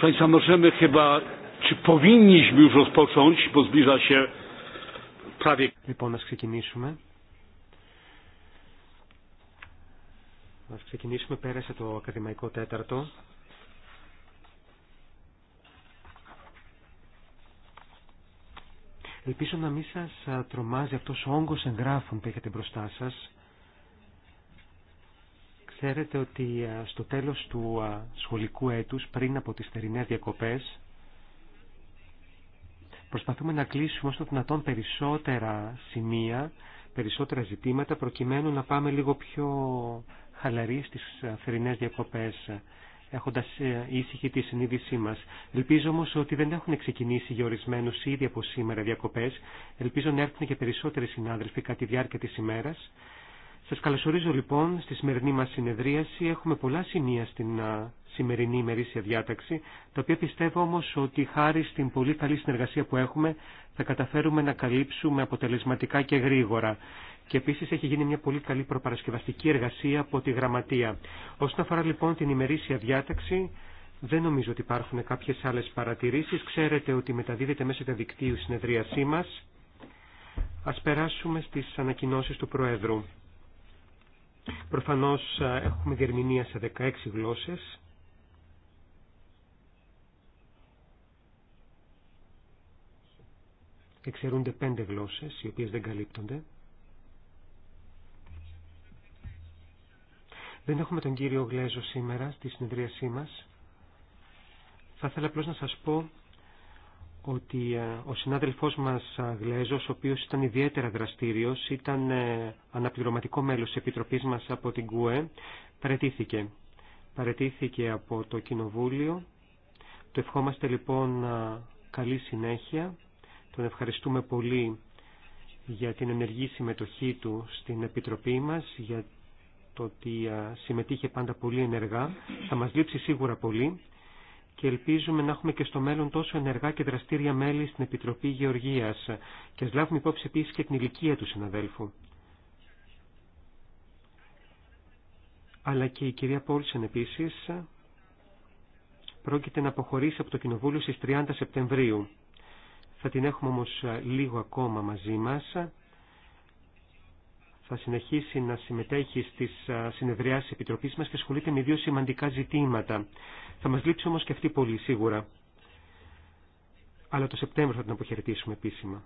Państwa, możemy chyba, czy powinniśmy już rozpocząć, bo zbliża się prawie... Λοιπόν, ας ξεκινήσουμε. Ας ξεκινήσουμε, πέρασε το ακαδημαϊκό τέταρτο. Ελπίζω να μην σας τρομάζει αυτός ο όγκος εγγράφων που έχετε μπροστά σας. Ξέρετε ότι στο τέλος του σχολικού έτους, πριν από τις θερινές διακοπές, προσπαθούμε να κλείσουμε όσο δυνατόν περισσότερα σημεία, περισσότερα ζητήματα, προκειμένου να πάμε λίγο πιο χαλαροί στις θερινές διακοπές, έχοντας ε, ήσυχη τη συνείδησή μας. Ελπίζω όμως ότι δεν έχουν ξεκινήσει για ορισμένου ήδη από σήμερα διακοπές. Ελπίζω να έρθουν και περισσότεροι συνάδελφοι κατά τη διάρκεια της ημέρας σας καλωσορίζω λοιπόν στη σημερινή μας συνεδρίαση. Έχουμε πολλά σημεία στην σημερινή ημερήσια διάταξη, τα οποία πιστεύω όμως ότι χάρη στην πολύ καλή συνεργασία που έχουμε θα καταφέρουμε να καλύψουμε αποτελεσματικά και γρήγορα. Και επίσης έχει γίνει μια πολύ καλή προπαρασκευαστική εργασία από τη Γραμματεία. Όσον αφορά λοιπόν την ημερήσια διάταξη, δεν νομίζω ότι υπάρχουν κάποιες άλλες παρατηρήσεις. Ξέρετε ότι μεταδίδεται μέσω του δικτύου συνεδρίασή μας. Ας περάσουμε στις ανακοινώσει του Προέδρου. Προφανώς έχουμε διερμηνία σε 16 γλώσσες. Εξαιρούνται 5 γλώσσες, οι οποίες δεν καλύπτονται. Δεν έχουμε τον κύριο Γλέζο σήμερα στη συνεδρίασή μας. Θα ήθελα απλώς να σας πω ότι ε, ο συνάδελφός μας ε, Γλέζος, ο οποίος ήταν ιδιαίτερα δραστήριος, ήταν ε, αναπληρωματικό μέλος της Επιτροπής μας από την ΚΟΕ, παρετήθηκε. Παρετήθηκε από το Κοινοβούλιο. Το ευχόμαστε λοιπόν καλή συνέχεια. Τον ευχαριστούμε πολύ για την ενεργή συμμετοχή του στην Επιτροπή μας, για το ότι συμμετείχε πάντα πολύ ενεργά. Θα μας λείψει σίγουρα πολύ και ελπίζουμε να έχουμε και στο μέλλον τόσο ενεργά και δραστήρια μέλη στην Επιτροπή Γεωργίας και ας λάβουμε υπόψη επίσης και την ηλικία του συναδέλφου. Αλλά και η κυρία Πόλσεν επίσης πρόκειται να αποχωρήσει από το Κοινοβούλιο στις 30 Σεπτεμβρίου. Θα την έχουμε όμως λίγο ακόμα μαζί μας θα συνεχίσει να συμμετέχει στις συνεδριάσεις Επιτροπής μας και ασχολείται με δύο σημαντικά ζητήματα. Θα μας λείψει όμως και αυτή πολύ σίγουρα. Αλλά το Σεπτέμβριο θα την αποχαιρετήσουμε επίσημα.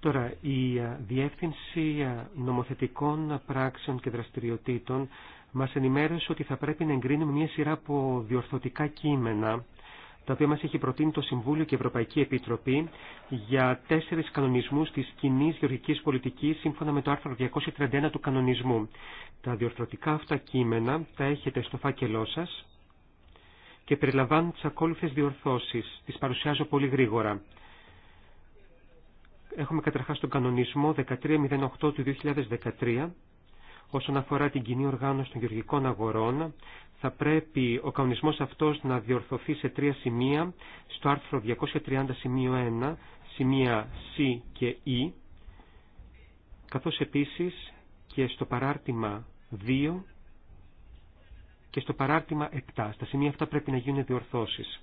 Τώρα, η Διεύθυνση Νομοθετικών Πράξεων και Δραστηριοτήτων μας ενημέρωσε ότι θα πρέπει να εγκρίνουμε μια σειρά από διορθωτικά κείμενα τα οποία μας έχει προτείνει το Συμβούλιο και η Ευρωπαϊκή Επιτροπή για τέσσερις κανονισμούς της κοινή γεωργικής πολιτικής σύμφωνα με το άρθρο 231 του κανονισμού. Τα διορθωτικά αυτά κείμενα τα έχετε στο φάκελό σας και περιλαμβάνουν τις ακόλουθες διορθώσεις. Τις παρουσιάζω πολύ γρήγορα. Έχουμε καταρχάς τον κανονισμό 1308 του 2013 Όσον αφορά την κοινή οργάνωση των γεωργικών αγορών, θα πρέπει ο κανονισμός αυτός να διορθωθεί σε τρία σημεία, στο άρθρο 230 σημείο 1, σημεία C και E, καθώς επίσης και στο παράρτημα 2 και στο παράρτημα 7. Στα σημεία αυτά πρέπει να γίνουν διορθώσεις.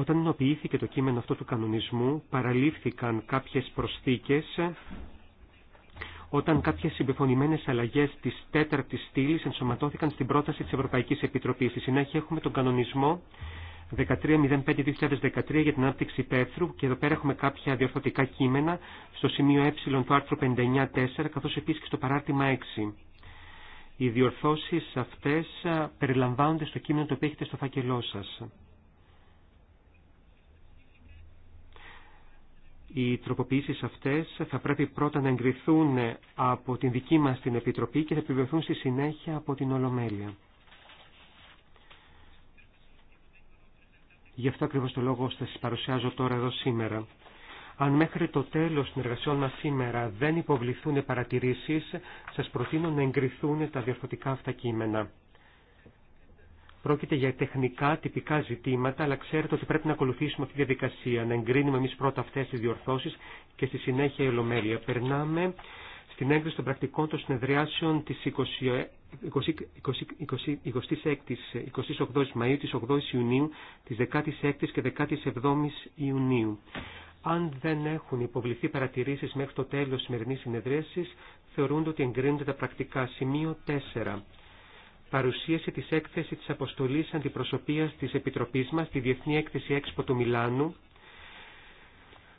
Όταν ενοποιήθηκε το κείμενο αυτό του κανονισμού, παραλήφθηκαν κάποιες προσθήκες όταν κάποιες συμπεφωνημένες αλλαγές της τέταρτης στήλη ενσωματώθηκαν στην πρόταση της Ευρωπαϊκής Επιτροπής. Στη συνέχεια έχουμε τον κανονισμό 1305-2013 για την άπτυξη Πέθρου και εδώ πέρα έχουμε κάποια διορθωτικά κείμενα στο σημείο ε του άρθρου 59.4 καθώς επίσης και στο παράρτημα 6. Οι διορθώσεις αυτές περιλαμβάνονται στο κείμενο το οποίο έχετε στο φάκελό σας. Οι τροποποιήσεις αυτές θα πρέπει πρώτα να εγκριθούν από την δική μας την Επιτροπή και θα επιβεβαιωθούν στη συνέχεια από την Ολομέλεια. Γι' αυτό ακριβώ το λόγο θα σα παρουσιάζω τώρα εδώ σήμερα. Αν μέχρι το τέλος των εργασιών μας σήμερα δεν υποβληθούν παρατηρήσεις, σας προτείνω να εγκριθούν τα διαφορετικά αυτά κείμενα. Πρόκειται για τεχνικά, τυπικά ζητήματα, αλλά ξέρετε ότι πρέπει να ακολουθήσουμε αυτή τη διαδικασία, να εγκρίνουμε εμεί πρώτα αυτέ τι διορθώσει και στη συνέχεια η Ολομέλεια. Περνάμε στην έγκριση των πρακτικών των συνεδριάσεων τη 26η Μαου, τη 8η Ιουνίου, τη 16η και 17η Ιουνίου. Αν δεν έχουν υποβληθεί παρατηρήσει μέχρι το τέλο τη σημερινή συνεδρίαση, θεωρούνται ότι εγκρίνονται τα πρακτικά. Σημείο 4 παρουσίασε της έκθεση της αποστολής αντιπροσωπείας της Επιτροπής μας, στη Διεθνή Έκθεση Έξπο του Μιλάνου.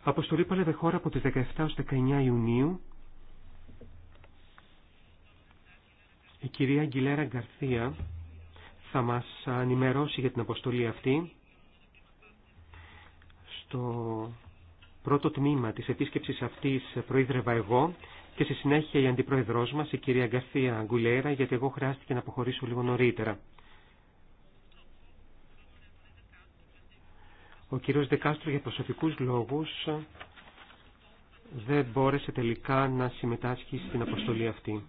Αποστολή που χώρα από τις 17 ως 19 Ιουνίου. Η κυρία Αγγιλέρα Γκαρθία θα μας ενημερώσει για την αποστολή αυτή. Στο πρώτο τμήμα της επίσκεψης αυτής προείδρευα εγώ και στη συνέχεια η αντιπροεδρό μα, η κυρία Γκαρθία Αγκουλέρα, γιατί εγώ χρειάστηκε να αποχωρήσω λίγο νωρίτερα. Ο κύριος Δεκάστρο για προσωπικούς λόγους δεν μπόρεσε τελικά να συμμετάσχει στην αποστολή αυτή.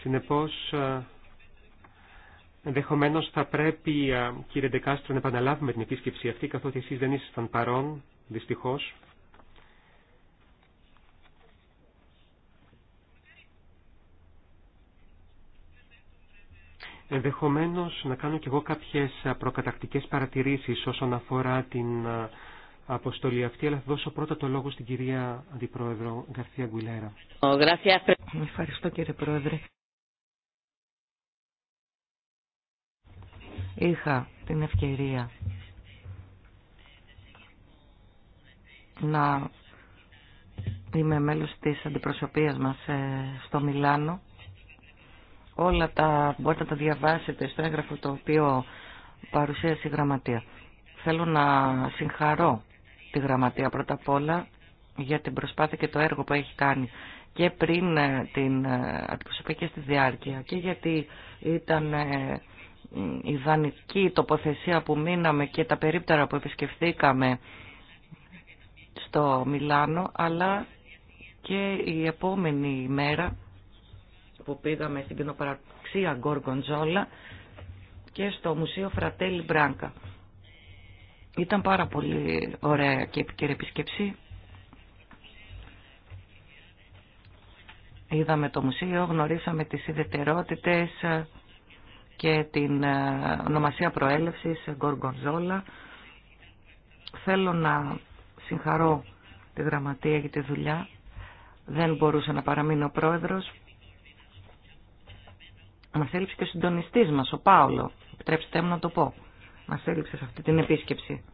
Συνεπώς, ενδεχομένως θα πρέπει, κύριε Δεκάστρο να επαναλάβουμε την επίσκεψη αυτή, καθότι εσείς δεν ήσασταν παρόν δυστυχώς. Ενδεχομένως να κάνω κι εγώ κάποιες προκατακτικές παρατηρήσεις όσον αφορά την αποστολή αυτή, αλλά θα δώσω πρώτα το λόγο στην κυρία Αντιπρόεδρο Γκαρθία Γκουλέρα. Ευχαριστώ κύριε Πρόεδρε. Είχα την ευκαιρία να είμαι μέλος της αντιπροσωπείας μας ε, στο Μιλάνο. Όλα τα μπορείτε να τα διαβάσετε στο έγγραφο το οποίο παρουσίασε η Γραμματεία. Θέλω να συγχαρώ τη Γραμματεία πρώτα απ' όλα για την προσπάθεια και το έργο που έχει κάνει και πριν ε, την ε, αντιπροσωπεία και στη διάρκεια και γιατί ήταν ιδανική τοποθεσία που μείναμε και τα περίπτερα που επισκεφθήκαμε στο Μιλάνο, αλλά και η επόμενη μέρα που πήγαμε στην κοινοπαραξία Γκόργοντζόλα και στο Μουσείο Φρατέλη Μπράνκα. Ήταν πάρα πολύ ωραία και επικαιρή επισκέψη. Είδαμε το μουσείο, γνωρίσαμε τις ιδιαιτερότητες και την ε, ονομασία προέλευσης Γκοργοντζόλα. Θέλω να συγχαρώ τη γραμματεία για τη δουλειά. Δεν μπορούσε να παραμείνει ο πρόεδρος. Μα έλειψε και ο συντονιστής μας, ο Πάολο. Επιτρέψτε μου να το πω. Μα έλειψε σε αυτή την επίσκεψη.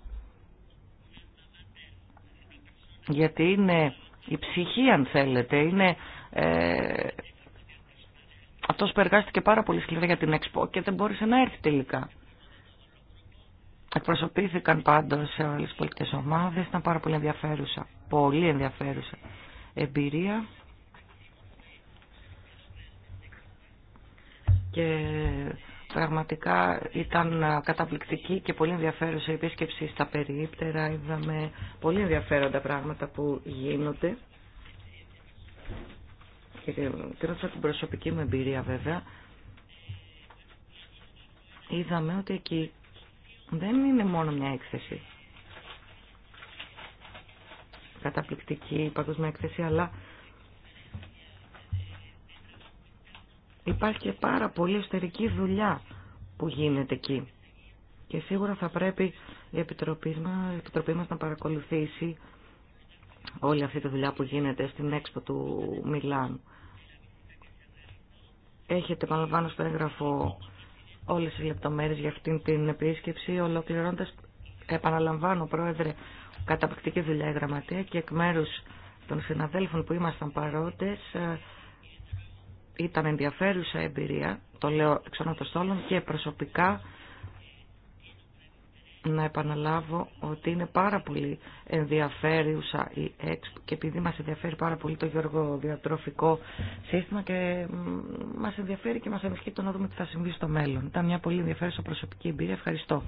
Γιατί είναι η ψυχή, αν θέλετε. Είναι... Ε, αυτός που εργάστηκε πάρα πολύ σκληρά για την ΕΞΠΟ και δεν μπόρεσε να έρθει τελικά. Εκπροσωπήθηκαν πάντως σε όλες τις πολιτικές ομάδες, ήταν πάρα πολύ ενδιαφέρουσα, πολύ ενδιαφέρουσα εμπειρία. Και πραγματικά ήταν καταπληκτική και πολύ ενδιαφέρουσα η επίσκεψη στα περίπτερα. Είδαμε πολύ ενδιαφέροντα πράγματα που γίνονται. Και κράτησα την προσωπική μου εμπειρία βέβαια. Είδαμε ότι εκεί δεν είναι μόνο μια έκθεση καταπληκτική παγκοσμία έκθεση, αλλά υπάρχει και πάρα πολύ εσωτερική δουλειά που γίνεται εκεί. Και σίγουρα θα πρέπει η Επιτροπή μας, Επιτροπή μας να παρακολουθήσει όλη αυτή τη δουλειά που γίνεται στην έξπο του Μιλάνου. Έχετε παραλαμβάνω στο έγγραφο όλες οι λεπτομέρειες για αυτήν την επίσκεψη, ολοκληρώνοντας, επαναλαμβάνω πρόεδρε, καταπληκτική δουλειά η γραμματεία και εκ μέρους των συναδέλφων που ήμασταν παρόντες ε, ήταν ενδιαφέρουσα εμπειρία, το λέω εξ όλων και προσωπικά να επαναλάβω ότι είναι πάρα πολύ ενδιαφέρουσα η ΕΚΣΠ και επειδή μας ενδιαφέρει πάρα πολύ το διατροφικό σύστημα και μας ενδιαφέρει και μας ενισχύει το να δούμε τι θα συμβεί στο μέλλον. Ήταν μια πολύ ενδιαφέρουσα προσωπική εμπειρία. Ευχαριστώ.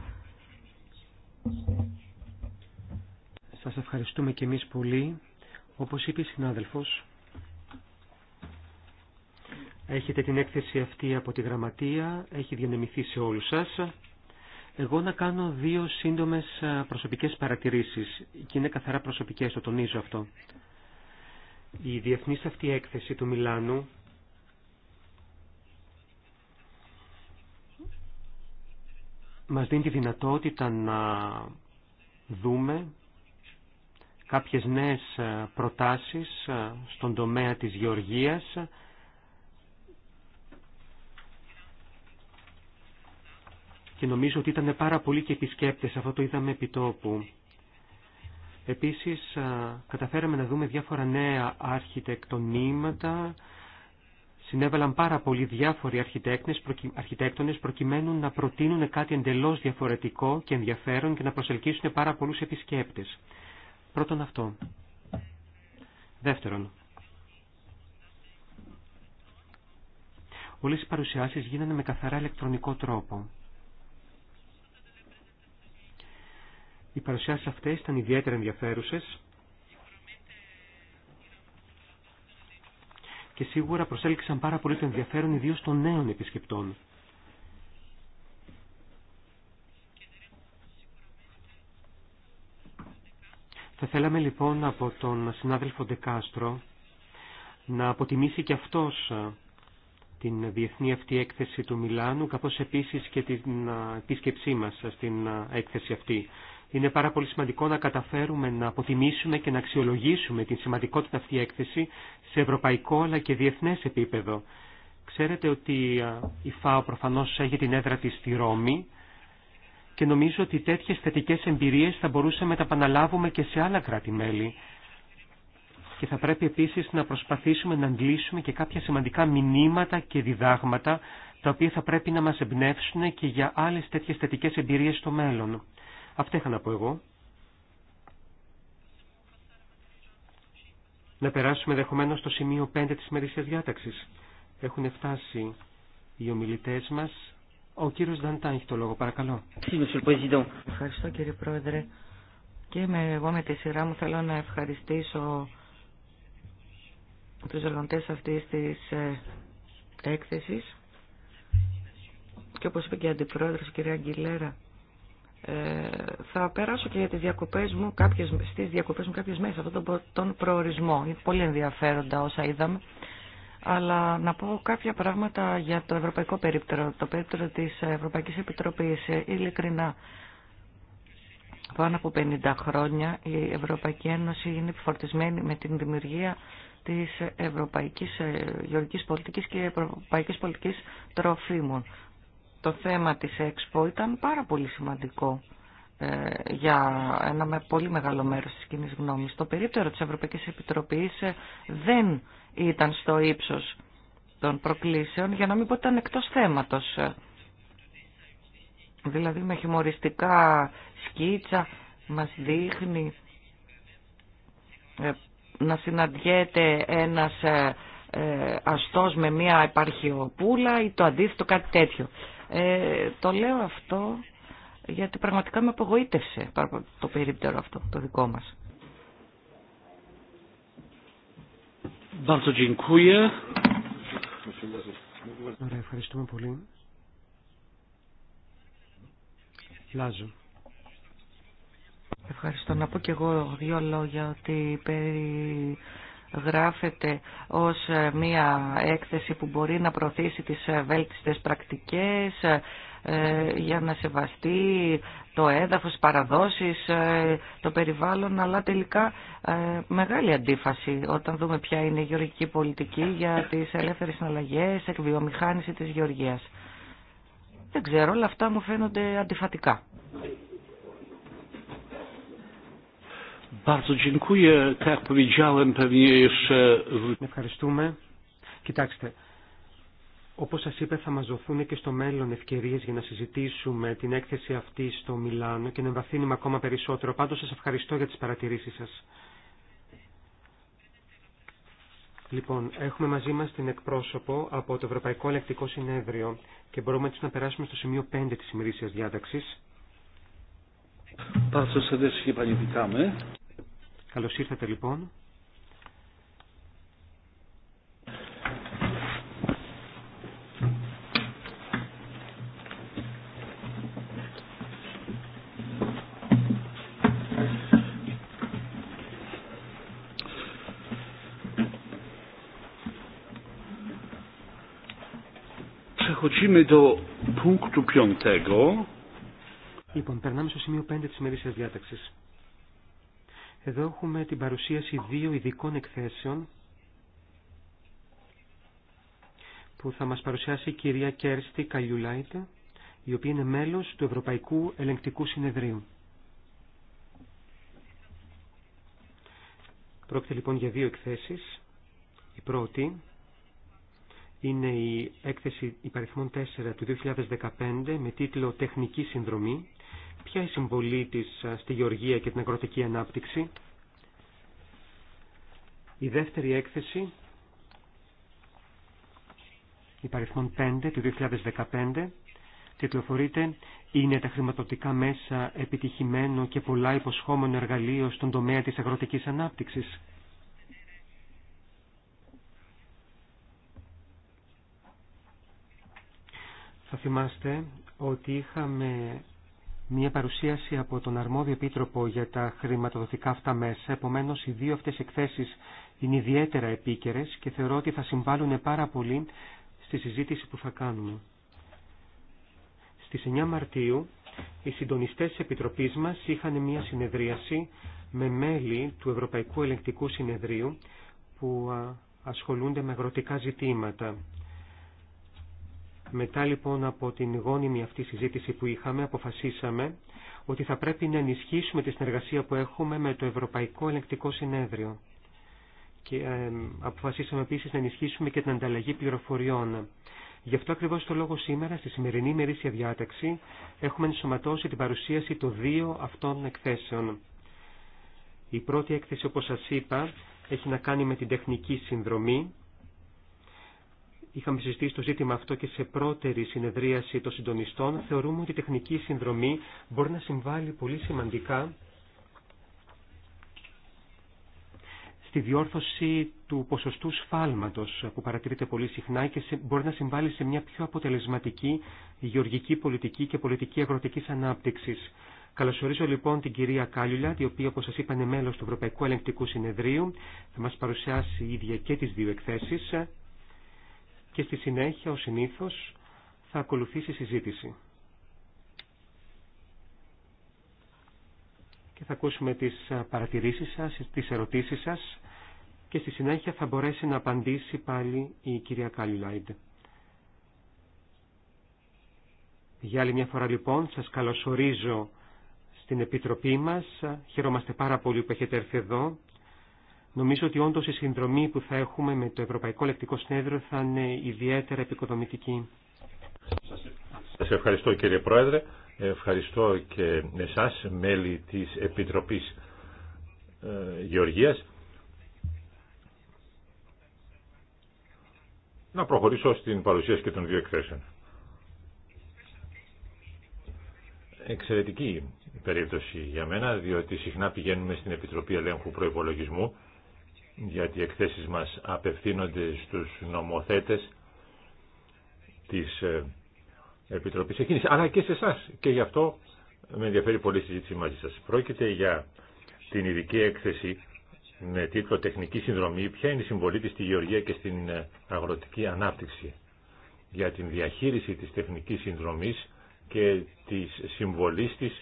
Σας ευχαριστούμε και εμείς πολύ. Όπως είπε η συνάδελφος, έχετε την έκθεση αυτή από τη γραμματεία, έχει διανεμηθεί σε όλους σας. Εγώ να κάνω δύο σύντομες ε, προσωπικές παρατηρήσεις και είναι καθαρά προσωπικές, το τονίζω αυτό. Η διεθνής αυτή έκθεση του Μιλάνου μας δίνει τη δυνατότητα να δούμε κάποιες νέες ε, προτάσεις ε, στον τομέα της γεωργίας και νομίζω ότι ήταν πάρα πολλοί και επισκέπτες, αυτό το είδαμε επί τόπου. Επίσης, καταφέραμε να δούμε διάφορα νέα αρχιτεκτονήματα, συνέβαλαν πάρα πολλοί διάφοροι αρχιτέκτονες, αρχιτέκτονες προκειμένου να προτείνουν κάτι εντελώς διαφορετικό και ενδιαφέρον και να προσελκύσουν πάρα πολλούς επισκέπτες. Πρώτον αυτό. Δεύτερον, όλες οι παρουσιάσεις γίνανε με καθαρά ηλεκτρονικό τρόπο. Οι παρουσιάσει αυτές ήταν ιδιαίτερα ενδιαφέρουσε. και σίγουρα προσέλκυσαν πάρα πολύ το ενδιαφέρον ιδίω των νέων επισκεπτών. Θα θέλαμε λοιπόν από τον συνάδελφο Ντεκάστρο να αποτιμήσει και αυτός την διεθνή αυτή έκθεση του Μιλάνου, καθώς επίσης και την επίσκεψή μας στην έκθεση αυτή. Είναι πάρα πολύ σημαντικό να καταφέρουμε να αποτιμήσουμε και να αξιολογήσουμε την σημαντικότητα αυτή έκθεση σε ευρωπαϊκό αλλά και διεθνές επίπεδο. Ξέρετε ότι η ΦΑΟ προφανώς έχει την έδρα της στη Ρώμη και νομίζω ότι τέτοιες θετικές εμπειρίες θα μπορούσαμε να τα επαναλάβουμε και σε άλλα κράτη-μέλη. Και θα πρέπει επίσης να προσπαθήσουμε να αντλήσουμε και κάποια σημαντικά μηνύματα και διδάγματα τα οποία θα πρέπει να μας εμπνεύσουν και για άλλες τέτοιες θετικές εμπειρίες στο μέλλον. Αυτά είχα να πω εγώ. Να περάσουμε δεχομένως στο σημείο 5 της ημερήσιας διάταξης. Έχουν φτάσει οι ομιλητές μας. Ο κύριος Δαντάν έχει το λόγο, παρακαλώ. Ευχαριστώ κύριε Πρόεδρε. Και με, εγώ με τη σειρά μου θέλω να ευχαριστήσω τους οργανωτές αυτής της ε, έκθεσης. Και όπως είπε και η Αντιπρόεδρος, κυρία Αγγιλέρα, ε, θα περάσω και για τις διακοπές μου, κάποιες, στις διακοπές μου κάποιες μέρες αυτόν τον, προορισμό. Είναι πολύ ενδιαφέροντα όσα είδαμε. Αλλά να πω κάποια πράγματα για το ευρωπαϊκό περίπτερο, το περίπτερο της Ευρωπαϊκής Επιτροπής. Ε, ειλικρινά, πάνω από 50 χρόνια η Ευρωπαϊκή Ένωση είναι επιφορτισμένη με την δημιουργία της ευρωπαϊκής ε, γεωργικής πολιτικής και ευρωπαϊκής πολιτικής τροφίμων το θέμα της ΕΞΠΟ ήταν πάρα πολύ σημαντικό ε, για ένα με πολύ μεγάλο μέρος της κοινή γνώμης. Το περίπτερο της Ευρωπαϊκής Επιτροπής ε, δεν ήταν στο ύψος των προκλήσεων, για να μην πω ήταν εκτός θέματος. Ε, δηλαδή με χειμωριστικά σκίτσα μας δείχνει να συναντιέται ένας αστός με μια επαρχιοπούλα ή το αντίθετο κάτι τέτοιο. Ε, το λέω αυτό γιατί πραγματικά με απογοήτευσε το περίπτερο αυτό, το δικό μας. Ωραία, ευχαριστούμε πολύ. Ευχαριστώ. Να πω και εγώ δύο λόγια ότι περί γράφεται ως ε, μία έκθεση που μπορεί να προωθήσει τις ε, βέλτιστες πρακτικές ε, για να σεβαστεί το έδαφος, παραδόσεις, το περιβάλλον, αλλά τελικά μεγάλη αντίφαση όταν δούμε ποια είναι η γεωργική πολιτική για τις ελεύθερες συναλλαγές, εκβιομηχάνηση της γεωργίας. Δεν ξέρω, όλα αυτά μου φαίνονται αντιφατικά. Bardzo dziękuję. Ευχαριστούμε. Κοιτάξτε, όπως σας είπα θα μας δοθούν και στο μέλλον ευκαιρίες για να συζητήσουμε την έκθεση αυτή στο Μιλάνο και να εμβαθύνουμε ακόμα περισσότερο. Πάντως σας ευχαριστώ για τις παρατηρήσεις σας. Λοιπόν, έχουμε μαζί μας την εκπρόσωπο από το Ευρωπαϊκό Ελεκτικό Συνέδριο και μπορούμε έτσι να περάσουμε στο σημείο 5 της ημερήσιας διάταξης. Καλώς ήρθατε λοιπόν. Przechodzimy do punktu piątego. Λοιπόν, περνάμε στο σημείο 5 της μερίσιας διάταξης. Εδώ έχουμε την παρουσίαση δύο ειδικών εκθέσεων που θα μας παρουσιάσει η κυρία Κέρστη Καλιούλαιτε η οποία είναι μέλος του Ευρωπαϊκού Ελεγκτικού Συνεδρίου. Πρόκειται λοιπόν για δύο εκθέσεις. Η πρώτη είναι η έκθεση υπαριθμών 4 του 2015 με τίτλο «Τεχνική συνδρομή» Ποια είναι η συμβολή της στη γεωργία και την αγροτική ανάπτυξη. Η δεύτερη έκθεση, η υπαριθμών 5 του 2015, τυπλοφορείται «Είναι τα χρηματοδοτικά μέσα επιτυχημένο και πολλά υποσχόμενο εργαλείο στον τομέα της αγροτικής ανάπτυξης». Θα θυμάστε ότι είχαμε μια παρουσίαση από τον αρμόδιο επίτροπο για τα χρηματοδοτικά αυτά μέσα. Επομένω, οι δύο αυτέ εκθέσει είναι ιδιαίτερα επίκαιρε και θεωρώ ότι θα συμβάλλουν πάρα πολύ στη συζήτηση που θα κάνουμε. Στι 9 Μαρτίου, οι συντονιστέ τη Επιτροπή μα είχαν μια συνεδρίαση με μέλη του Ευρωπαϊκού Ελεκτικού Συνεδρίου που ασχολούνται με αγροτικά ζητήματα μετά λοιπόν από την γόνιμη αυτή συζήτηση που είχαμε, αποφασίσαμε ότι θα πρέπει να ενισχύσουμε τη συνεργασία που έχουμε με το Ευρωπαϊκό Ελεκτικό Συνέδριο. Και αποφασίσαμε επίσης να ενισχύσουμε και την ανταλλαγή πληροφοριών. Γι' αυτό ακριβώς το λόγο σήμερα, στη σημερινή μερίσια διάταξη, έχουμε ενσωματώσει την παρουσίαση των δύο αυτών εκθέσεων. Η πρώτη έκθεση, όπως σας είπα, έχει να κάνει με την τεχνική συνδρομή είχαμε συζητήσει το ζήτημα αυτό και σε πρώτερη συνεδρίαση των συντονιστών, θεωρούμε ότι η τεχνική συνδρομή μπορεί να συμβάλλει πολύ σημαντικά στη διόρθωση του ποσοστού σφάλματος που παρατηρείται πολύ συχνά και μπορεί να συμβάλλει σε μια πιο αποτελεσματική γεωργική πολιτική και πολιτική αγροτικής ανάπτυξης. Καλωσορίζω λοιπόν την κυρία Κάλιουλα, η οποία όπως σας είπα είναι μέλος του Ευρωπαϊκού Ελεγκτικού Συνεδρίου. Θα μας παρουσιάσει ίδια και τις δύο εκθέσει και στη συνέχεια, ο συνήθως, θα ακολουθήσει συζήτηση. Και θα ακούσουμε τις παρατηρήσεις σας, τις ερωτήσεις σας και στη συνέχεια θα μπορέσει να απαντήσει πάλι η κυρία Λάιντ. Για άλλη μια φορά λοιπόν σας καλωσορίζω στην Επιτροπή μας. Χαιρόμαστε πάρα πολύ που έχετε έρθει εδώ Νομίζω ότι όντως η συνδρομή που θα έχουμε με το Ευρωπαϊκό Λεκτικό Συνέδριο θα είναι ιδιαίτερα επικοδομητική. Σας ευχαριστώ κύριε Πρόεδρε, ευχαριστώ και εσάς μέλη της Επιτροπής ε, Γεωργίας. Να προχωρήσω στην παρουσίαση και των δύο εκθέσεων. Εξαιρετική περίπτωση για μένα, διότι συχνά πηγαίνουμε στην Επιτροπή Ελέγχου Προϋπολογισμού γιατί οι εκθέσεις μας απευθύνονται στους νομοθέτες της ε, Επιτροπής εκείνης, αλλά και σε εσά. Και γι' αυτό με ενδιαφέρει πολύ η συζήτηση μαζί σας. Πρόκειται για την ειδική έκθεση με τίτλο «Τεχνική συνδρομή. Ποια είναι η συμβολή της στη γεωργία και στην ε, αγροτική ανάπτυξη» για την διαχείριση της τεχνικής συνδρομής και της συμβολής της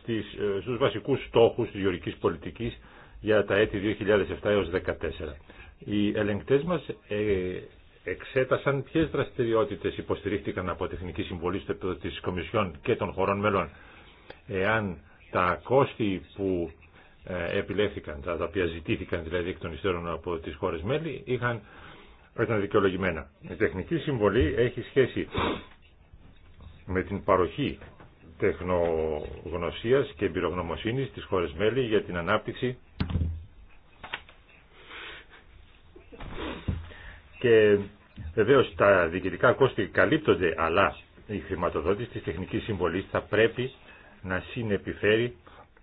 στις, ε, στους βασικούς στόχους της γεωργικής πολιτικής για τα έτη 2007 έως 2014. Οι ελεγκτές μας ε, εξέτασαν ποιες δραστηριότητες υποστηρίχτηκαν από τεχνική συμβολή στο επίπεδο της Κομισιόν και των χωρών μελών. Εάν τα κόστη που ε, επιλέχθηκαν, τα οποία ζητήθηκαν δηλαδή εκ των υστέρων από τις χώρες μέλη, είχαν, ήταν δικαιολογημένα. Η τεχνική συμβολή έχει σχέση με την παροχή τεχνογνωσίας και εμπειρογνωμοσύνης της χώρες μέλη για την ανάπτυξη Και βεβαίω τα διοικητικά κόστη καλύπτονται, αλλά η χρηματοδότηση τη τεχνικής συμβολής θα πρέπει να συνεπιφέρει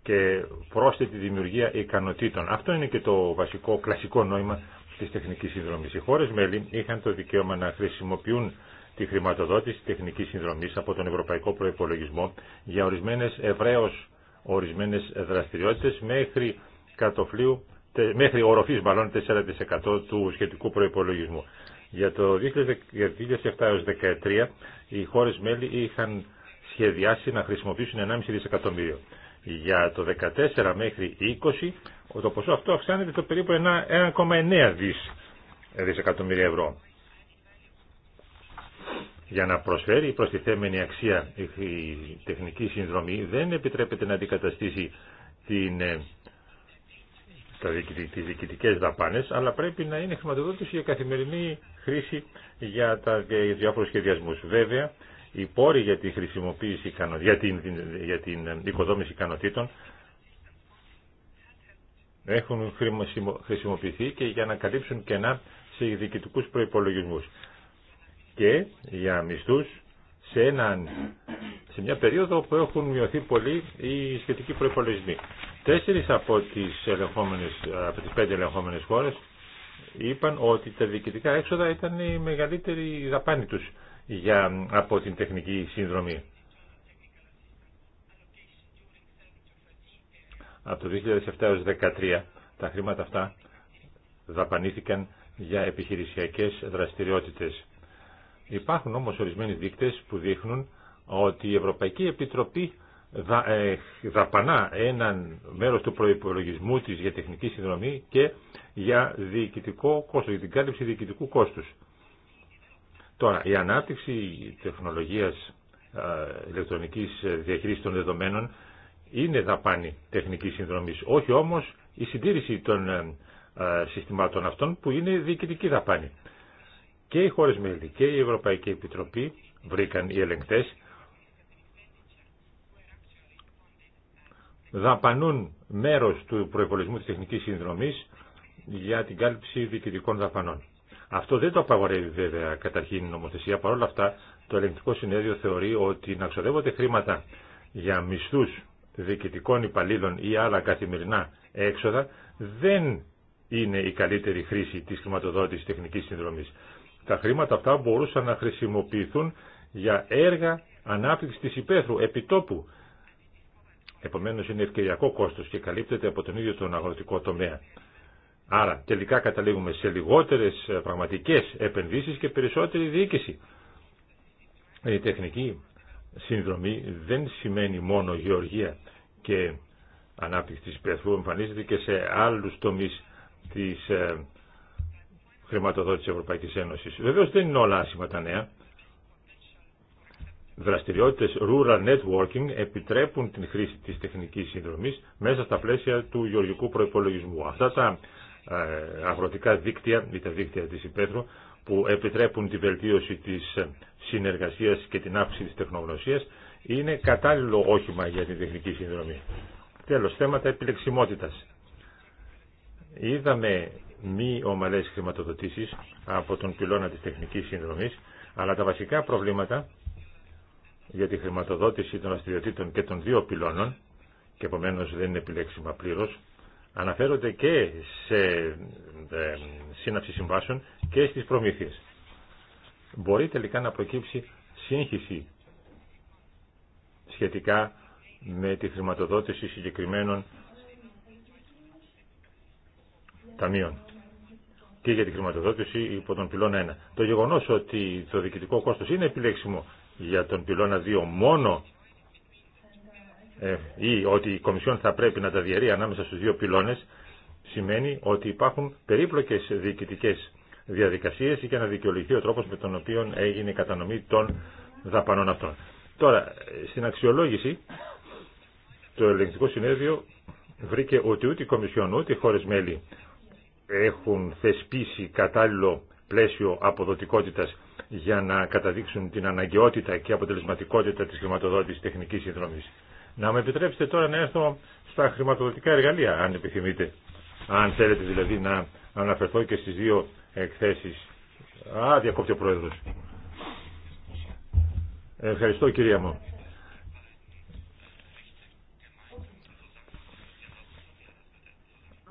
και πρόσθετη δημιουργία ικανοτήτων. Αυτό είναι και το βασικό κλασικό νόημα τη τεχνική συνδρομής. Οι χώρε μέλη είχαν το δικαίωμα να χρησιμοποιούν τη χρηματοδότηση τεχνική συνδρομή από τον Ευρωπαϊκό Προπολογισμό για ορισμένε ευρέω ορισμένε δραστηριότητε μέχρι κατοφλίου μέχρι οροφής μάλλον 4% του σχετικού προϋπολογισμού. Για το 2007 2013 οι χώρες μέλη είχαν σχεδιάσει να χρησιμοποιήσουν 1,5 δισεκατομμύριο. Για το 2014 μέχρι 20 το ποσό αυτό αυξάνεται το περίπου 1,9 δις δισεκατομμύρια ευρώ. Για να προσφέρει η προστιθέμενη αξία η τεχνική συνδρομή δεν επιτρέπεται να αντικαταστήσει την ε, τις διοικητικές δαπάνες, αλλά πρέπει να είναι χρηματοδότηση για καθημερινή χρήση για τα διάφορους σχεδιασμούς. Βέβαια, οι πόροι για τη χρησιμοποίηση, για την, για την οικοδόμηση ικανοτήτων έχουν χρησιμοποιηθεί και για να καλύψουν κενά σε διοικητικούς προϋπολογισμούς και για μισθούς σε, έναν, σε μια περίοδο που έχουν μειωθεί πολύ οι σχετικοί προϋπολογισμοί. Τέσσερις από τις, ελεγχόμενες, από τις πέντε ελεγχόμενες χώρες είπαν ότι τα διοικητικά έξοδα ήταν η μεγαλύτερη δαπάνη τους για, από την τεχνική συνδρομή. Από το 2007 έως 2013 τα χρήματα αυτά δαπανήθηκαν για επιχειρησιακές δραστηριότητες. Υπάρχουν όμως ορισμένοι δείκτες που δείχνουν ότι η Ευρωπαϊκή Επιτροπή δα, ε, δαπανά έναν μέρος του προϋπολογισμού της για τεχνική συνδρομή και για διοικητικό κόστος, για την κάλυψη διοικητικού κόστους. Τώρα, η ανάπτυξη τεχνολογίας ε, ηλεκτρονικής διαχείρισης των δεδομένων είναι δαπάνη τεχνικής συνδρομής, όχι όμως η συντήρηση των ε, ε, συστημάτων αυτών που είναι διοικητική δαπάνη. Και οι χώρες μέλη και η Ευρωπαϊκή Επιτροπή βρήκαν οι ελεγκτές δαπανούν μέρος του προϋπολογισμού της τεχνικής συνδρομής για την κάλυψη διοικητικών δαπανών. Αυτό δεν το απαγορεύει βέβαια καταρχήν η νομοθεσία. Παρ' όλα αυτά το ελεγκτικό συνέδριο θεωρεί ότι να ξοδεύονται χρήματα για μισθούς διοικητικών υπαλλήλων ή άλλα καθημερινά έξοδα δεν είναι η καλύτερη χρήση της χρηματοδότησης τεχνικής συνδρομής. Τα χρήματα αυτά μπορούσαν να χρησιμοποιηθούν για έργα ανάπτυξη της υπαίθρου επιτόπου Επομένω, είναι ευκαιριακό κόστο και καλύπτεται από τον ίδιο τον αγροτικό τομέα. Άρα τελικά καταλήγουμε σε λιγότερε πραγματικέ επενδύσει και περισσότερη διοίκηση. Η τεχνική συνδρομή δεν σημαίνει μόνο γεωργία και ανάπτυξη τη εμφανίζεται και σε άλλους τομείς της ε, χρηματοδότησης Ευρωπαϊκή Ένωση. Βεβαίω δεν είναι όλα άσχημα τα νέα δραστηριότητες Rural Networking επιτρέπουν την χρήση της τεχνικής συνδρομής μέσα στα πλαίσια του γεωργικού προϋπολογισμού. Αυτά τα ε, αγροτικά δίκτυα ή τα δίκτυα της υπέθρου που επιτρέπουν τη βελτίωση της συνεργασίας και την αύξηση της τεχνογνωσίας είναι κατάλληλο όχημα για την τεχνική συνδρομή. Τέλος, θέματα επιλεξιμότητας. Είδαμε μη ομαλές χρηματοδοτήσεις από τον πυλώνα της τεχνικής συνδρομής, αλλά τα βασικά προβλήματα για τη χρηματοδότηση των αστηριοτήτων και των δύο πυλώνων και επομένω δεν είναι επιλέξιμα πλήρω, αναφέρονται και σε ε, σύναψη συμβάσεων και στις προμήθειες. Μπορεί τελικά να προκύψει σύγχυση σχετικά με τη χρηματοδότηση συγκεκριμένων ταμείων και για τη χρηματοδότηση υπό τον πυλώνα 1. Το γεγονός ότι το διοικητικό κόστος είναι επιλέξιμο για τον πυλώνα 2 μόνο ε, ή ότι η Κομισιόν θα πρέπει να τα διαιρεί ανάμεσα στους δύο πυλώνες σημαίνει ότι υπάρχουν περίπλοκες διοικητικές διαδικασίες για να δικαιολογηθεί ο τρόπος με τον οποίο έγινε η κατανομή των δαπανών αυτών. Τώρα, στην αξιολόγηση το ελεγκτικό συνέδριο βρήκε ότι ούτε η Κομισιόν ούτε οι χώρες μέλη έχουν θεσπίσει κατάλληλο πλαίσιο αποδοτικότητας για να καταδείξουν την αναγκαιότητα και αποτελεσματικότητα της χρηματοδότησης τεχνικής συνδρομής. Να με επιτρέψετε τώρα να έρθω στα χρηματοδοτικά εργαλεία, αν επιθυμείτε. Αν θέλετε δηλαδή να αναφερθώ και στις δύο εκθέσεις. Α, διακόπτει ο Πρόεδρος. Ευχαριστώ κυρία μου.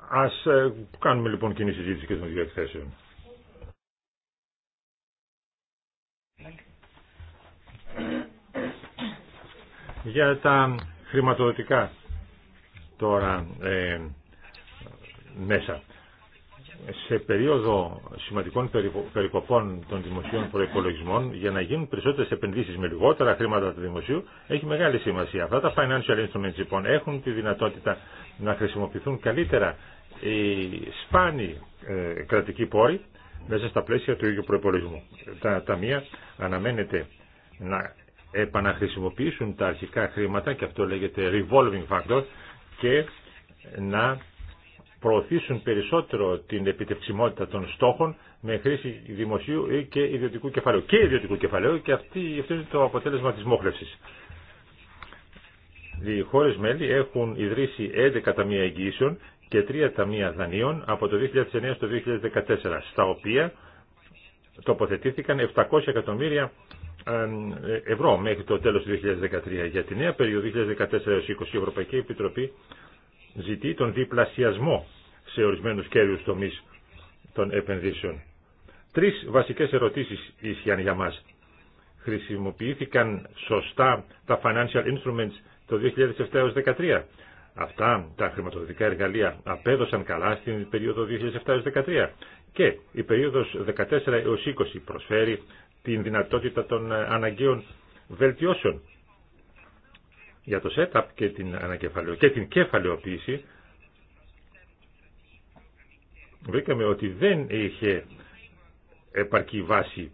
Ας ε, κάνουμε λοιπόν κοινή συζήτηση και των δύο εκθέσεων. Για τα χρηματοδοτικά τώρα ε, μέσα. Σε περίοδο σημαντικών περικοπών των δημοσίων προπολογισμών, για να γίνουν περισσότερε επενδύσει με λιγότερα χρήματα του δημοσίου, έχει μεγάλη σημασία. Αυτά τα financial instruments λοιπόν έχουν τη δυνατότητα να χρησιμοποιηθούν καλύτερα οι σπάνιοι ε, κρατικοί πόροι μέσα στα πλαίσια του ίδιου προπολογισμού. Τα ταμεία αναμένεται να επαναχρησιμοποιήσουν τα αρχικά χρήματα και αυτό λέγεται revolving factor και να προωθήσουν περισσότερο την επιτευξιμότητα των στόχων με χρήση δημοσίου ή και ιδιωτικού κεφαλαίου. Και ιδιωτικού κεφαλαίου και αυτή, αυτό είναι το αποτέλεσμα της μόχλευσης. Οι χώρες μέλη έχουν ιδρύσει 11 ταμεία εγγύησεων και 3 ταμεία δανείων από το 2009 στο 2014, στα οποία τοποθετήθηκαν 700 εκατομμύρια ε, ευρώ μέχρι το τέλος του 2013. Για τη νέα περίοδο 2014-2020 η Ευρωπαϊκή Επιτροπή ζητεί τον διπλασιασμό σε ορισμένους κέριους τομείς των επενδύσεων. Τρεις βασικές ερωτήσεις ίσχυαν για μας. Χρησιμοποιήθηκαν σωστά τα financial instruments το 2007-2013. Αυτά τα χρηματοδοτικά εργαλεία απέδωσαν καλά στην περίοδο 2007-2013 και η περίοδος 14-20 προσφέρει την δυνατότητα των ε, αναγκαίων βελτιώσεων για το setup και την, ανακεφαλαιο... και την κεφαλαιοποίηση βρήκαμε ότι δεν είχε επαρκή βάση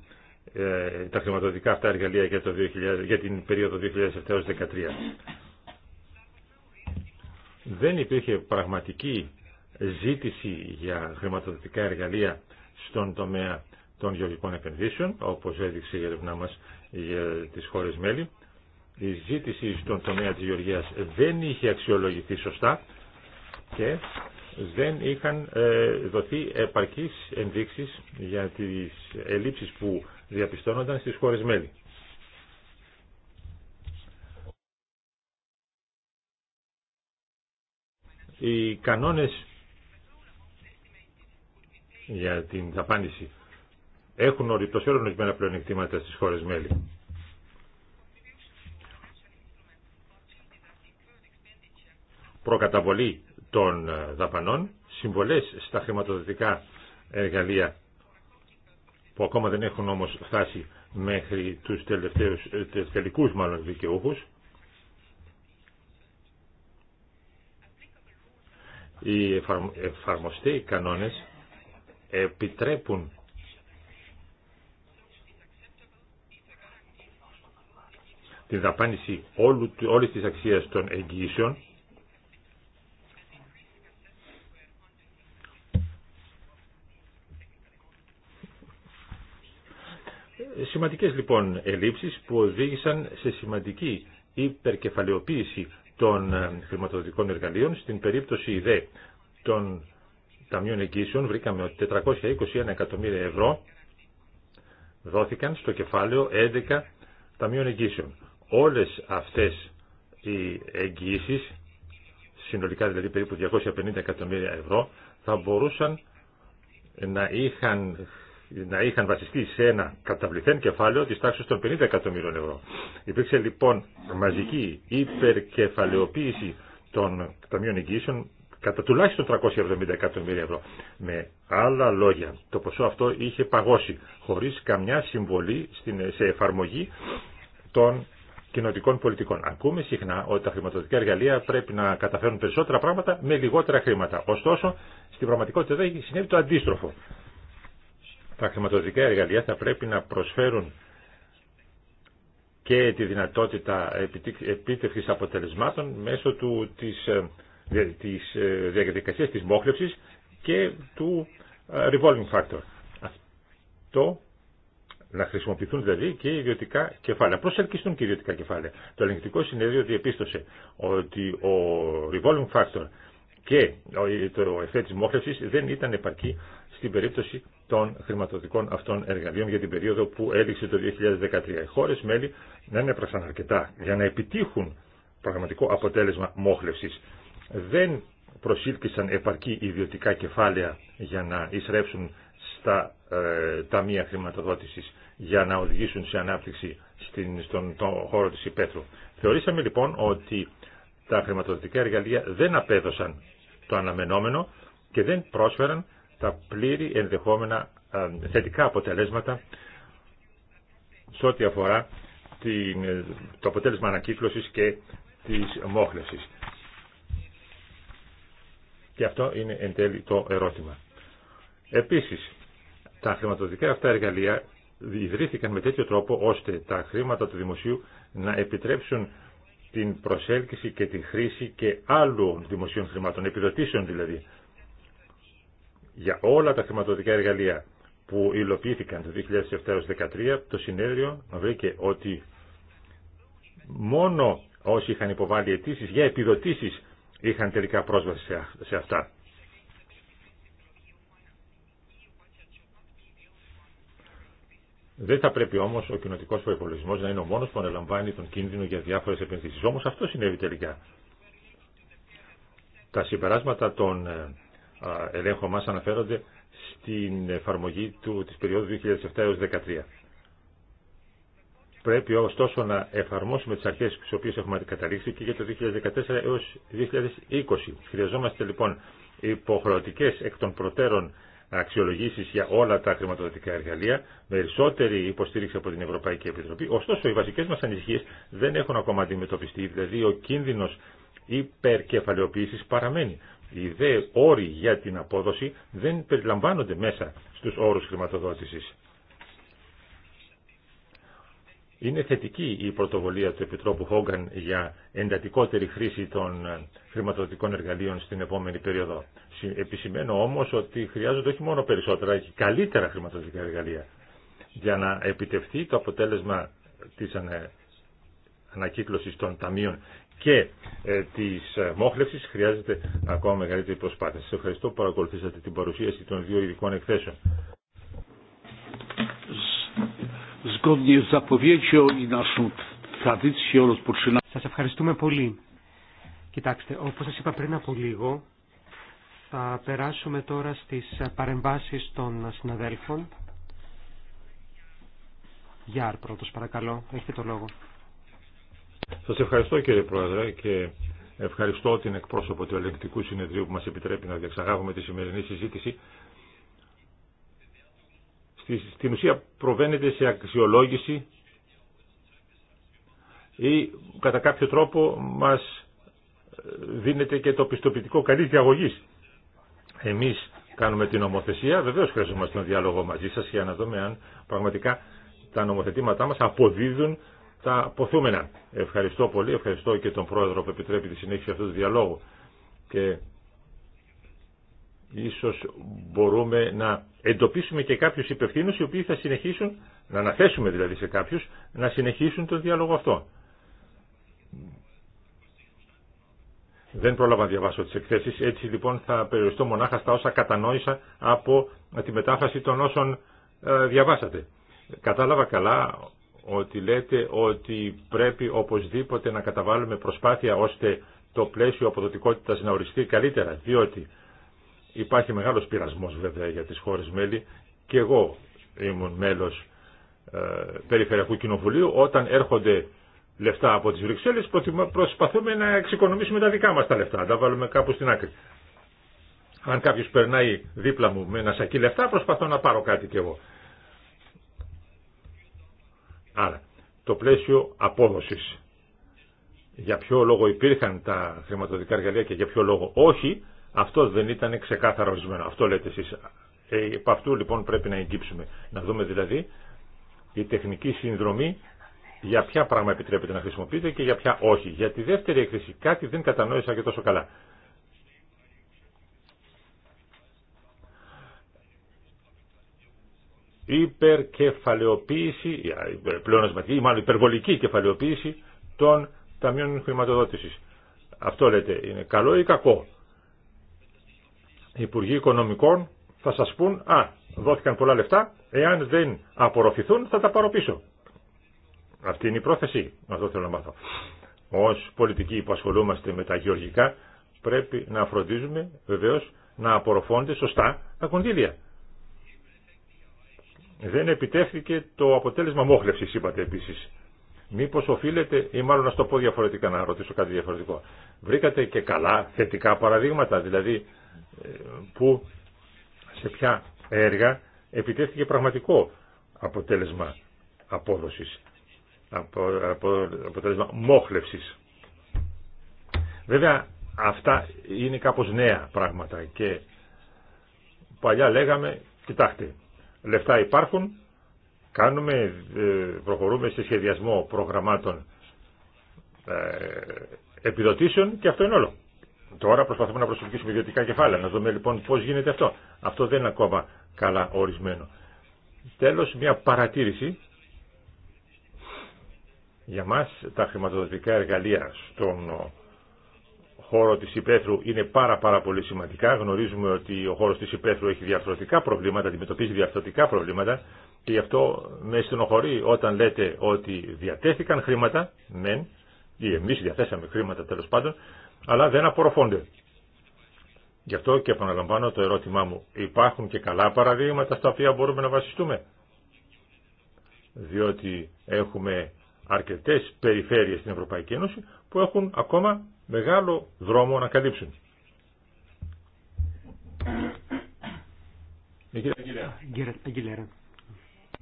ε, τα χρηματοδοτικά αυτά εργαλεία για, το 2000, για την περίοδο 2007-2013. Δεν υπήρχε πραγματική ζήτηση για χρηματοδοτικά εργαλεία στον τομέα των γεωργικών επενδύσεων, όπως έδειξε η έρευνά μας για τις χώρες μέλη. Η ζήτηση στον τομέα της γεωργίας δεν είχε αξιολογηθεί σωστά και δεν είχαν ε, δοθεί επαρκείς ενδείξεις για τις ελλείψεις που διαπιστώνονταν στις χώρες μέλη. Οι κανόνες για την δαπάνηση έχουν οριπτώσει πλεονεκτήματα στις χώρες μέλη. Προκαταβολή των ε, δαπανών, συμβολές στα χρηματοδοτικά εργαλεία που ακόμα δεν έχουν όμως φτάσει μέχρι τους τελευταίους, ε, τελικούς μάλλον δικαιούχους. Οι εφαρμοστεί κανόνες επιτρέπουν τη δαπάνηση όλου, όλης της αξίας των εγγύσεων Σημαντικές λοιπόν ελλείψεις που οδήγησαν σε σημαντική υπερκεφαλαιοποίηση των ε, χρηματοδοτικών εργαλείων. Στην περίπτωση ιδέ των ταμείων εγγύσεων βρήκαμε ότι 421 εκατομμύρια ευρώ δόθηκαν στο κεφάλαιο 11 ταμείων εγγύσεων όλες αυτές οι εγγυήσει, συνολικά δηλαδή περίπου 250 εκατομμύρια ευρώ, θα μπορούσαν να είχαν, να είχαν βασιστεί σε ένα καταβληθέν κεφάλαιο της τάξης των 50 εκατομμύρων ευρώ. Υπήρξε λοιπόν μαζική υπερκεφαλαιοποίηση των ταμείων εγγυήσεων κατά τουλάχιστον 370 εκατομμύρια ευρώ. Με άλλα λόγια, το ποσό αυτό είχε παγώσει χωρίς καμιά συμβολή σε εφαρμογή των κοινοτικών πολιτικών. Ακούμε συχνά ότι τα χρηματοδοτικά εργαλεία πρέπει να καταφέρουν περισσότερα πράγματα με λιγότερα χρήματα. Ωστόσο, στην πραγματικότητα εδώ συνέβη το αντίστροφο. Τα χρηματοδοτικά εργαλεία θα πρέπει να προσφέρουν και τη δυνατότητα επίτευξης αποτελεσμάτων μέσω του, της, ε, της ε, διαδικασίας της μόχλευσης και του ε, revolving factor. Αυτό να χρησιμοποιηθούν δηλαδή και ιδιωτικά κεφάλαια. Προσελκυστούν και ιδιωτικά κεφάλαια. Το ελεγκτικό συνέδριο διεπίστωσε ότι ο revolving factor και το εφέ της μόχλευσης δεν ήταν επαρκή στην περίπτωση των χρηματοδοτικών αυτών εργαλείων για την περίοδο που έληξε το 2013. Οι χώρες μέλη δεν έπραξαν αρκετά για να επιτύχουν πραγματικό αποτέλεσμα μόχλευσης. Δεν προσήλκησαν επαρκή ιδιωτικά κεφάλαια για να εισρέψουν τα ε, ταμεία χρηματοδότησης για να οδηγήσουν σε ανάπτυξη στην, στον χώρο της υπέθρου. Θεωρήσαμε λοιπόν ότι τα χρηματοδοτικά εργαλεία δεν απέδωσαν το αναμενόμενο και δεν πρόσφεραν τα πλήρη ενδεχόμενα ε, θετικά αποτελέσματα σε ό,τι αφορά την, ε, το αποτέλεσμα ανακύκλωσης και της μόχλευσης. Και αυτό είναι εν τέλει το ερώτημα. Επίσης, τα χρηματοδοτικά αυτά εργαλεία ιδρύθηκαν με τέτοιο τρόπο ώστε τα χρήματα του δημοσίου να επιτρέψουν την προσέλκυση και τη χρήση και άλλων δημοσίων χρημάτων, επιδοτήσεων δηλαδή. Για όλα τα χρηματοδοτικά εργαλεία που υλοποιήθηκαν το 2007-2013, το συνέδριο βρήκε ότι μόνο όσοι είχαν υποβάλει αιτήσει για επιδοτήσεις είχαν τελικά πρόσβαση σε αυτά. Δεν θα πρέπει όμω ο κοινοτικό προπολογισμό να είναι ο μόνο που αναλαμβάνει τον κίνδυνο για διάφορε επενδύσει. Όμω αυτό συνέβη τελικά. Τα συμπεράσματα των ε, ε, ελέγχων μα αναφέρονται στην εφαρμογή του, της περίοδου 2007 έως 2013. Πρέπει ωστόσο να εφαρμόσουμε τις αρχές στις οποίες έχουμε καταλήξει και για το 2014 έως 2020. Χρειαζόμαστε λοιπόν υποχρεωτικές εκ των προτέρων αξιολογήσεις για όλα τα χρηματοδοτικά εργαλεία, περισσότερη υποστήριξη από την Ευρωπαϊκή Επιτροπή. Ωστόσο, οι βασικές μας ανησυχίες δεν έχουν ακόμα αντιμετωπιστεί, δηλαδή ο κίνδυνος υπερκεφαλαιοποίησης παραμένει. Οι δε όροι για την απόδοση δεν περιλαμβάνονται μέσα στους όρους χρηματοδότησης. Είναι θετική η πρωτοβολία του Επιτρόπου Χόγκαν για εντατικότερη χρήση των ε, χρηματοδοτικών εργαλείων στην επόμενη περίοδο. Επισημαίνω όμως ότι χρειάζονται όχι μόνο περισσότερα, και καλύτερα χρηματοδοτικά εργαλεία για να επιτευχθεί το αποτέλεσμα της ανακύκλωσης των ταμείων και ε, της ε, μόχλευσης χρειάζεται ακόμα μεγαλύτερη προσπάθεια. Σας ευχαριστώ που παρακολουθήσατε την παρουσίαση των δύο ειδικών εκθέσεων. Zgodnie i Σας ευχαριστούμε πολύ. Κοιτάξτε, όπως σας είπα πριν από λίγο, θα περάσουμε τώρα στις παρεμβάσεις των συναδέλφων. Γιάρ πρώτος, παρακαλώ. Έχετε το λόγο. Σας ευχαριστώ κύριε Πρόεδρε και ευχαριστώ την εκπρόσωπο του Ελεγκτικού Συνεδρίου που μας επιτρέπει να διεξαγάγουμε τη σημερινή συζήτηση στην ουσία προβαίνεται σε αξιολόγηση ή κατά κάποιο τρόπο μας δίνεται και το πιστοποιητικό καλής διαγωγής. Εμείς κάνουμε την ομοθέσια, βεβαίως χρειαζόμαστε τον διάλογο μαζί σας για να δούμε αν πραγματικά τα νομοθετήματά μας αποδίδουν τα ποθούμενα. Ευχαριστώ πολύ, ευχαριστώ και τον Πρόεδρο που επιτρέπει τη συνέχεια αυτού του διαλόγου. Και ίσως μπορούμε να εντοπίσουμε και κάποιους υπευθύνους οι οποίοι θα συνεχίσουν, να αναθέσουμε δηλαδή σε κάποιους, να συνεχίσουν τον διάλογο αυτό. Δεν πρόλαβα να διαβάσω τις εκθέσεις, έτσι λοιπόν θα περιοριστώ μονάχα στα όσα κατανόησα από τη μετάφραση των όσων ε, διαβάσατε. Κατάλαβα καλά ότι λέτε ότι πρέπει οπωσδήποτε να καταβάλουμε προσπάθεια ώστε το πλαίσιο αποδοτικότητας να οριστεί καλύτερα, διότι Υπάρχει μεγάλος πειρασμός βέβαια για τις χώρες μέλη και εγώ ήμουν μέλος ε, Περιφερειακού Κοινοβουλίου όταν έρχονται λεφτά από τις Βρυξέλλες προσπαθούμε να εξοικονομήσουμε τα δικά μας τα λεφτά, να τα βάλουμε κάπου στην άκρη. Αν κάποιος περνάει δίπλα μου με ένα σακί λεφτά προσπαθώ να πάρω κάτι κι εγώ. Άρα, το πλαίσιο απόδοσης. Για ποιο λόγο υπήρχαν τα χρηματοδοτικά εργαλεία και για ποιο λόγο όχι, αυτό δεν ήταν ξεκάθαρο ορισμένο. Αυτό λέτε εσείς. Ε, επ' αυτού λοιπόν πρέπει να εγκύψουμε. Να δούμε δηλαδή η τεχνική συνδρομή για ποια πράγμα επιτρέπεται να χρησιμοποιείτε και για ποια όχι. Για τη δεύτερη έκθεση κάτι δεν κατανόησα και τόσο καλά. υπερκεφαλαιοποίηση, πλέον ή μάλλον υπερβολική κεφαλαιοποίηση των ταμείων χρηματοδότησης. Αυτό λέτε είναι καλό ή κακό οι Υπουργοί Οικονομικών θα σα πούν «Α, δόθηκαν πολλά λεφτά, εάν δεν απορροφηθούν θα τα πάρω πίσω». Αυτή είναι η πρόθεση, αυτό θέλω να μάθω. Ω πολιτικοί που ασχολούμαστε με τα γεωργικά πρέπει να φροντίζουμε βεβαίω να απορροφώνται σωστά τα κονδύλια. Δεν επιτεύχθηκε το αποτέλεσμα μόχλευση, είπατε επίση. Μήπω οφείλεται, ή μάλλον να το πω διαφορετικά, να ρωτήσω κάτι διαφορετικό. Βρήκατε και καλά θετικά παραδείγματα, δηλαδή που σε ποια έργα επιτέθηκε πραγματικό αποτέλεσμα απόδοσης, αποτέλεσμα μόχλευσης. Βέβαια αυτά είναι κάπως νέα πράγματα και παλιά λέγαμε, κοιτάξτε, λεφτά υπάρχουν, κάνουμε, ε, προχωρούμε σε σχεδιασμό προγραμμάτων ε, επιδοτήσεων και αυτό είναι όλο. Τώρα προσπαθούμε να προσελκύσουμε ιδιωτικά κεφάλαια. Να δούμε λοιπόν πώ γίνεται αυτό. Αυτό δεν είναι ακόμα καλά ορισμένο. Τέλο, μια παρατήρηση. Για μα τα χρηματοδοτικά εργαλεία στον χώρο της υπαίθρου είναι πάρα πάρα πολύ σημαντικά. Γνωρίζουμε ότι ο χώρος της υπαίθρου έχει διαρθρωτικά προβλήματα, αντιμετωπίζει διαρθρωτικά προβλήματα και γι' αυτό με στενοχωρεί όταν λέτε ότι διατέθηκαν χρήματα, μεν, ή εμείς διαθέσαμε χρήματα τέλος πάντων, αλλά δεν απορροφώνται. Γι' αυτό και επαναλαμβάνω το ερώτημά μου. Υπάρχουν και καλά παραδείγματα στα οποία μπορούμε να βασιστούμε. Διότι έχουμε αρκετές περιφέρειες στην Ευρωπαϊκή Ένωση που έχουν ακόμα μεγάλο δρόμο να καλύψουν.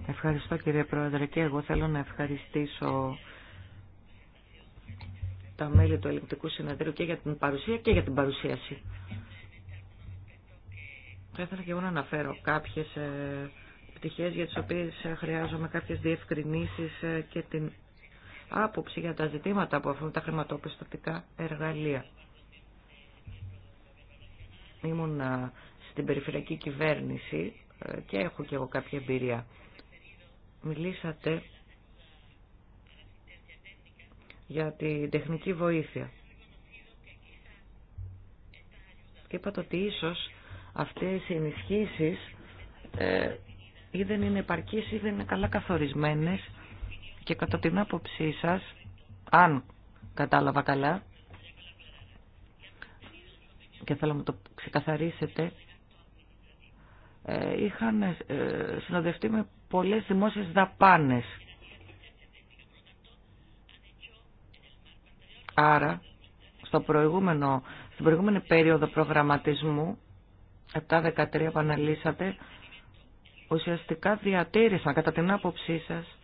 Ευχαριστώ κύριε Πρόεδρε και εγώ θέλω να ευχαριστήσω τα μέλη του Ελληνικού Συνεδρίου και για την παρουσία και για την παρουσίαση. Θα ήθελα και εγώ να αναφέρω κάποιες ε, πτυχές για τις οποίες ε, χρειάζομαι κάποιες διευκρινήσει ε, και την άποψη για τα ζητήματα που αφορούν τα χρηματοπιστωτικά εργαλεία. Ήμουν στην περιφερειακή κυβέρνηση και έχω και εγώ κάποια εμπειρία. Μιλήσατε για την τεχνική βοήθεια. Και είπατε ότι ίσως αυτές οι ενισχύσεις ε, ή δεν είναι επαρκείς ή δεν είναι καλά καθορισμένες και κατά την άποψή σας, αν κατάλαβα καλά, και θέλω να το ξεκαθαρίσετε, ε, είχαν ε, συνοδευτεί με πολλές δημόσιες δαπάνες Άρα, στο προηγούμενο, στην προηγούμενη περίοδο προγραμματισμού, 7-13 αναλύσατε, ουσιαστικά διατήρησαν κατά την άποψή σας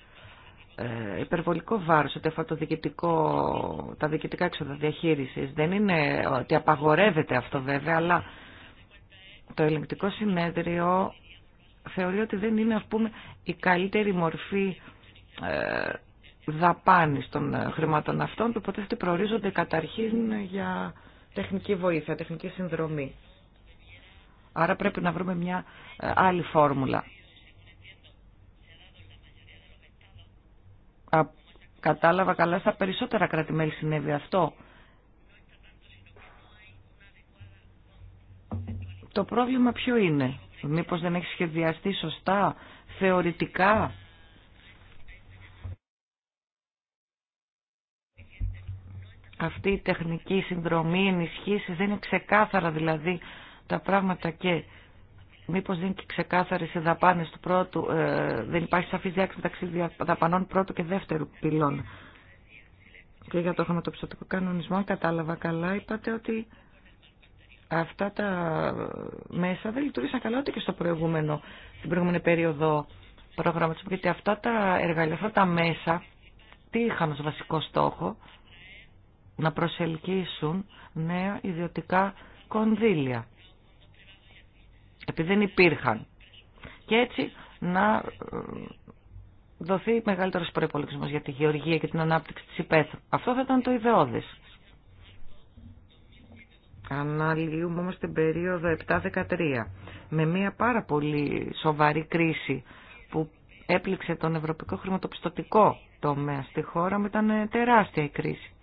ε, υπερβολικό βάρος ότι αυτό το διοικητικό, τα διοικητικά έξοδα διαχείρισης. Δεν είναι ότι απαγορεύεται αυτό βέβαια, αλλά το ελεγκτικό συνέδριο θεωρεί ότι δεν είναι ας πούμε η καλύτερη μορφή ε, δαπάνη των ε, χρημάτων αυτών που υποτίθεται προορίζονται καταρχήν για τεχνική βοήθεια, τεχνική συνδρομή. Άρα πρέπει να βρούμε μια ε, άλλη φόρμουλα. κατάλαβα καλά, στα περισσότερα κράτη-μέλη συνέβη αυτό. Το πρόβλημα ποιο είναι, μήπως δεν έχει σχεδιαστεί σωστά, θεωρητικά, αυτή η τεχνική συνδρομή, ενισχύσει, δεν είναι ξεκάθαρα δηλαδή τα πράγματα και μήπω δεν είναι και ξεκάθαρε οι δαπάνε του πρώτου, ε, δεν υπάρχει σαφή διάκριση μεταξύ δαπανών πρώτου και δεύτερου πυλών. Και για το χρηματοπιστωτικό κανονισμό, κατάλαβα καλά, είπατε ότι αυτά τα μέσα δεν λειτουργήσαν καλά ούτε και στο προηγούμενο, στην προηγούμενη περίοδο προγραμματισμού, γιατί αυτά τα εργαλεία, αυτά τα μέσα, τι είχαν ως βασικό στόχο, να προσελκύσουν νέα ιδιωτικά κονδύλια. Επειδή δεν υπήρχαν. Και έτσι να ε, δοθεί μεγαλύτερος προϋπολογισμός για τη γεωργία και την ανάπτυξη της υπέθρου Αυτό θα ήταν το ιδεώδης. Αναλύουμε όμως την περίοδο 7-13 με μια πάρα πολύ σοβαρή κρίση που έπληξε τον ευρωπαϊκό χρηματοπιστωτικό τομέα στη χώρα μου ήταν τεράστια η κρίση.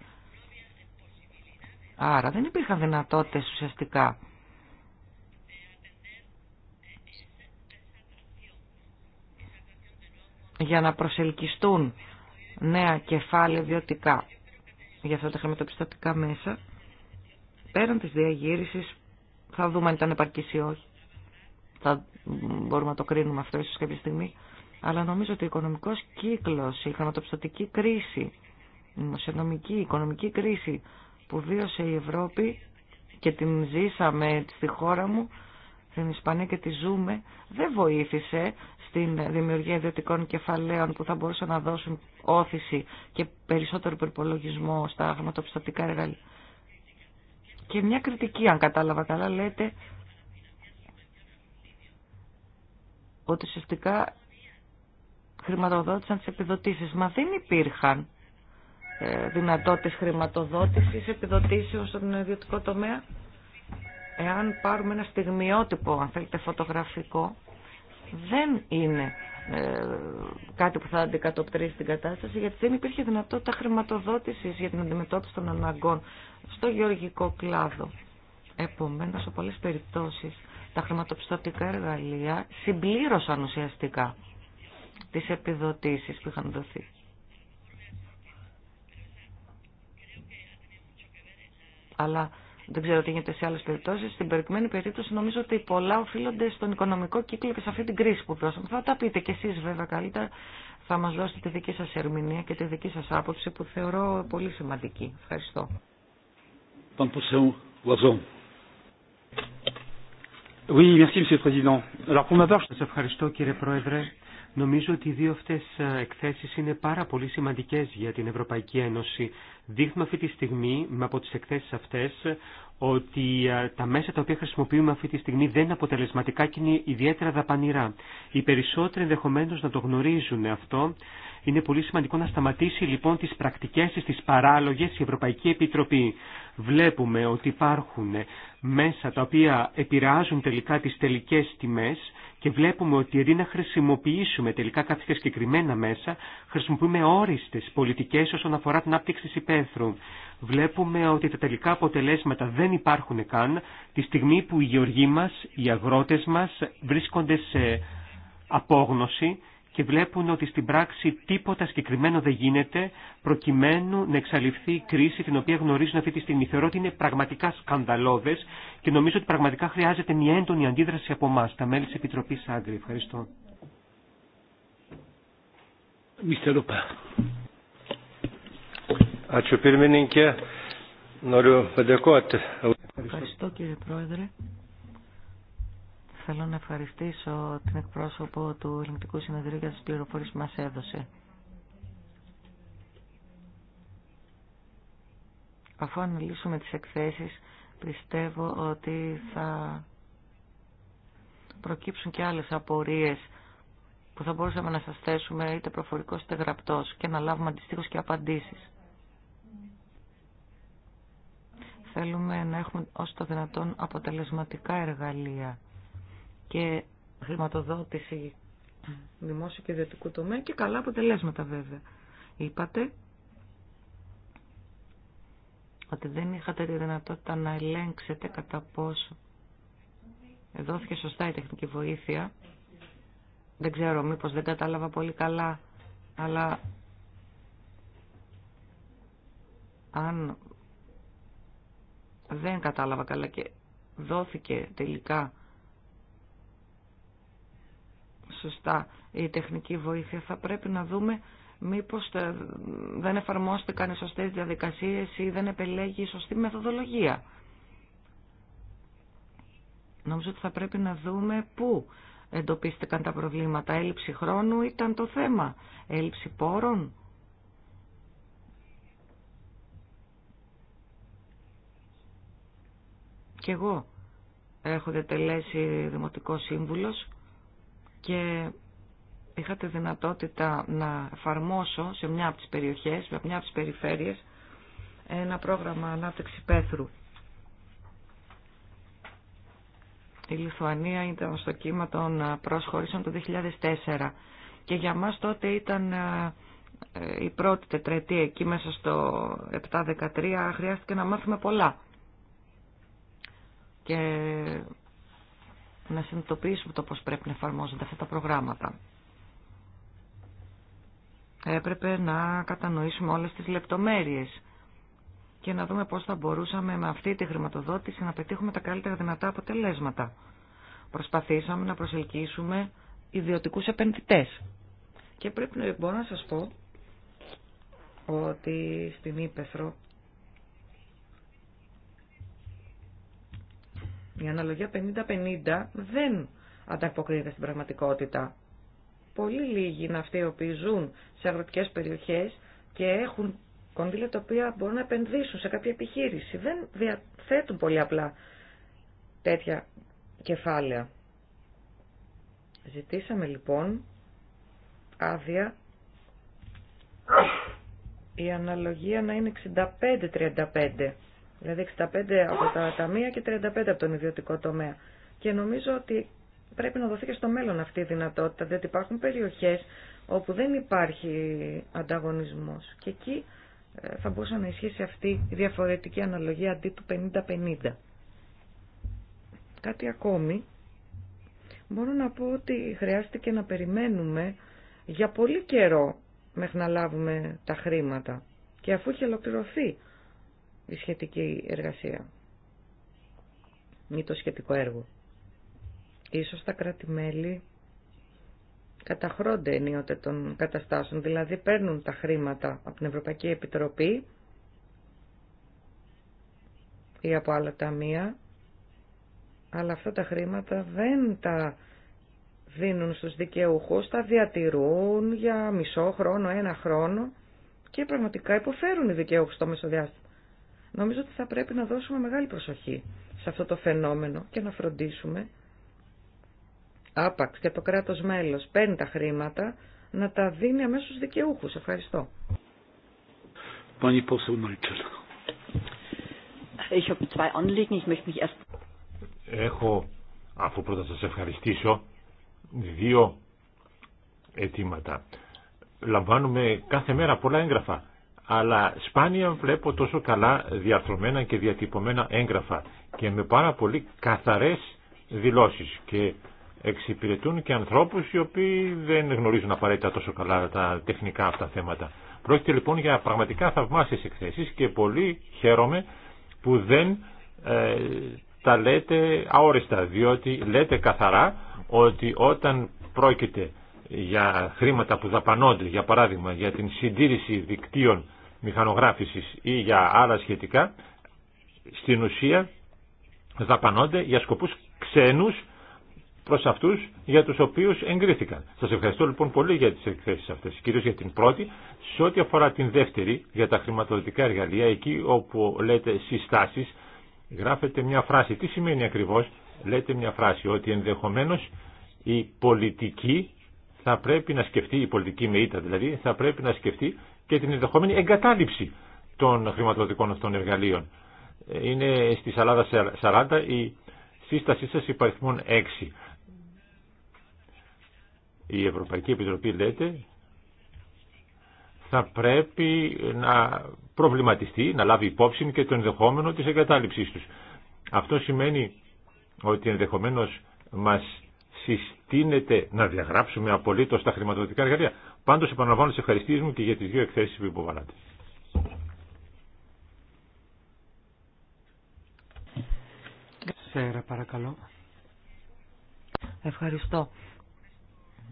Άρα δεν υπήρχαν δυνατότητες ουσιαστικά. για να προσελκυστούν νέα κεφάλαια ιδιωτικά για αυτά τα χρηματοπιστωτικά μέσα. Πέραν της διαγύρισης θα δούμε αν ήταν επαρκής ή όχι. Θα μπορούμε να το κρίνουμε αυτό ίσως κάποια στιγμή. Αλλά νομίζω ότι ο οικονομικός κύκλος, η χρηματοπιστωτική κρίση, η δημοσιονομική, η οικονομική κρίση που βίωσε η Ευρώπη και την ζήσαμε στη χώρα μου, στην Ισπανία και τη ζούμε, δεν βοήθησε στην δημιουργία ιδιωτικών κεφαλαίων που θα μπορούσαν να δώσουν όθηση και περισσότερο υπερπολογισμό στα χρηματοπιστωτικά εργαλεία. Και μια κριτική, αν κατάλαβα καλά, λέτε ότι ουσιαστικά χρηματοδότησαν τις επιδοτήσεις. Μα δεν υπήρχαν ε, δυνατότητες χρηματοδότησης επιδοτήσεων στον ιδιωτικό τομέα. Εάν πάρουμε ένα στιγμιότυπο, αν θέλετε, φωτογραφικό, δεν είναι ε, κάτι που θα αντικατοπτρίσει την κατάσταση, γιατί δεν υπήρχε δυνατότητα χρηματοδότησης για την αντιμετώπιση των αναγκών στο γεωργικό κλάδο. Επομένως, σε πολλές περιπτώσεις, τα χρηματοπιστωτικά εργαλεία συμπλήρωσαν ουσιαστικά τις επιδοτήσεις που είχαν δοθεί. αλλά δεν ξέρω τι γίνεται σε άλλε περιπτώσει. Στην προκειμένη περίπτωση νομίζω ότι πολλά οφείλονται στον οικονομικό κύκλο και σε αυτή την κρίση που βιώσαμε. Θα τα πείτε κι εσεί βέβαια καλύτερα. Θα μα δώσετε τη δική σα ερμηνεία και τη δική σα άποψη που θεωρώ πολύ σημαντική. Ευχαριστώ. Σας ευχαριστώ κύριε Πρόεδρε. Νομίζω ότι οι δύο αυτές ε, εκθέσεις είναι πάρα πολύ σημαντικές για την Ευρωπαϊκή Ένωση. Δείχνουμε αυτή τη στιγμή, με από τις εκθέσεις αυτές, ότι ε, τα μέσα τα οποία χρησιμοποιούμε αυτή τη στιγμή δεν είναι αποτελεσματικά και είναι ιδιαίτερα δαπανηρά. Οι περισσότεροι ενδεχομένω να το γνωρίζουν αυτό. Είναι πολύ σημαντικό να σταματήσει λοιπόν τις πρακτικές της, τις παράλογες, η Ευρωπαϊκή Επιτροπή. Βλέπουμε ότι υπάρχουν μέσα τα οποία επηρεάζουν τελικά τις τελικές τιμές και βλέπουμε ότι αντί να χρησιμοποιήσουμε τελικά κάποια συγκεκριμένα μέσα, χρησιμοποιούμε όριστε πολιτικέ όσον αφορά την άπτυξη τη υπαίθρου. Βλέπουμε ότι τα τελικά αποτελέσματα δεν υπάρχουν καν τη στιγμή που οι γεωργοί μα, οι αγρότε μα βρίσκονται σε απόγνωση και βλέπουν ότι στην πράξη τίποτα συγκεκριμένο δεν γίνεται προκειμένου να εξαλειφθεί η κρίση την οποία γνωρίζουν αυτή τη στιγμή. Θεωρώ ότι είναι πραγματικά σκανδαλώδε και νομίζω ότι πραγματικά χρειάζεται μια έντονη αντίδραση από εμά, τα μέλη τη Επιτροπή Άγκρη. Ευχαριστώ. Ευχαριστώ κύριε Πρόεδρε. Θέλω να ευχαριστήσω την εκπρόσωπο του Ελληνικού Συνεδρίου για τις πληροφορίες που μας έδωσε. Αφού αναλύσουμε τις εκθέσεις, πιστεύω ότι θα προκύψουν και άλλες απορίες που θα μπορούσαμε να σας θέσουμε είτε προφορικός είτε γραπτός και να λάβουμε αντιστοίχως και απαντήσεις. Θέλουμε να έχουμε όσο το δυνατόν αποτελεσματικά εργαλεία και χρηματοδότηση δημόσιο και ιδιωτικού τομέα και καλά αποτελέσματα βέβαια. Είπατε ότι δεν είχατε τη δυνατότητα να ελέγξετε κατά πόσο δόθηκε σωστά η τεχνική βοήθεια. Δεν ξέρω, μήπως δεν κατάλαβα πολύ καλά, αλλά αν δεν κατάλαβα καλά και δόθηκε τελικά σωστά η τεχνική βοήθεια. Θα πρέπει να δούμε μήπως ε, δεν εφαρμόστηκαν οι σωστές διαδικασίες ή δεν επελέγει η σωστή μεθοδολογία. Νομίζω ότι θα πρέπει να δούμε πού εντοπίστηκαν τα προβλήματα. Έλλειψη χρόνου ήταν το θέμα. Έλλειψη πόρων. Και εγώ έχω διατελέσει δημοτικό σύμβουλος και είχα τη δυνατότητα να εφαρμόσω σε μια από τις περιοχές, σε μια από τις περιφέρειες, ένα πρόγραμμα ανάπτυξη πέθρου. Η Λιθουανία ήταν στο κύμα των ε, προσχωρήσεων το 2004 και για μας τότε ήταν ε, ε, η πρώτη τετραετία εκεί μέσα στο 7-13 χρειάστηκε να μάθουμε πολλά. Και να συνειδητοποιήσουμε το πώς πρέπει να εφαρμόζονται αυτά τα προγράμματα. Έπρεπε να κατανοήσουμε όλες τις λεπτομέρειες και να δούμε πώς θα μπορούσαμε με αυτή τη χρηματοδότηση να πετύχουμε τα καλύτερα δυνατά αποτελέσματα. Προσπαθήσαμε να προσελκύσουμε ιδιωτικούς επενδυτές. Και πρέπει να μπορώ να σας πω ότι στην Ήπεθρο Η αναλογία 50-50 δεν ανταποκρίνεται στην πραγματικότητα. Πολύ λίγοι είναι αυτοί οι οποίοι ζουν σε αγροτικές περιοχές και έχουν κονδύλια τα οποία μπορούν να επενδύσουν σε κάποια επιχείρηση. Δεν διαθέτουν πολύ απλά τέτοια κεφάλαια. Ζητήσαμε λοιπόν άδεια η αναλογία να είναι 65-35 Δηλαδή 65 από τα ταμεία και 35 από τον ιδιωτικό τομέα. Και νομίζω ότι πρέπει να δοθεί και στο μέλλον αυτή η δυνατότητα, διότι υπάρχουν περιοχές όπου δεν υπάρχει ανταγωνισμός. Και εκεί ε, θα μπορούσε να ισχύσει αυτή η διαφορετική αναλογία αντί του 50-50. Κάτι ακόμη, μπορώ να πω ότι χρειάστηκε να περιμένουμε για πολύ καιρό μέχρι να λάβουμε τα χρήματα. Και αφού είχε ολοκληρωθεί η σχετική εργασία ή το σχετικό έργο. Ίσως τα κράτη-μέλη καταχρώνται ενίοτε των καταστάσεων, δηλαδή παίρνουν τα χρήματα από την Ευρωπαϊκή Επιτροπή ή από άλλα ταμεία, αλλά αυτά τα χρήματα δεν τα δίνουν στους δικαιούχους, τα διατηρούν για μισό χρόνο, ένα χρόνο και πραγματικά υποφέρουν οι δικαιούχοι στο μεσοδιάστημα. Νομίζω ότι θα πρέπει να δώσουμε μεγάλη προσοχή σε αυτό το φαινόμενο και να φροντίσουμε άπαξ και το κράτος μέλος παίρνει τα χρήματα να τα δίνει αμέσως δικαιούχους. Ευχαριστώ. Έχω, αφού πρώτα σας ευχαριστήσω, δύο αιτήματα. Λαμβάνουμε κάθε μέρα πολλά έγγραφα αλλά σπάνια βλέπω τόσο καλά διαρθρωμένα και διατυπωμένα έγγραφα και με πάρα πολύ καθαρές δηλώσεις και εξυπηρετούν και ανθρώπους οι οποίοι δεν γνωρίζουν απαραίτητα τόσο καλά τα τεχνικά αυτά θέματα. Πρόκειται λοιπόν για πραγματικά θαυμάσεις εκθέσεις και πολύ χαίρομαι που δεν ε, τα λέτε αόριστα, διότι λέτε καθαρά ότι όταν πρόκειται για χρήματα που δαπανώνται, για παράδειγμα, για την συντήρηση δικτύων μηχανογράφησης ή για άλλα σχετικά, στην ουσία δαπανώνται για σκοπούς ξένους προς αυτούς για τους οποίους εγκρίθηκαν. Σας ευχαριστώ λοιπόν πολύ για τις εκθέσεις αυτές, κυρίως για την πρώτη. Σε ό,τι αφορά την δεύτερη, για τα χρηματοδοτικά εργαλεία, εκεί όπου λέτε συστάσεις, γράφετε μια φράση. Τι σημαίνει ακριβώς, λέτε μια φράση, ότι ενδεχομένως η πολιτική θα πρέπει να σκεφτεί η πολιτική με δηλαδή, θα πρέπει να σκεφτεί και την ενδεχόμενη εγκατάλειψη των χρηματοδοτικών αυτών εργαλείων. Είναι στη σαλάδα 40 η σύστασή σας υπαριθμών 6. Η Ευρωπαϊκή Επιτροπή λέτε θα πρέπει να προβληματιστεί, να λάβει υπόψη και το ενδεχόμενο της εγκατάληψής τους. Αυτό σημαίνει ότι ενδεχομένως μας συστήνει προτείνεται να διαγράψουμε απολύτω τα χρηματοδοτικά εργαλεία. Πάντω, επαναλαμβάνω τι ευχαριστίε μου και για τι δύο εκθέσει που υποβάλλατε. Σέρα, παρακαλώ. Ευχαριστώ.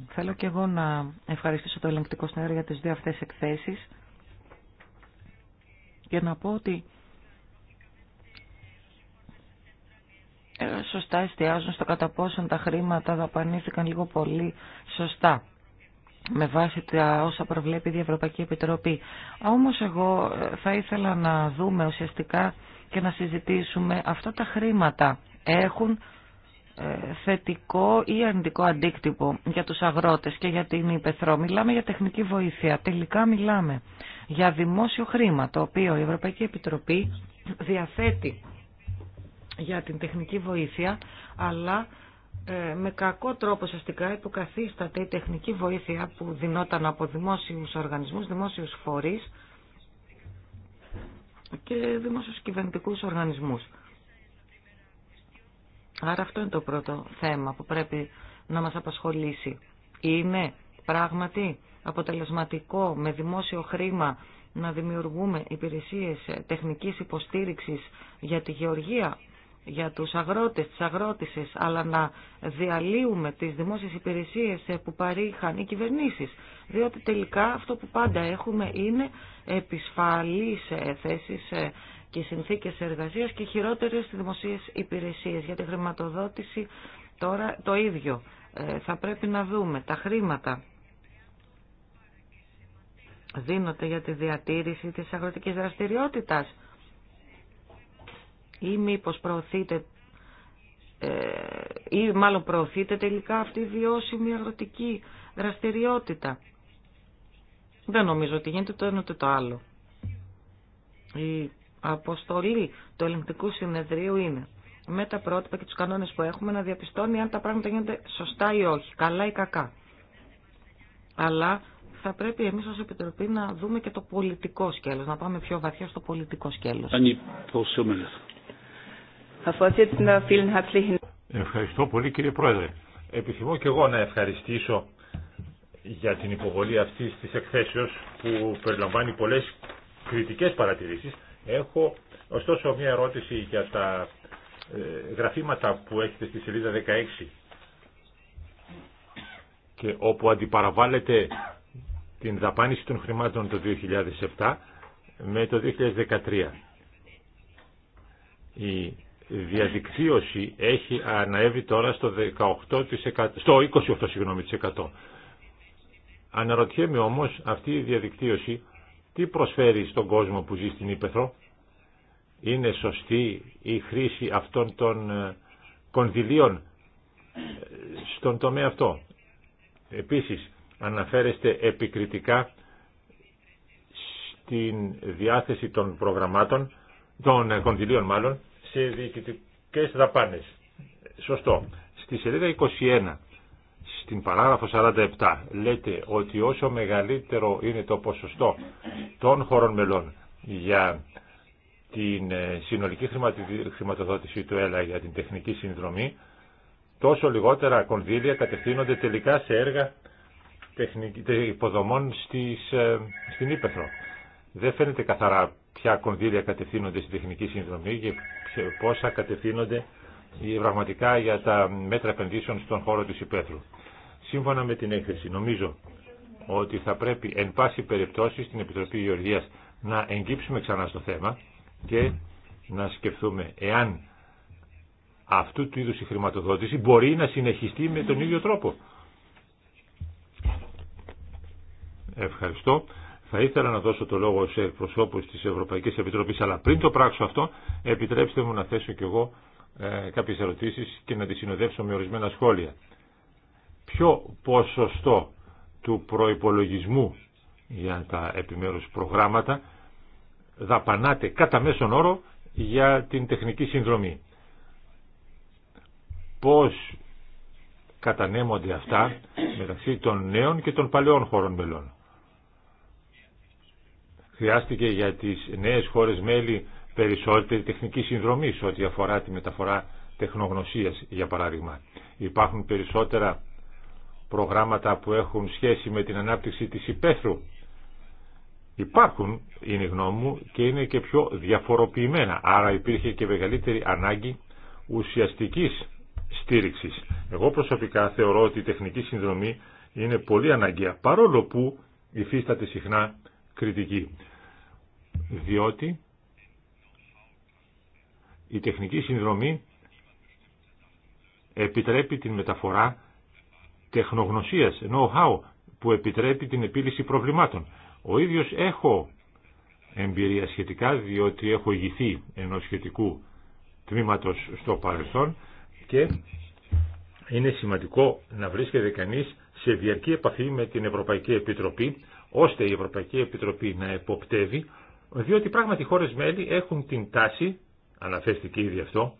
Θέλω και εγώ να ευχαριστήσω το ελεγκτικό συνέδριο για τις δύο αυτές εκθέσεις και να πω ότι Ε, σωστά εστιάζουν στο κατά πόσον τα χρήματα δαπανήθηκαν λίγο πολύ σωστά με βάση τα όσα προβλέπει η Ευρωπαϊκή Επιτροπή. Όμως εγώ ε, θα ήθελα να δούμε ουσιαστικά και να συζητήσουμε αυτά τα χρήματα έχουν ε, θετικό ή αρνητικό αντίκτυπο για τους αγρότες και για την υπεθρό. Μιλάμε για τεχνική βοήθεια. Τελικά μιλάμε για δημόσιο χρήμα, το οποίο η Ευρωπαϊκή Επιτροπή διαθέτει για την τεχνική βοήθεια, αλλά ε, με κακό τρόπο ουσιαστικά υποκαθίσταται η τεχνική βοήθεια που δινόταν από δημόσιους οργανισμούς, δημόσιους φορείς και δημόσιους κυβερνητικούς οργανισμούς. Άρα αυτό είναι το πρώτο θέμα που πρέπει να μας απασχολήσει. Είναι πράγματι αποτελεσματικό με δημόσιο χρήμα να δημιουργούμε υπηρεσίες τεχνικής υποστήριξης για τη γεωργία για τους αγρότες, τις αγρότησες, αλλά να διαλύουμε τις δημόσιες υπηρεσίες που παρήχαν οι κυβερνήσεις. Διότι τελικά αυτό που πάντα έχουμε είναι επισφαλείς ε, θέσεις ε, και συνθήκες εργασίας και χειρότερες δημοσίες υπηρεσίες. Για τη χρηματοδότηση τώρα το ίδιο. Ε, θα πρέπει να δούμε τα χρήματα δίνονται για τη διατήρηση της αγροτικής δραστηριότητας ή μήπως προωθείτε ε, ή μάλλον προωθείται τελικά αυτή η βιώσιμη αγροτική δραστηριότητα. Δεν νομίζω ότι γίνεται το ένα ούτε το άλλο. Η αποστολή του ελεγκτικού συνεδρίου είναι με τα πρότυπα και τους κανόνες που έχουμε να διαπιστώνει αν τα πράγματα γίνονται σωστά ή όχι, καλά ή κακά. Αλλά θα πρέπει εμείς ως Επιτροπή να δούμε και το πολιτικό σκέλος, να πάμε πιο βαθιά στο πολιτικό σκέλος. Ευχαριστώ πολύ κύριε Πρόεδρε. Επιθυμώ και εγώ να ευχαριστήσω για την υποβολή αυτή τη εκθέσεως που περιλαμβάνει πολλές κριτικές παρατηρήσεις. Έχω ωστόσο μια ερώτηση για τα ε, γραφήματα που έχετε στη σελίδα 16 και όπου αντιπαραβάλλεται την δαπάνηση των χρημάτων το 2007 με το 2013. Η διαδικτύωση έχει αναέβει τώρα στο, 18%, στο 28% συγγνώμη, Αναρωτιέμαι όμως αυτή η διαδικτύωση τι προσφέρει στον κόσμο που ζει στην Ήπεθρο. Είναι σωστή η χρήση αυτών των ε, κονδυλίων ε, στον τομέα αυτό. Επίσης αναφέρεστε επικριτικά στην διάθεση των προγραμμάτων, των ε, κονδυλίων μάλλον, σε διοικητικέ δαπάνε. Σωστό. Στη σελίδα 21, στην παράγραφο 47, λέτε ότι όσο μεγαλύτερο είναι το ποσοστό των χωρών μελών για την ε, συνολική χρηματοδότηση του ΕΛΑ για την τεχνική συνδρομή, τόσο λιγότερα κονδύλια κατευθύνονται τελικά σε έργα υποδομών στις, ε, στην Ήπεθρο. Δεν φαίνεται καθαρά ποια κονδύλια κατευθύνονται στη τεχνική συνδρομή και πόσα κατευθύνονται πραγματικά για τα μέτρα επενδύσεων στον χώρο της υπαίθρου. Σύμφωνα με την έκθεση, νομίζω ότι θα πρέπει εν πάση περιπτώσει στην Επιτροπή Γεωργίας να εγκύψουμε ξανά στο θέμα και να σκεφτούμε εάν αυτού του είδους η χρηματοδότηση μπορεί να συνεχιστεί με τον ίδιο τρόπο. Ευχαριστώ. Θα ήθελα να δώσω το λόγο σε εκπροσώπους της Ευρωπαϊκής Επιτροπής, αλλά πριν το πράξω αυτό, επιτρέψτε μου να θέσω κι εγώ ε, κάποιες ερωτήσεις και να τις συνοδεύσω με ορισμένα σχόλια. Ποιο ποσοστό του προϋπολογισμού για τα επιμέρους προγράμματα δαπανάτε κατά μέσον όρο για την τεχνική συνδρομή. Πώς κατανέμονται αυτά μεταξύ των νέων και των παλαιών χωρών μελών χρειάστηκε για τις νέες χώρες μέλη περισσότερη τεχνική συνδρομή σε ό,τι αφορά τη μεταφορά τεχνογνωσίας, για παράδειγμα. Υπάρχουν περισσότερα προγράμματα που έχουν σχέση με την ανάπτυξη της υπαίθρου. Υπάρχουν, είναι γνώμη μου, και είναι και πιο διαφοροποιημένα. Άρα υπήρχε και μεγαλύτερη ανάγκη ουσιαστικής στήριξης. Εγώ προσωπικά θεωρώ ότι η τεχνική συνδρομή είναι πολύ αναγκαία, παρόλο που υφίσταται συχνά κριτική διότι η τεχνική συνδρομή επιτρέπει την μεταφορά τεχνογνωσίας, know-how, που επιτρέπει την επίλυση προβλημάτων. Ο ίδιος έχω εμπειρία σχετικά, διότι έχω ηγηθεί ενός σχετικού τμήματος στο παρελθόν και είναι σημαντικό να βρίσκεται κανείς σε διαρκή επαφή με την Ευρωπαϊκή Επιτροπή, ώστε η Ευρωπαϊκή Επιτροπή να εποπτεύει διότι πράγματι οι χώρες μέλη έχουν την τάση, αναφέστηκε ήδη αυτό,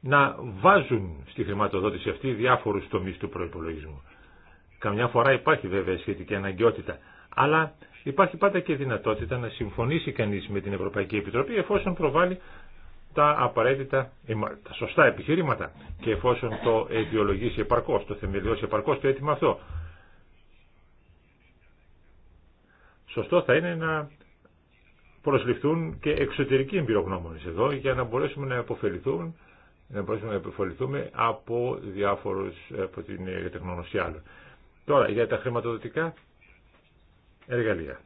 να βάζουν στη χρηματοδότηση αυτή διάφορους τομείς του προϋπολογισμού. Καμιά φορά υπάρχει βέβαια σχετική αναγκαιότητα, αλλά υπάρχει πάντα και δυνατότητα να συμφωνήσει κανείς με την Ευρωπαϊκή Επιτροπή εφόσον προβάλλει τα απαραίτητα, τα σωστά επιχειρήματα και εφόσον το αιτιολογήσει επαρκώς, το θεμελιώσει επαρκώς το αίτημα αυτό. σωστό θα είναι να προσληφθούν και εξωτερικοί εμπειρογνώμονες εδώ για να μπορέσουμε να να μπορέσουμε να υποφεληθούμε από διάφορους, από την ε, τεχνογνωσία άλλων. Τώρα, για τα χρηματοδοτικά εργαλεία,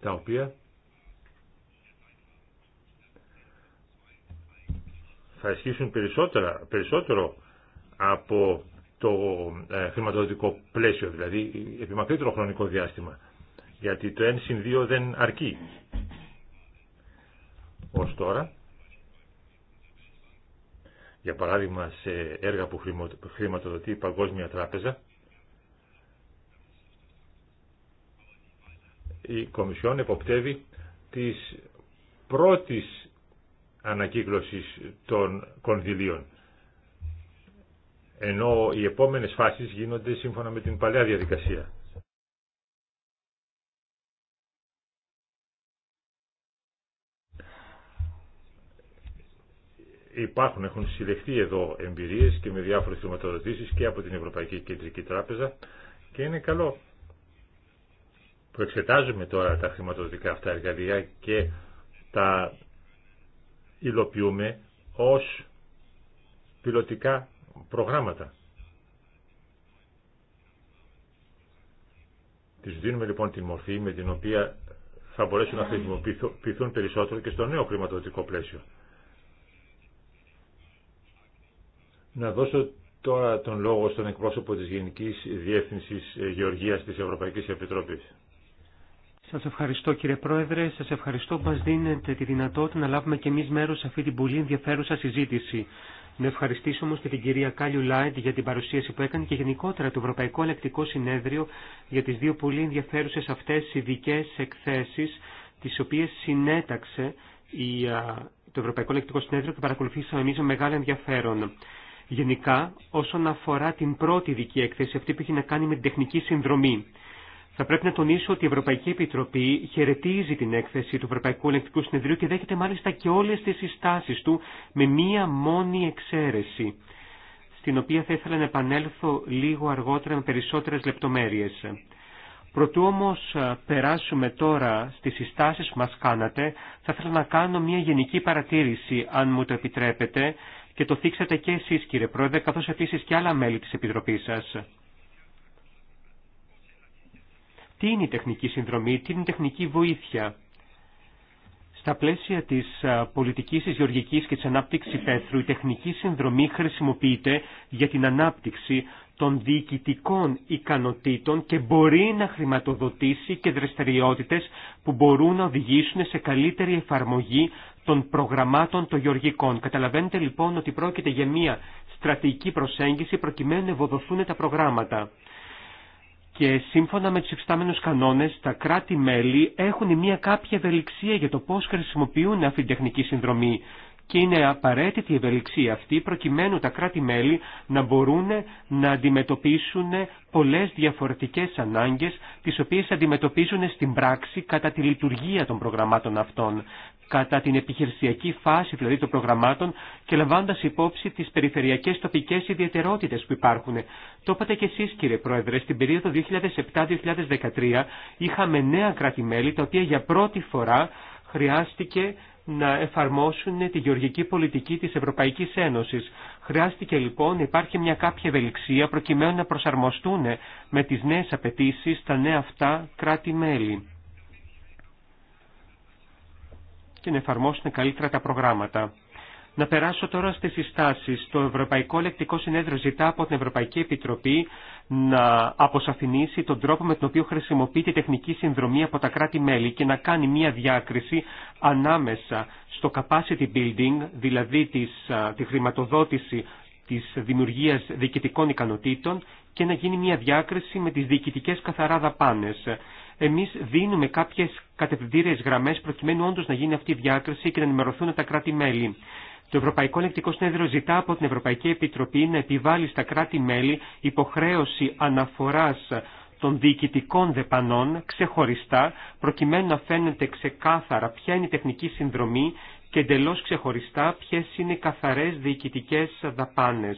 τα οποία θα ισχύσουν περισσότερα, περισσότερο από το ε, χρηματοδοτικό πλαίσιο, δηλαδή επί μακρύτερο χρονικό διάστημα. Γιατί το 1 συν 2 δεν αρκεί. Ως τώρα, για παράδειγμα σε έργα που χρηματοδοτεί η Παγκόσμια Τράπεζα, η Κομισιόν εποπτεύει της πρώτης ανακύκλωσης των κονδυλίων ενώ οι επόμενες φάσεις γίνονται σύμφωνα με την παλιά διαδικασία. Υπάρχουν, έχουν συλλεχθεί εδώ εμπειρίες και με διάφορες χρηματοδοτήσεις και από την Ευρωπαϊκή Κεντρική Τράπεζα και είναι καλό που εξετάζουμε τώρα τα χρηματοδοτικά αυτά εργαλεία και τα υλοποιούμε ως πιλωτικά προγράμματα. Τις δίνουμε λοιπόν τη μορφή με την οποία θα μπορέσουν να χρησιμοποιηθούν περισσότερο και στο νέο χρηματοδοτικό πλαίσιο. Να δώσω τώρα τον λόγο στον εκπρόσωπο της Γενικής Διεύθυνσης ε, Γεωργίας της Ευρωπαϊκής Επιτροπής. Σας ευχαριστώ κύριε Πρόεδρε, σας ευχαριστώ που μας δίνετε τη δυνατότητα να λάβουμε και εμείς μέρος σε αυτή την πολύ ενδιαφέρουσα συζήτηση. Να ευχαριστήσω όμω και την κυρία Κάλιου Λάιντ για την παρουσίαση που έκανε και γενικότερα το Ευρωπαϊκό Ελεκτικό Συνέδριο για τι δύο πολύ ενδιαφέρουσε αυτέ ειδικέ εκθέσει, τι οποίε συνέταξε η, το Ευρωπαϊκό Ελεκτικό Συνέδριο και παρακολουθήσαμε εμεί με μεγάλο ενδιαφέρον. Γενικά, όσον αφορά την πρώτη ειδική έκθεση, αυτή που έχει να κάνει με την τεχνική συνδρομή. Θα πρέπει να τονίσω ότι η Ευρωπαϊκή Επιτροπή χαιρετίζει την έκθεση του Ευρωπαϊκού Ελεκτικού Συνεδρίου και δέχεται μάλιστα και όλες τις συστάσεις του με μία μόνη εξαίρεση, στην οποία θα ήθελα να επανέλθω λίγο αργότερα με περισσότερες λεπτομέρειες. Προτού όμως περάσουμε τώρα στις συστάσεις που μας κάνατε, θα ήθελα να κάνω μια γενική παρατήρηση, αν μου το επιτρέπετε, και το θίξατε και εσείς κύριε Πρόεδρε, καθώς επίσης και άλλα μέλη της Επιτροπής σας τι είναι η τεχνική συνδρομή, τι είναι η τεχνική βοήθεια. Στα πλαίσια τη πολιτική, τη γεωργική και τη ανάπτυξη πέθρου, η τεχνική συνδρομή χρησιμοποιείται για την ανάπτυξη των διοικητικών ικανοτήτων και μπορεί να χρηματοδοτήσει και δραστηριότητε που μπορούν να οδηγήσουν σε καλύτερη εφαρμογή των προγραμμάτων των γεωργικών. Καταλαβαίνετε λοιπόν ότι πρόκειται για μια στρατηγική προσέγγιση προκειμένου να ευοδοθούν τα προγράμματα και σύμφωνα με τους υφιστάμενους κανόνες τα κράτη-μέλη έχουν μια κάποια ευελιξία για το πώς χρησιμοποιούν αυτή την τεχνική συνδρομή και είναι απαραίτητη η ευελιξία αυτή προκειμένου τα κράτη-μέλη να μπορούν να αντιμετωπίσουν πολλές διαφορετικές ανάγκες τις οποίες αντιμετωπίζουν στην πράξη κατά τη λειτουργία των προγραμμάτων αυτών κατά την επιχειρησιακή φάση δηλαδή των προγραμμάτων και λαμβάνοντας υπόψη τις περιφερειακές τοπικές ιδιαιτερότητες που υπάρχουν. Το είπατε και εσείς κύριε Πρόεδρε, στην περίοδο 2007-2013 είχαμε νέα κράτη-μέλη τα οποία για πρώτη φορά χρειάστηκε να εφαρμόσουν τη γεωργική πολιτική της Ευρωπαϊκής Ένωσης. Χρειάστηκε λοιπόν να υπάρχει μια κάποια ευελιξία προκειμένου να προσαρμοστούν με τις νέες απαιτήσεις τα νέα αυτά κράτη-μέλη και να εφαρμόσουν καλύτερα τα προγράμματα. Να περάσω τώρα στι συστάσει. Το Ευρωπαϊκό Λεκτικό Συνέδριο ζητά από την Ευρωπαϊκή Επιτροπή να αποσαφηνίσει τον τρόπο με τον οποίο χρησιμοποιείται η τεχνική συνδρομή από τα κράτη-μέλη και να κάνει μία διάκριση ανάμεσα στο capacity building, δηλαδή της, τη χρηματοδότηση τη δημιουργία διοικητικών ικανοτήτων και να γίνει μια διάκριση με τι διοικητικέ καθαρά δαπάνε. Εμεί δίνουμε κάποιε κατευθυντήριε γραμμέ προκειμένου όντω να γίνει αυτή η διάκριση και να ενημερωθούν τα κράτη-μέλη. Το Ευρωπαϊκό Ελεκτικό Συνέδριο ζητά από την Ευρωπαϊκή Επιτροπή να επιβάλλει στα κράτη-μέλη υποχρέωση αναφοράς των διοικητικών δεπανών ξεχωριστά, προκειμένου να φαίνεται ξεκάθαρα ποια είναι η τεχνική συνδρομή και εντελώ ξεχωριστά ποιε είναι οι καθαρέ διοικητικέ δαπάνε.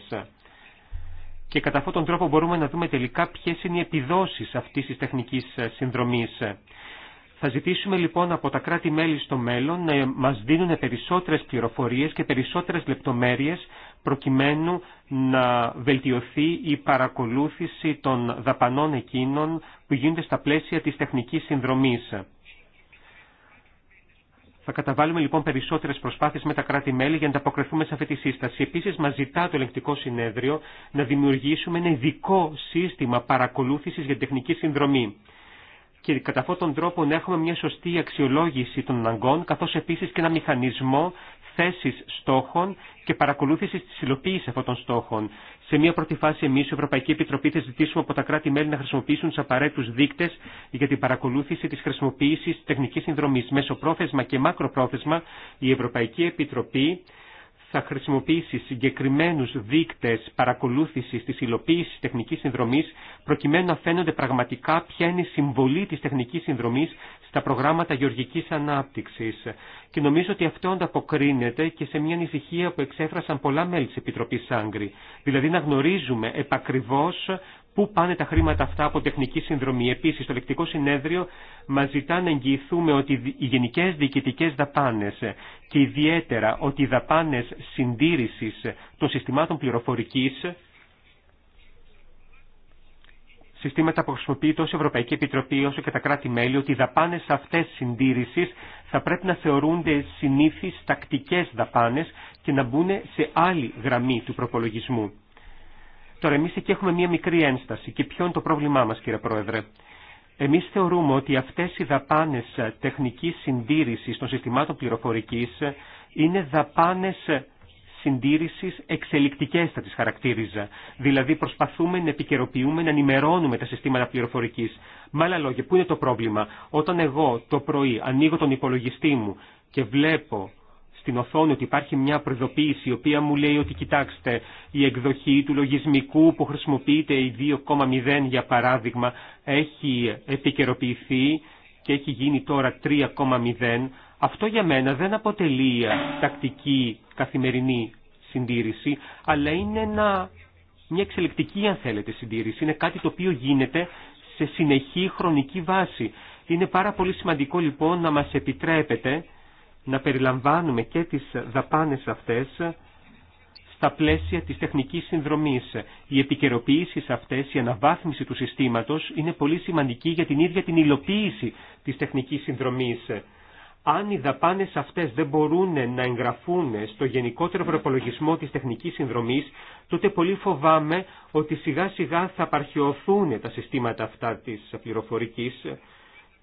Και κατά αυτόν τον τρόπο μπορούμε να δούμε τελικά ποιε είναι οι επιδόσει αυτή τη τεχνική συνδρομή. Θα ζητήσουμε λοιπόν από τα κράτη-μέλη στο μέλλον να μας δίνουν περισσότερες πληροφορίες και περισσότερες λεπτομέρειες προκειμένου να βελτιωθεί η παρακολούθηση των δαπανών εκείνων που γίνονται στα πλαίσια της τεχνικής συνδρομής. Θα καταβάλουμε λοιπόν περισσότερες προσπάθειες με τα κράτη-μέλη για να ανταποκριθούμε σε αυτή τη σύσταση. Επίση, μα ζητά το ελεγκτικό συνέδριο να δημιουργήσουμε ένα ειδικό σύστημα παρακολούθησης για τεχνική συνδρομή και κατά αυτόν τον τρόπο να έχουμε μια σωστή αξιολόγηση των αναγκών, καθώς επίσης και ένα μηχανισμό θέσης στόχων και παρακολούθησης της υλοποίησης αυτών των στόχων. Σε μια πρώτη φάση εμείς, η Ευρωπαϊκή Επιτροπή, θα ζητήσουμε από τα κράτη-μέλη να χρησιμοποιήσουν τους απαραίτητους δείκτες για την παρακολούθηση της χρησιμοποίησης τεχνικής συνδρομής. πρόθεσμα και μακροπρόθεσμα, η Ευρωπαϊκή Επιτροπή θα χρησιμοποιήσει συγκεκριμένους δείκτες παρακολούθησης της υλοποίησης τεχνικής συνδρομής προκειμένου να φαίνονται πραγματικά ποια είναι η συμβολή της τεχνικής συνδρομής στα προγράμματα γεωργικής ανάπτυξης. Και νομίζω ότι αυτό ανταποκρίνεται και σε μια ανησυχία που εξέφρασαν πολλά μέλη της Επιτροπής Άγκρη. Δηλαδή να γνωρίζουμε επακριβώς Πού πάνε τα χρήματα αυτά από τεχνική συνδρομή. Επίση, το λεκτικό συνέδριο μα ζητά να εγγυηθούμε ότι οι γενικέ διοικητικέ δαπάνε και ιδιαίτερα ότι οι δαπάνε συντήρηση των συστημάτων πληροφορική, συστήματα που χρησιμοποιεί τόσο η Ευρωπαϊκή Επιτροπή όσο και τα κράτη-μέλη, ότι οι δαπάνε αυτέ συντήρηση θα πρέπει να θεωρούνται συνήθει τακτικέ δαπάνε και να μπουν σε άλλη γραμμή του προπολογισμού. Τώρα εμείς εκεί έχουμε μία μικρή ένσταση και ποιο είναι το πρόβλημά μας κύριε Πρόεδρε. Εμείς θεωρούμε ότι αυτές οι δαπάνες τεχνικής συντήρησης των συστημάτων πληροφορικής είναι δαπάνες συντήρησης εξελικτικές θα τις χαρακτήριζα. Δηλαδή προσπαθούμε να επικαιροποιούμε, να ενημερώνουμε τα συστήματα πληροφορικής. Με άλλα λόγια, πού είναι το πρόβλημα. Όταν εγώ το πρωί ανοίγω τον υπολογιστή μου και βλέπω στην οθόνη ότι υπάρχει μια προειδοποίηση η οποία μου λέει ότι κοιτάξτε η εκδοχή του λογισμικού που χρησιμοποιείται η 2,0 για παράδειγμα έχει επικαιροποιηθεί και έχει γίνει τώρα 3,0 αυτό για μένα δεν αποτελεί τακτική καθημερινή συντήρηση αλλά είναι ένα, μια εξελικτική αν θέλετε συντήρηση είναι κάτι το οποίο γίνεται σε συνεχή χρονική βάση. Είναι πάρα πολύ σημαντικό λοιπόν να μας επιτρέπετε να περιλαμβάνουμε και τις δαπάνες αυτές στα πλαίσια της τεχνικής συνδρομής. Οι επικαιροποιήσει αυτές, η αναβάθμιση του συστήματος είναι πολύ σημαντική για την ίδια την υλοποίηση της τεχνικής συνδρομής. Αν οι δαπάνες αυτές δεν μπορούν να εγγραφούν στο γενικότερο προπολογισμό της τεχνικής συνδρομής, τότε πολύ φοβάμαι ότι σιγά σιγά θα απαρχαιωθούν τα συστήματα αυτά της πληροφορικής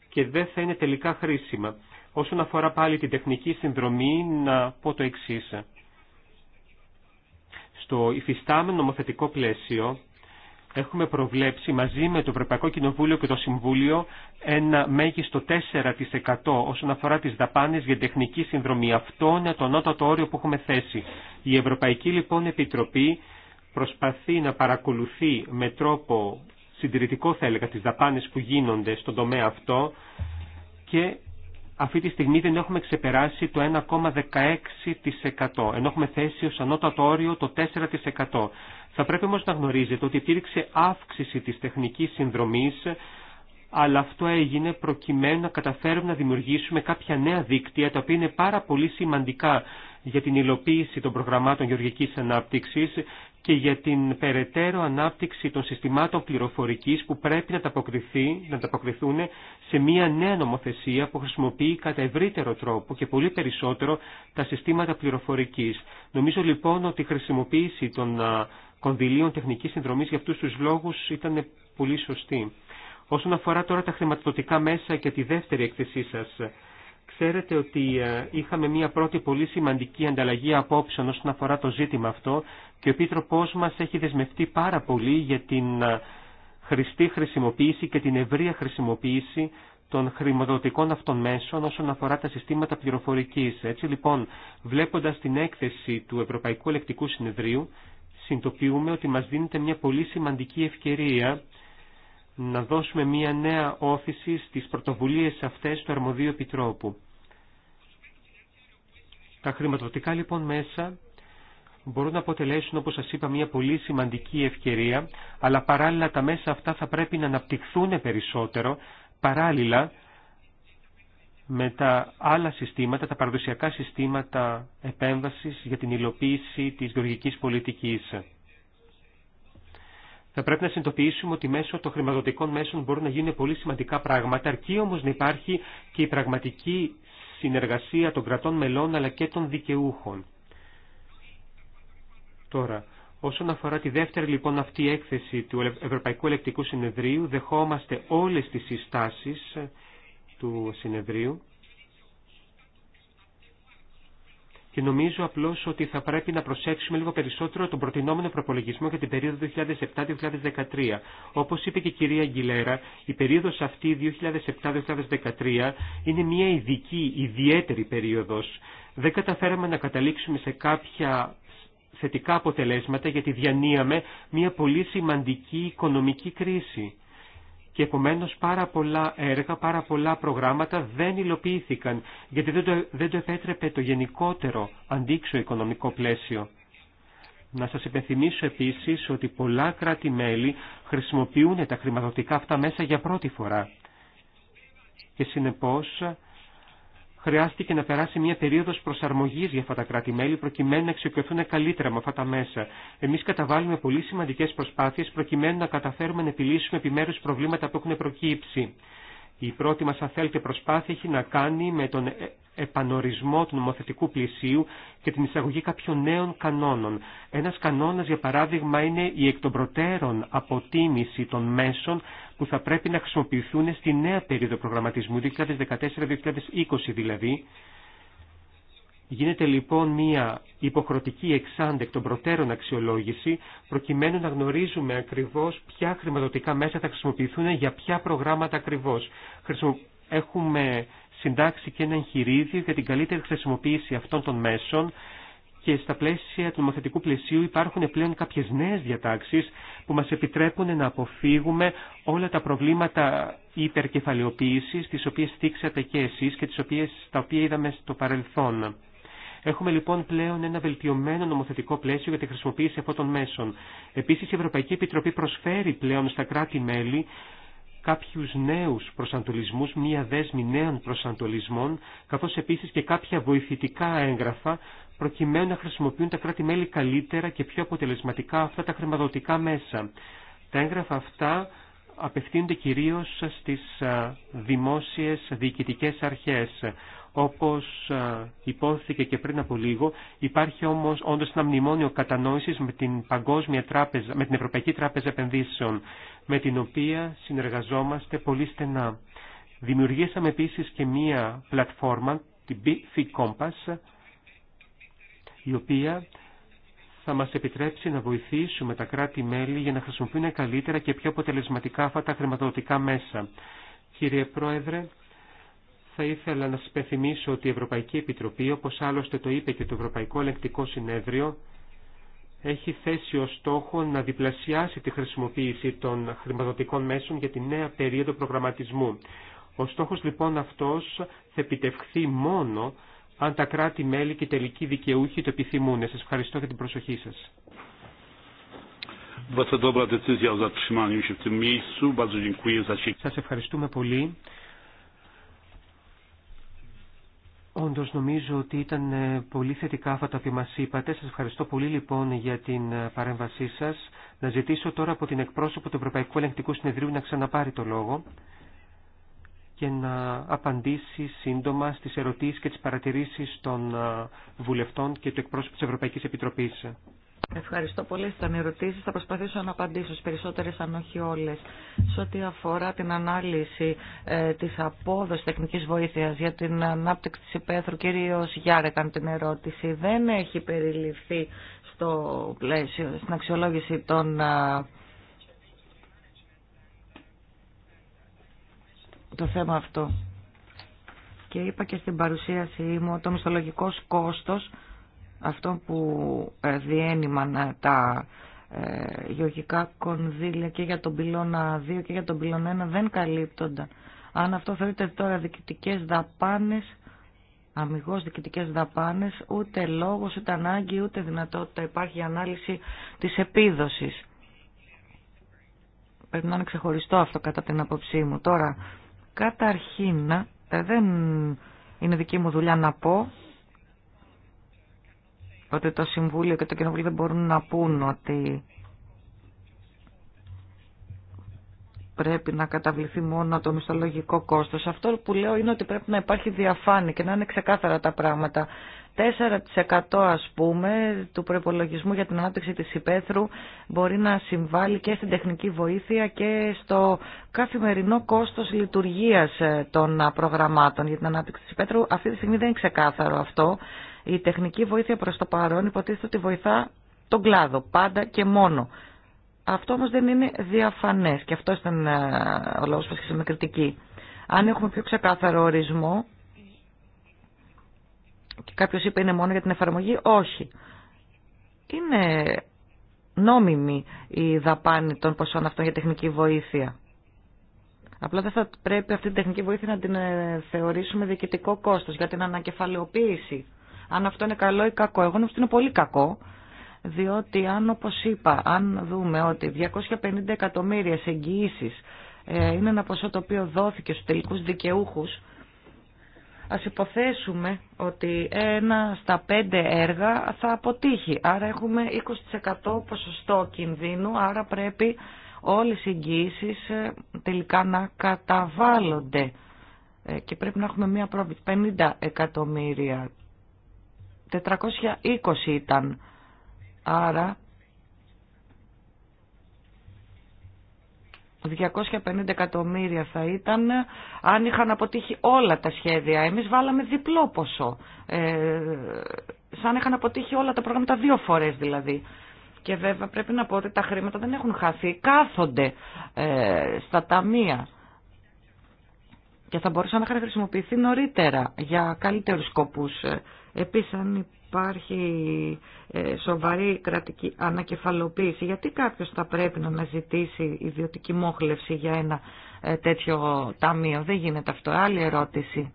και δεν θα είναι τελικά χρήσιμα. Όσον αφορά πάλι την τεχνική συνδρομή, να πω το εξή. Στο υφιστάμενο νομοθετικό πλαίσιο έχουμε προβλέψει μαζί με το Ευρωπαϊκό Κοινοβούλιο και το Συμβούλιο ένα μέγιστο 4% όσον αφορά τις δαπάνες για τεχνική συνδρομή. Αυτό είναι το νότατο όριο που έχουμε θέσει. Η Ευρωπαϊκή λοιπόν Επιτροπή προσπαθεί να παρακολουθεί με τρόπο συντηρητικό θα έλεγα τις δαπάνες που γίνονται στον τομέα αυτό και αυτή τη στιγμή δεν έχουμε ξεπεράσει το 1,16% ενώ έχουμε θέσει ως ανώτατο όριο το 4%. Θα πρέπει όμως να γνωρίζετε ότι υπήρξε αύξηση της τεχνικής συνδρομής αλλά αυτό έγινε προκειμένου να καταφέρουμε να δημιουργήσουμε κάποια νέα δίκτυα, τα οποία είναι πάρα πολύ σημαντικά για την υλοποίηση των προγραμμάτων γεωργικής ανάπτυξης και για την περαιτέρω ανάπτυξη των συστημάτων πληροφορικής που πρέπει να ανταποκριθούν αποκριθούν σε μια νέα νομοθεσία που χρησιμοποιεί κατά ευρύτερο τρόπο και πολύ περισσότερο τα συστήματα πληροφορικής. Νομίζω λοιπόν ότι η χρησιμοποίηση των κονδυλίων τεχνικής συνδρομής για αυτούς τους λόγους ήταν πολύ σωστή. Όσον αφορά τώρα τα χρηματοδοτικά μέσα και τη δεύτερη εκθεσή σας, ξέρετε ότι ε, είχαμε μία πρώτη πολύ σημαντική ανταλλαγή απόψεων όσον αφορά το ζήτημα αυτό και ο Επίτροπός μας έχει δεσμευτεί πάρα πολύ για την ε, χρηστή χρησιμοποίηση και την ευρεία χρησιμοποίηση των χρηματοδοτικών αυτών μέσων όσον αφορά τα συστήματα πληροφορικής. Έτσι λοιπόν, βλέποντας την έκθεση του Ευρωπαϊκού Ελεκτικού Συνεδρίου, συντοποιούμε ότι μας δίνεται μια πολύ σημαντική ευκαιρία να δώσουμε μία νέα όθηση στις πρωτοβουλίες αυτές του Αρμοδίου Επιτρόπου. Τα χρηματοδοτικά λοιπόν μέσα μπορούν να αποτελέσουν, όπως σας είπα, μια πολύ σημαντική ευκαιρία, αλλά παράλληλα τα μέσα αυτά θα πρέπει να αναπτυχθούν περισσότερο, παράλληλα με τα άλλα συστήματα, τα παραδοσιακά συστήματα επέμβασης για την υλοποίηση της γεωργικής πολιτικής θα πρέπει να συνειδητοποιήσουμε ότι μέσω των χρηματοδοτικών μέσων μπορούν να γίνουν πολύ σημαντικά πράγματα, αρκεί όμω να υπάρχει και η πραγματική συνεργασία των κρατών μελών αλλά και των δικαιούχων. Τώρα, όσον αφορά τη δεύτερη λοιπόν αυτή έκθεση του Ευρωπαϊκού Ελεκτικού Συνεδρίου, δεχόμαστε όλες τις συστάσεις του συνεδρίου. και νομίζω απλώς ότι θα πρέπει να προσέξουμε λίγο περισσότερο τον προτινόμενο προπολογισμό για την περίοδο 2007-2013. Όπως είπε και η κυρία Αγγιλέρα, η περίοδος αυτή 2007-2013 είναι μια ειδική, ιδιαίτερη περίοδος. Δεν καταφέραμε να καταλήξουμε σε κάποια θετικά αποτελέσματα γιατί διανύαμε μια πολύ σημαντική οικονομική κρίση και επομένως πάρα πολλά έργα, πάρα πολλά προγράμματα δεν υλοποιήθηκαν, γιατί δεν το, δεν το επέτρεπε το γενικότερο αντίξω οικονομικό πλαίσιο. Να σας υπενθυμίσω επίσης ότι πολλά κράτη-μέλη χρησιμοποιούν τα χρηματοδοτικά αυτά μέσα για πρώτη φορά. Και συνεπώς χρειάστηκε να περάσει μια περίοδος προσαρμογής για αυτά τα κράτη-μέλη προκειμένου να εξοικειωθούν καλύτερα με αυτά τα μέσα. Εμείς καταβάλουμε πολύ σημαντικές προσπάθειες προκειμένου να καταφέρουμε να επιλύσουμε επιμέρους προβλήματα που έχουν προκύψει. Η πρώτη μας, αν θέλετε, προσπάθεια έχει να κάνει με τον ε, επανορισμό του νομοθετικού πλησίου και την εισαγωγή κάποιων νέων κανόνων. Ένας κανόνας, για παράδειγμα, είναι η εκ των προτέρων αποτίμηση των μέσων που θα πρέπει να χρησιμοποιηθούν στη νέα περίοδο προγραμματισμού, 2014-2020 δηλαδή, Γίνεται λοιπόν μια υποχρεωτική εξάντεκ των προτέρων αξιολόγηση, προκειμένου να γνωρίζουμε ακριβώς ποια χρηματοδοτικά μέσα θα χρησιμοποιηθούν για ποια προγράμματα ακριβώς. Έχουμε συντάξει και ένα εγχειρίδιο για την καλύτερη χρησιμοποίηση αυτών των μέσων και στα πλαίσια του νομοθετικού πλαισίου υπάρχουν πλέον κάποιες νέες διατάξεις που μας επιτρέπουν να αποφύγουμε όλα τα προβλήματα υπερκεφαλαιοποίησης τις οποίες στήξατε και εσείς και τις τα οποία είδαμε στο παρελθόν. Έχουμε λοιπόν πλέον ένα βελτιωμένο νομοθετικό πλαίσιο για τη χρησιμοποίηση αυτών των μέσων. Επίση, η Ευρωπαϊκή Επιτροπή προσφέρει πλέον στα κράτη-μέλη κάποιους νέους προσανατολισμού, μία δέσμη νέων προσανατολισμών, καθώς επίσης και κάποια βοηθητικά έγγραφα, προκειμένου να χρησιμοποιούν τα κράτη-μέλη καλύτερα και πιο αποτελεσματικά αυτά τα χρηματοδοτικά μέσα. Τα έγγραφα αυτά απευθύνονται κυρίως στις δημόσιες διοικητικές αρχές. Όπως υπόθηκε και πριν από λίγο, υπάρχει όμως όντως ένα μνημόνιο κατανόησης με την, Παγκόσμια Τράπεζα, με την Ευρωπαϊκή Τράπεζα Επενδύσεων, με την οποία συνεργαζόμαστε πολύ στενά. Δημιουργήσαμε επίσης και μία πλατφόρμα, την BF Compass, η οποία θα μας επιτρέψει να βοηθήσουμε τα κράτη-μέλη για να χρησιμοποιούν καλύτερα και πιο αποτελεσματικά αυτά τα χρηματοδοτικά μέσα. Κύριε Πρόεδρε, θα ήθελα να σα υπενθυμίσω ότι η Ευρωπαϊκή Επιτροπή, όπως άλλωστε το είπε και το Ευρωπαϊκό Ελεκτικό Συνέδριο, έχει θέσει ως στόχο να διπλασιάσει τη χρησιμοποίηση των χρηματοδοτικών μέσων για τη νέα περίοδο προγραμματισμού. Ο στόχος λοιπόν αυτός θα επιτευχθεί μόνο αν τα κράτη-μέλη και οι τελικοί δικαιούχοι το επιθυμούν. Σας ευχαριστώ για την προσοχή σας. Σας ευχαριστούμε πολύ. Όντως νομίζω ότι ήταν ε, πολύ θετικά αυτά τα οποία μας είπατε. Σας ευχαριστώ πολύ λοιπόν για την ε, παρέμβασή σας. Να ζητήσω τώρα από την εκπρόσωπο του Ευρωπαϊκού Ελεγκτικού Συνεδρίου να ξαναπάρει το λόγο και να απαντήσει σύντομα στις ερωτήσεις και τις παρατηρήσεις των ε, βουλευτών και του εκπρόσωπου της Ευρωπαϊκής Επιτροπής. Ευχαριστώ πολύ. Στι ερωτήσει θα προσπαθήσω να απαντήσω στι περισσότερε, αν όχι όλε. Σε ό,τι αφορά την ανάλυση ε, τη απόδοση τεχνική βοήθεια για την ανάπτυξη τη υπαίθρου, κυρίω Γιάρε την ερώτηση. Δεν έχει περιληφθεί στο πλαίσιο, στην αξιολόγηση των. Ε, το θέμα αυτό. Και είπα και στην παρουσίασή μου, το μισθολογικό κόστος αυτό που ε, διένυμαν ε, τα ε, γεωργικά κονδύλια και για τον πυλώνα 2 και για τον πυλώνα 1 δεν καλύπτονταν. Αν αυτό θεωρείται τώρα διοικητικές δαπάνες, αμυγός διοικητικές δαπάνες, ούτε λόγος, ούτε ανάγκη, ούτε δυνατότητα υπάρχει ανάλυση της επίδοσης. Πρέπει να είναι ξεχωριστό αυτό κατά την απόψή μου. Τώρα, καταρχήν δεν είναι δική μου δουλειά να πω ότι το Συμβούλιο και το Κοινοβούλιο δεν μπορούν να πούν ότι πρέπει να καταβληθεί μόνο το μισθολογικό κόστος. Αυτό που λέω είναι ότι πρέπει να υπάρχει διαφάνεια και να είναι ξεκάθαρα τα πράγματα. 4% ας πούμε του προπολογισμού για την ανάπτυξη της υπαίθρου μπορεί να συμβάλλει και στην τεχνική βοήθεια και στο καθημερινό κόστος λειτουργίας ε, των ε, προγραμμάτων για την ανάπτυξη της υπαίθρου. Αυτή τη στιγμή δεν είναι ξεκάθαρο αυτό η τεχνική βοήθεια προς το παρόν υποτίθεται ότι βοηθά τον κλάδο, πάντα και μόνο. Αυτό όμως δεν είναι διαφανές και αυτό ήταν ε, ο λόγος που με κριτική. Αν έχουμε πιο ξεκάθαρο ορισμό, και κάποιος είπε είναι μόνο για την εφαρμογή, όχι. Είναι νόμιμη η δαπάνη των ποσών αυτών για τεχνική βοήθεια. Απλά δεν θα πρέπει αυτή την τεχνική βοήθεια να την ε, θεωρήσουμε διοικητικό κόστος για την ανακεφαλαιοποίηση αν αυτό είναι καλό ή κακό. Εγώ νομίζω ότι είναι πολύ κακό, διότι αν όπως είπα, αν δούμε ότι 250 εκατομμύρια εγγυήσεις ε, είναι ένα ποσό το οποίο δόθηκε στους τελικούς δικαιούχους, ας υποθέσουμε ότι ένα στα πέντε έργα θα αποτύχει. Άρα έχουμε 20% ποσοστό κινδύνου, άρα πρέπει όλες οι εγγυήσεις ε, τελικά να καταβάλλονται ε, και πρέπει να έχουμε μία πρόβληση 50 εκατομμύρια 420 ήταν. Άρα 250 εκατομμύρια θα ήταν αν είχαν αποτύχει όλα τα σχέδια. Εμείς βάλαμε διπλό ποσό. Ε, σαν είχαν αποτύχει όλα τα προγράμματα δύο φορές δηλαδή. Και βέβαια πρέπει να πω ότι τα χρήματα δεν έχουν χαθεί. Κάθονται ε, στα ταμεία και θα μπορούσε να χρησιμοποιηθεί νωρίτερα για καλύτερους σκοπούς. Επίσης αν υπάρχει ε, σοβαρή κρατική ανακεφαλοποίηση, γιατί κάποιος θα πρέπει να αναζητήσει ιδιωτική μόχλευση για ένα ε, τέτοιο ταμείο. Δεν γίνεται αυτό. Άλλη ερώτηση.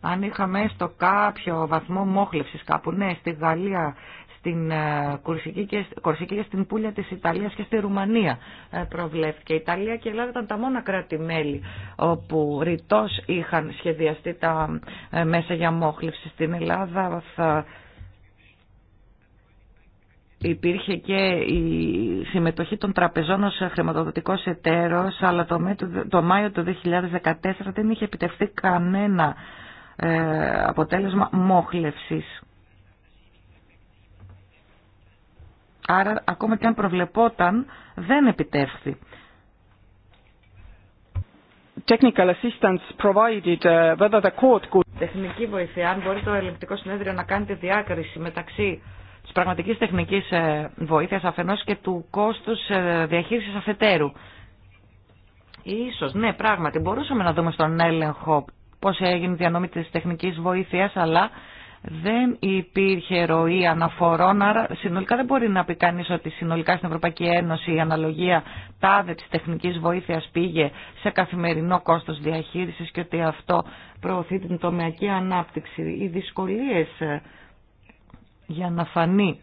Αν είχαμε στο κάποιο βαθμό μόχλευσης κάπου, ναι, στη Γαλλία στην ε, Κορσική και, στην Πούλια της Ιταλίας και στη Ρουμανία ε, προβλέφθηκε. Η Ιταλία και η Ελλάδα ήταν τα μόνα κράτη-μέλη όπου ρητός είχαν σχεδιαστεί τα ε, μέσα για μόχλευση στην Ελλάδα. Θα υπήρχε και η συμμετοχή των τραπεζών ως χρηματοδοτικός εταίρος, αλλά το Μάιο του 2014 δεν είχε επιτευχθεί κανένα αποτέλεσμα μόχλευσης. Άρα ακόμα και αν προβλεπόταν δεν επιτεύχθη. Technical assistance provided, uh, whether the court Τεχνική βοήθεια, αν μπορεί το ελληνικό συνέδριο να κάνει τη διάκριση μεταξύ της πραγματικής τεχνικής ε, βοήθειας αφενός και του κόστους ε, διαχείρισης αφετέρου. Ίσως, ναι, πράγματι, μπορούσαμε να δούμε στον έλεγχο πώς έγινε η διανομή της τεχνικής βοήθειας, αλλά δεν υπήρχε ροή αναφορών, άρα συνολικά δεν μπορεί να πει κανεί ότι συνολικά στην Ευρωπαϊκή Ένωση η αναλογία τάδε τη τεχνική βοήθεια πήγε σε καθημερινό κόστο διαχείριση και ότι αυτό προωθεί την τομεακή ανάπτυξη. Οι δυσκολίε ε, για να φανεί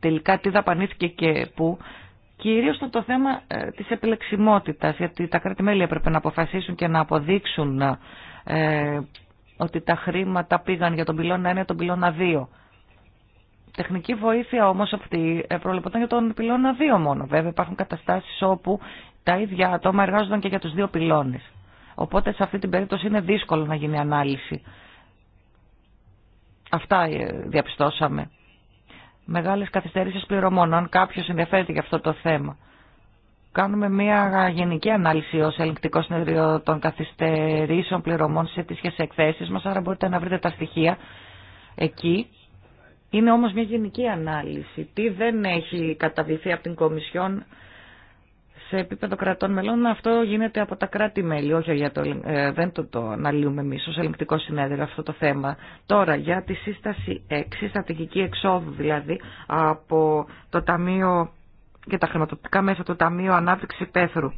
τελικά τι δαπανήθηκε και πού, κυρίω στο το θέμα ε, της επιλεξιμότητα, γιατί τα κράτη-μέλη έπρεπε να αποφασίσουν και να αποδείξουν ε, ότι τα χρήματα πήγαν για τον πυλώνα 1 και τον πυλώνα 2. Τεχνική βοήθεια όμως αυτή προβλεπόταν για τον πυλώνα 2 μόνο. Βέβαια υπάρχουν καταστάσεις όπου τα ίδια άτομα εργάζονταν και για τους δύο πυλώνες. Οπότε σε αυτή την περίπτωση είναι δύσκολο να γίνει ανάλυση. Αυτά ε, διαπιστώσαμε. Μεγάλες καθυστερήσεις πληρωμών, αν κάποιος ενδιαφέρεται για αυτό το θέμα κάνουμε μια γενική ανάλυση ως ελεγκτικό συνεδρίο των καθυστερήσεων πληρωμών σε τις εκθέσεις μας, άρα μπορείτε να βρείτε τα στοιχεία εκεί. Είναι όμως μια γενική ανάλυση. Τι δεν έχει καταβληθεί από την Κομισιόν σε επίπεδο κρατών μελών, αυτό γίνεται από τα κράτη-μέλη, όχι για το, ε, δεν το, το αναλύουμε εμεί ω ελεγκτικό συνέδριο αυτό το θέμα. Τώρα, για τη σύσταση 6, ε, στρατηγική εξόδου δηλαδή, από το Ταμείο και τα χρηματοπτικά μέσα του Ταμείου Ανάπτυξη Πέθρου.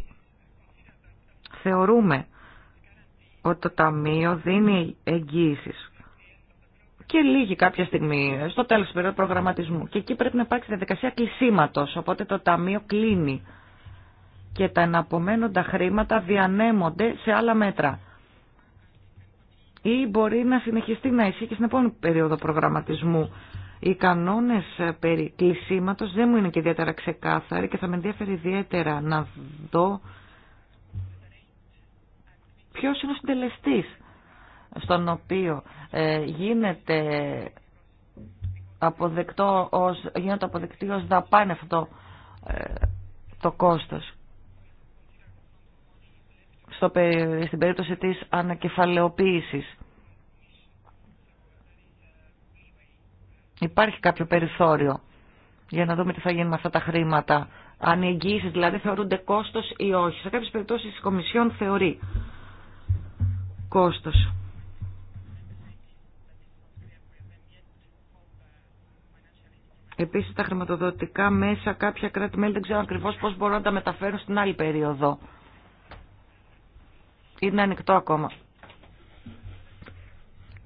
Θεωρούμε ότι το Ταμείο δίνει εγγύησει. Και λύγει κάποια στιγμή, στο τέλο του περίοδου προγραμματισμού. Και εκεί πρέπει να υπάρξει διαδικασία κλεισίματο. Οπότε το Ταμείο κλείνει. Και τα εναπομένοντα χρήματα διανέμονται σε άλλα μέτρα. Ή μπορεί να συνεχιστεί να ισχύει και στην επόμενη περίοδο προγραμματισμού οι κανόνες περί κλεισίματος δεν μου είναι και ιδιαίτερα ξεκάθαροι και θα με ενδιαφέρει ιδιαίτερα να δω ποιος είναι ο συντελεστής στον οποίο ε, γίνεται αποδεκτό ως, γίνεται αποδεκτή ως δαπάνε αυτό ε, το κόστος. Στο, στην περίπτωση της ανακεφαλαιοποίησης υπάρχει κάποιο περιθώριο για να δούμε τι θα γίνει με αυτά τα χρήματα. Αν οι δηλαδή θεωρούνται κόστος ή όχι. Σε κάποιες περιπτώσεις η Κομισιόν θεωρεί κόστος. Επίσης τα χρηματοδοτικά μέσα κάποια κράτη-μέλη δεν ξέρω ακριβώς πώς μπορούν να τα μεταφέρουν στην άλλη περίοδο. Είναι ανοιχτό ακόμα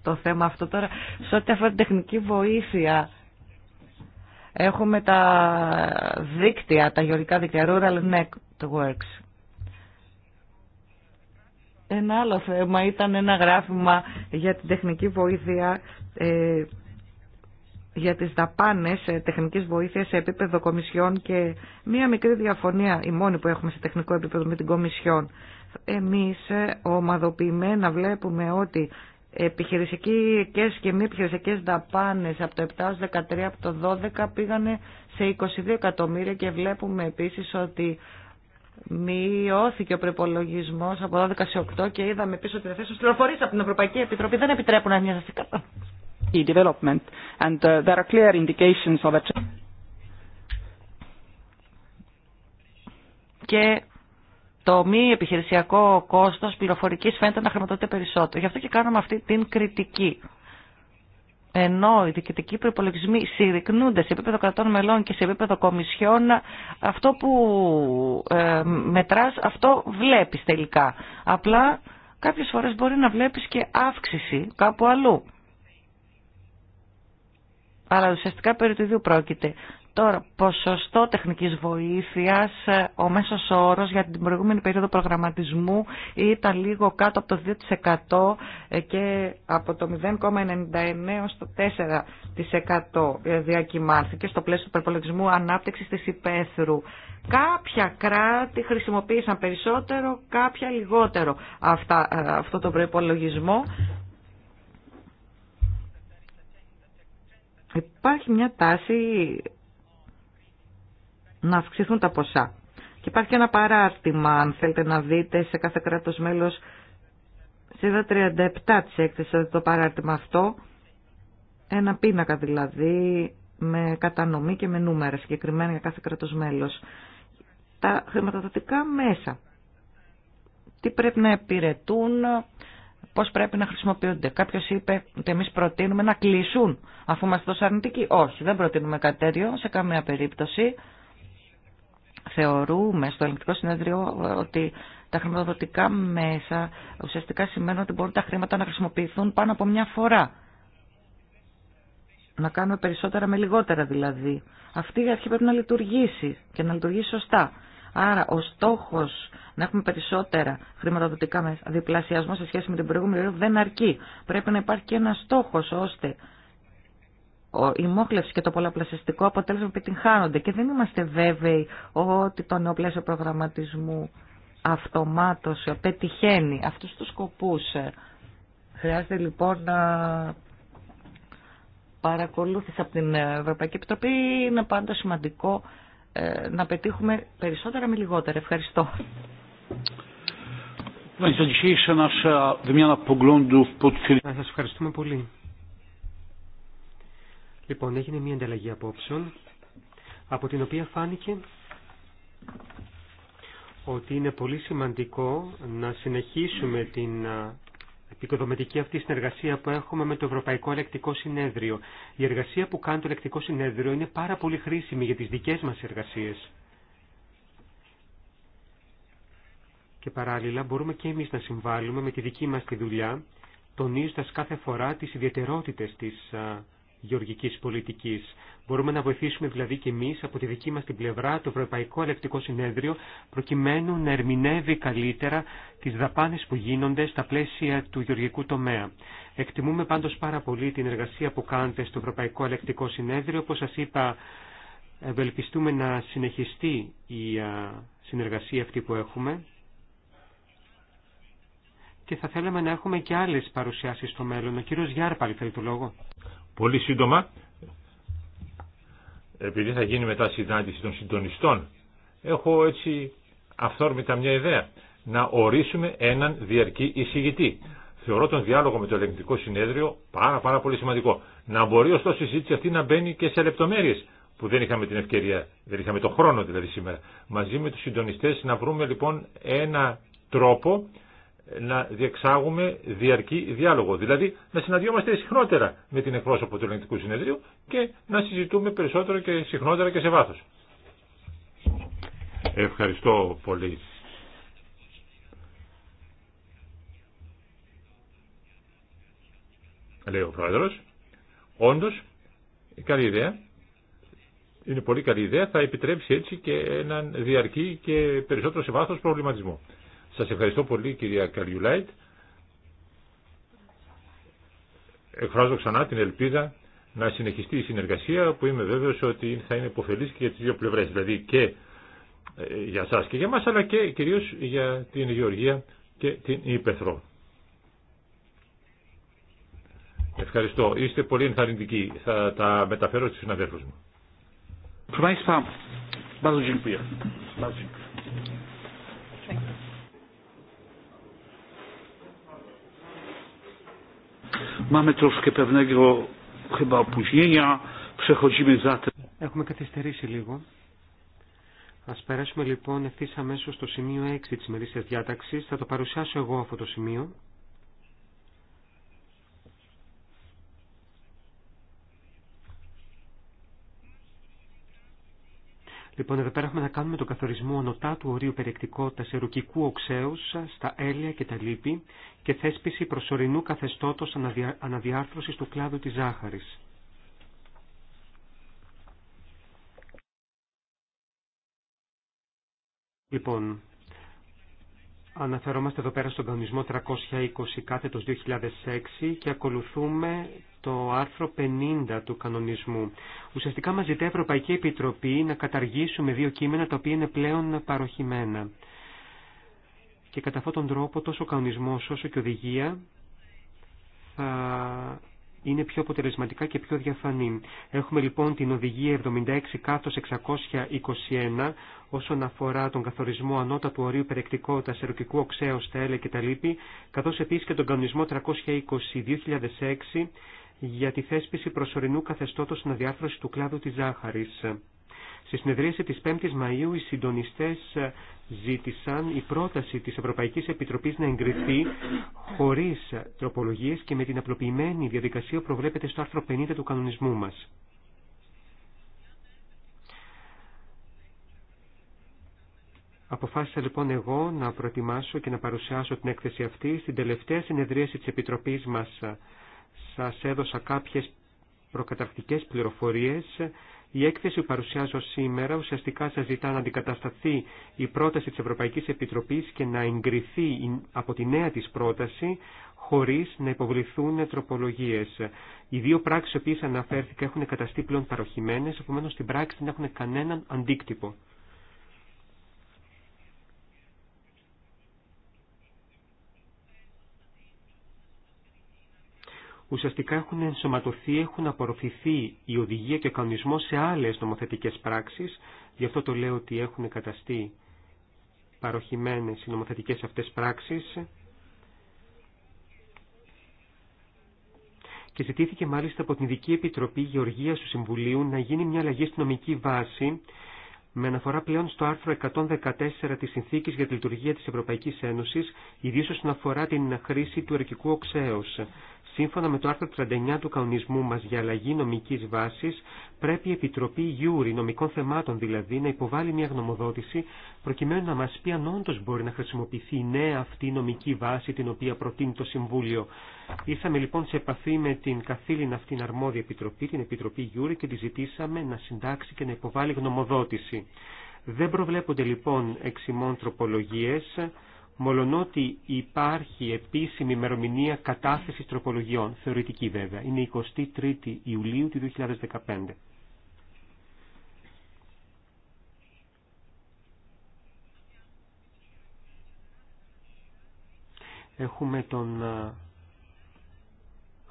το θέμα αυτό τώρα. Σε ό,τι αφορά την τεχνική βοήθεια, έχουμε τα δίκτυα, τα γεωργικά δίκτυα, Rural Networks. Ένα άλλο θέμα ήταν ένα γράφημα για την τεχνική βοήθεια ε, για τις δαπάνες ε, τεχνικής βοήθειας σε επίπεδο κομισιών και μία μικρή διαφωνία, η μόνη που έχουμε σε τεχνικό επίπεδο με την κομισιόν. Εμείς ε, ομαδοποιημένα βλέπουμε ότι επιχειρησικές και μη επιχειρησικές δαπάνες από το 7 έως 13, από το 12 πήγανε σε 22 εκατομμύρια και βλέπουμε επίσης ότι μειώθηκε ο προπολογισμό από 12 σε 8 και είδαμε ότι οι διαθέσεω πληροφορίε από την Ευρωπαϊκή Επιτροπή. Δεν επιτρέπουν να κατά. Development. Uh, και το μη επιχειρησιακό κόστος πληροφορικής φαίνεται να χρηματοδοτείται περισσότερο. Γι' αυτό και κάναμε αυτή την κριτική. Ενώ οι διοικητικοί προπολογισμοί συρρυκνούνται σε επίπεδο κρατών μελών και σε επίπεδο κομισιών, αυτό που ε, μετράς, αυτό βλέπεις τελικά. Απλά κάποιε φορές μπορεί να βλέπεις και αύξηση κάπου αλλού. Αλλά ουσιαστικά περί του ίδιου πρόκειται. Τώρα, ποσοστό τεχνικής βοήθειας, ε, ο μέσος όρος για την προηγούμενη περίοδο προγραμματισμού ήταν λίγο κάτω από το 2% ε, και από το 0,99% το 4% ε, διακυμάνθηκε στο πλαίσιο του προπολογισμού ανάπτυξης της υπαίθρου. Κάποια κράτη χρησιμοποίησαν περισσότερο, κάποια λιγότερο αυτό το προπολογισμό. Υπάρχει μια τάση να αυξηθούν τα ποσά. Και υπάρχει ένα παράρτημα, αν θέλετε να δείτε, σε κάθε κράτος μέλος, σελίδα 37 της έκθεσης, το παράρτημα αυτό, ένα πίνακα δηλαδή, με κατανομή και με νούμερα συγκεκριμένα για κάθε κράτος μέλος. Τα χρηματοδοτικά μέσα, τι πρέπει να υπηρετούν, πώς πρέπει να χρησιμοποιούνται. Κάποιος είπε ότι εμείς προτείνουμε να κλείσουν αφού είμαστε τόσο αρνητικοί. Όχι, δεν προτείνουμε κάτι τέτοιο σε καμία περίπτωση. Θεωρούμε στο Ελληνικό Συνέδριο ότι τα χρηματοδοτικά μέσα ουσιαστικά σημαίνουν ότι μπορούν τα χρήματα να χρησιμοποιηθούν πάνω από μια φορά. Να κάνουμε περισσότερα με λιγότερα δηλαδή. Αυτή η αρχή πρέπει να λειτουργήσει και να λειτουργήσει σωστά. Άρα ο στόχος να έχουμε περισσότερα χρηματοδοτικά μέσα, διπλασιασμό σε σχέση με την προηγούμενη δεν αρκεί. Πρέπει να υπάρχει και ένα στόχος ώστε η μόχλευση και το πολλαπλασιαστικό αποτέλεσμα επιτυγχάνονται και δεν είμαστε βέβαιοι ότι το νέο πλαίσιο προγραμματισμού αυτομάτως πετυχαίνει αυτούς τους σκοπούς. Χρειάζεται λοιπόν να παρακολούθησε από την Ευρωπαϊκή Επιτροπή. Είναι πάντα σημαντικό ε, να πετύχουμε περισσότερα με λιγότερα. Ευχαριστώ. Uh, Σας ευχαριστούμε πολύ. Λοιπόν, έγινε μια ανταλλαγή απόψεων, από την οποία φάνηκε ότι είναι πολύ σημαντικό να συνεχίσουμε την επικοδομητική αυτή συνεργασία που έχουμε με το Ευρωπαϊκό Ελεκτικό Συνέδριο. Η εργασία που κάνει το Ελεκτικό Συνέδριο είναι πάρα πολύ χρήσιμη για τις δικές μας εργασίες. Και παράλληλα μπορούμε και εμείς να συμβάλλουμε με τη δική μας τη δουλειά, τονίζοντας κάθε φορά τις ιδιαιτερότητες της γεωργικής πολιτικής. Μπορούμε να βοηθήσουμε δηλαδή και εμείς από τη δική μας την πλευρά το Ευρωπαϊκό Ελεκτικό Συνέδριο προκειμένου να ερμηνεύει καλύτερα τις δαπάνες που γίνονται στα πλαίσια του γεωργικού τομέα. Εκτιμούμε πάντως πάρα πολύ την εργασία που κάνετε στο Ευρωπαϊκό Ελεκτικό Συνέδριο. Όπως σας είπα, ευελπιστούμε να συνεχιστεί η συνεργασία αυτή που έχουμε και θα θέλαμε να έχουμε και άλλες παρουσιάσεις στο μέλλον. Ο κύριος Γιάρπαλη θέλει το λόγο. Πολύ σύντομα, επειδή θα γίνει μετά συνάντηση των συντονιστών, έχω έτσι αυθόρμητα μια ιδέα. Να ορίσουμε έναν διαρκή εισηγητή. Θεωρώ τον διάλογο με το ελεγκτικό συνέδριο πάρα πάρα πολύ σημαντικό. Να μπορεί ωστόσο η συζήτηση αυτή να μπαίνει και σε λεπτομέρειες που δεν είχαμε την ευκαιρία, δεν είχαμε τον χρόνο δηλαδή σήμερα. Μαζί με τους συντονιστές να βρούμε λοιπόν ένα τρόπο να διεξάγουμε διαρκή διάλογο. Δηλαδή να συναντιόμαστε συχνότερα με την εκπρόσωπο του Ελληνικού Συνεδρίου και να συζητούμε περισσότερο και συχνότερα και σε βάθος. Ευχαριστώ πολύ. Λέει ο Πρόεδρος. Όντως, καλή ιδέα. Είναι πολύ καλή ιδέα. Θα επιτρέψει έτσι και έναν διαρκή και περισσότερο σε βάθος προβληματισμό. Σας ευχαριστώ πολύ κυρία Καριουλάιτ. Εκφράζω ξανά την ελπίδα να συνεχιστεί η συνεργασία που είμαι βέβαιος ότι θα είναι υποφελής και για τις δύο πλευρές, δηλαδή και ε, για σας και για μας, αλλά και κυρίως για την Γεωργία και την Ήπεθρο. Ευχαριστώ. Είστε πολύ ενθαρρυντικοί. Θα τα μεταφέρω στους συναδέλφους μου. Έχουμε καθυστερήσει λίγο. Ας περάσουμε λοιπόν ευθύ αμέσω στο σημείο 6 της μερίσιας διάταξης. Θα το παρουσιάσω εγώ αυτό το σημείο. Λοιπόν, εδώ πέρα έχουμε να κάνουμε τον καθορισμό ανωτά του ορίου περιεκτικότητας ερουκικού οξέους στα έλια και τα λίπη και θέσπιση προσωρινού καθεστώτος αναδια... αναδιάρθρωσης του κλάδου της ζάχαρης. Λοιπόν, αναφερόμαστε εδώ πέρα στον κανονισμό 320 κάθετος 2006 και ακολουθούμε το άρθρο 50 του κανονισμού. Ουσιαστικά μας ζητάει η Ευρωπαϊκή Επιτροπή να καταργήσουμε δύο κείμενα τα οποία είναι πλέον παροχημένα. Και κατά αυτόν τον τρόπο τόσο ο κανονισμός όσο και οδηγία θα είναι πιο αποτελεσματικά και πιο διαφανή. Έχουμε λοιπόν την οδηγία 76 621 όσον αφορά τον καθορισμό ανώτατου ορίου περιεκτικότητας ερωτικού οξέως, τα έλε και τα λύπη, καθώς επίσης και τον κανονισμό 320-2006 για τη θέσπιση προσωρινού καθεστώτος στην αδιάρθρωση του κλάδου της ζάχαρης. Στη συνεδρίαση της 5ης Μαΐου οι συντονιστές ζήτησαν η πρόταση της Ευρωπαϊκής Επιτροπής να εγκριθεί χωρίς τροπολογίες και με την απλοποιημένη διαδικασία που προβλέπεται στο άρθρο 50 του κανονισμού μας. Αποφάσισα λοιπόν εγώ να προετοιμάσω και να παρουσιάσω την έκθεση αυτή στην τελευταία συνεδρίαση της Επιτροπής μας σας έδωσα κάποιες προκαταρκτικές πληροφορίες. Η έκθεση που παρουσιάζω σήμερα ουσιαστικά σας ζητά να αντικατασταθεί η πρόταση της Ευρωπαϊκής Επιτροπής και να εγκριθεί από τη νέα της πρόταση χωρίς να υποβληθούν τροπολογίες. Οι δύο πράξεις που αναφέρθηκα έχουν καταστεί πλέον παροχημένες, επομένως στην πράξη δεν έχουν κανέναν αντίκτυπο. ουσιαστικά έχουν ενσωματωθεί, έχουν απορροφηθεί η οδηγία και ο κανονισμό σε άλλες νομοθετικές πράξεις. Γι' αυτό το λέω ότι έχουν καταστεί παροχημένες οι νομοθετικές αυτές πράξεις. Και ζητήθηκε μάλιστα από την Ειδική Επιτροπή Γεωργίας του Συμβουλίου να γίνει μια αλλαγή στη νομική βάση με αναφορά πλέον στο άρθρο 114 της Συνθήκης για τη Λειτουργία της Ευρωπαϊκής Ένωσης, ιδίως όσον αφορά την χρήση του ερκικού οξέως. Σύμφωνα με το άρθρο 39 του κανονισμού μας για αλλαγή νομικής βάσης, πρέπει η Επιτροπή Γιούρι, νομικών θεμάτων δηλαδή, να υποβάλει μια γνωμοδότηση, προκειμένου να μας πει αν όντως μπορεί να χρησιμοποιηθεί η νέα αυτή νομική βάση την οποία προτείνει το Συμβούλιο. Ήρθαμε λοιπόν σε επαφή με την καθήλυνα αυτήν αρμόδια Επιτροπή, την Επιτροπή Γιούρι, και τη ζητήσαμε να συντάξει και να υποβάλει γνωμοδότηση. Δεν προβλέπονται λοιπόν εξημών τροπολογίες, μολονότι υπάρχει επίσημη ημερομηνία κατάθεσης τροπολογιών, θεωρητική βέβαια. Είναι 23η Ιουλίου του 2015. Έχουμε τον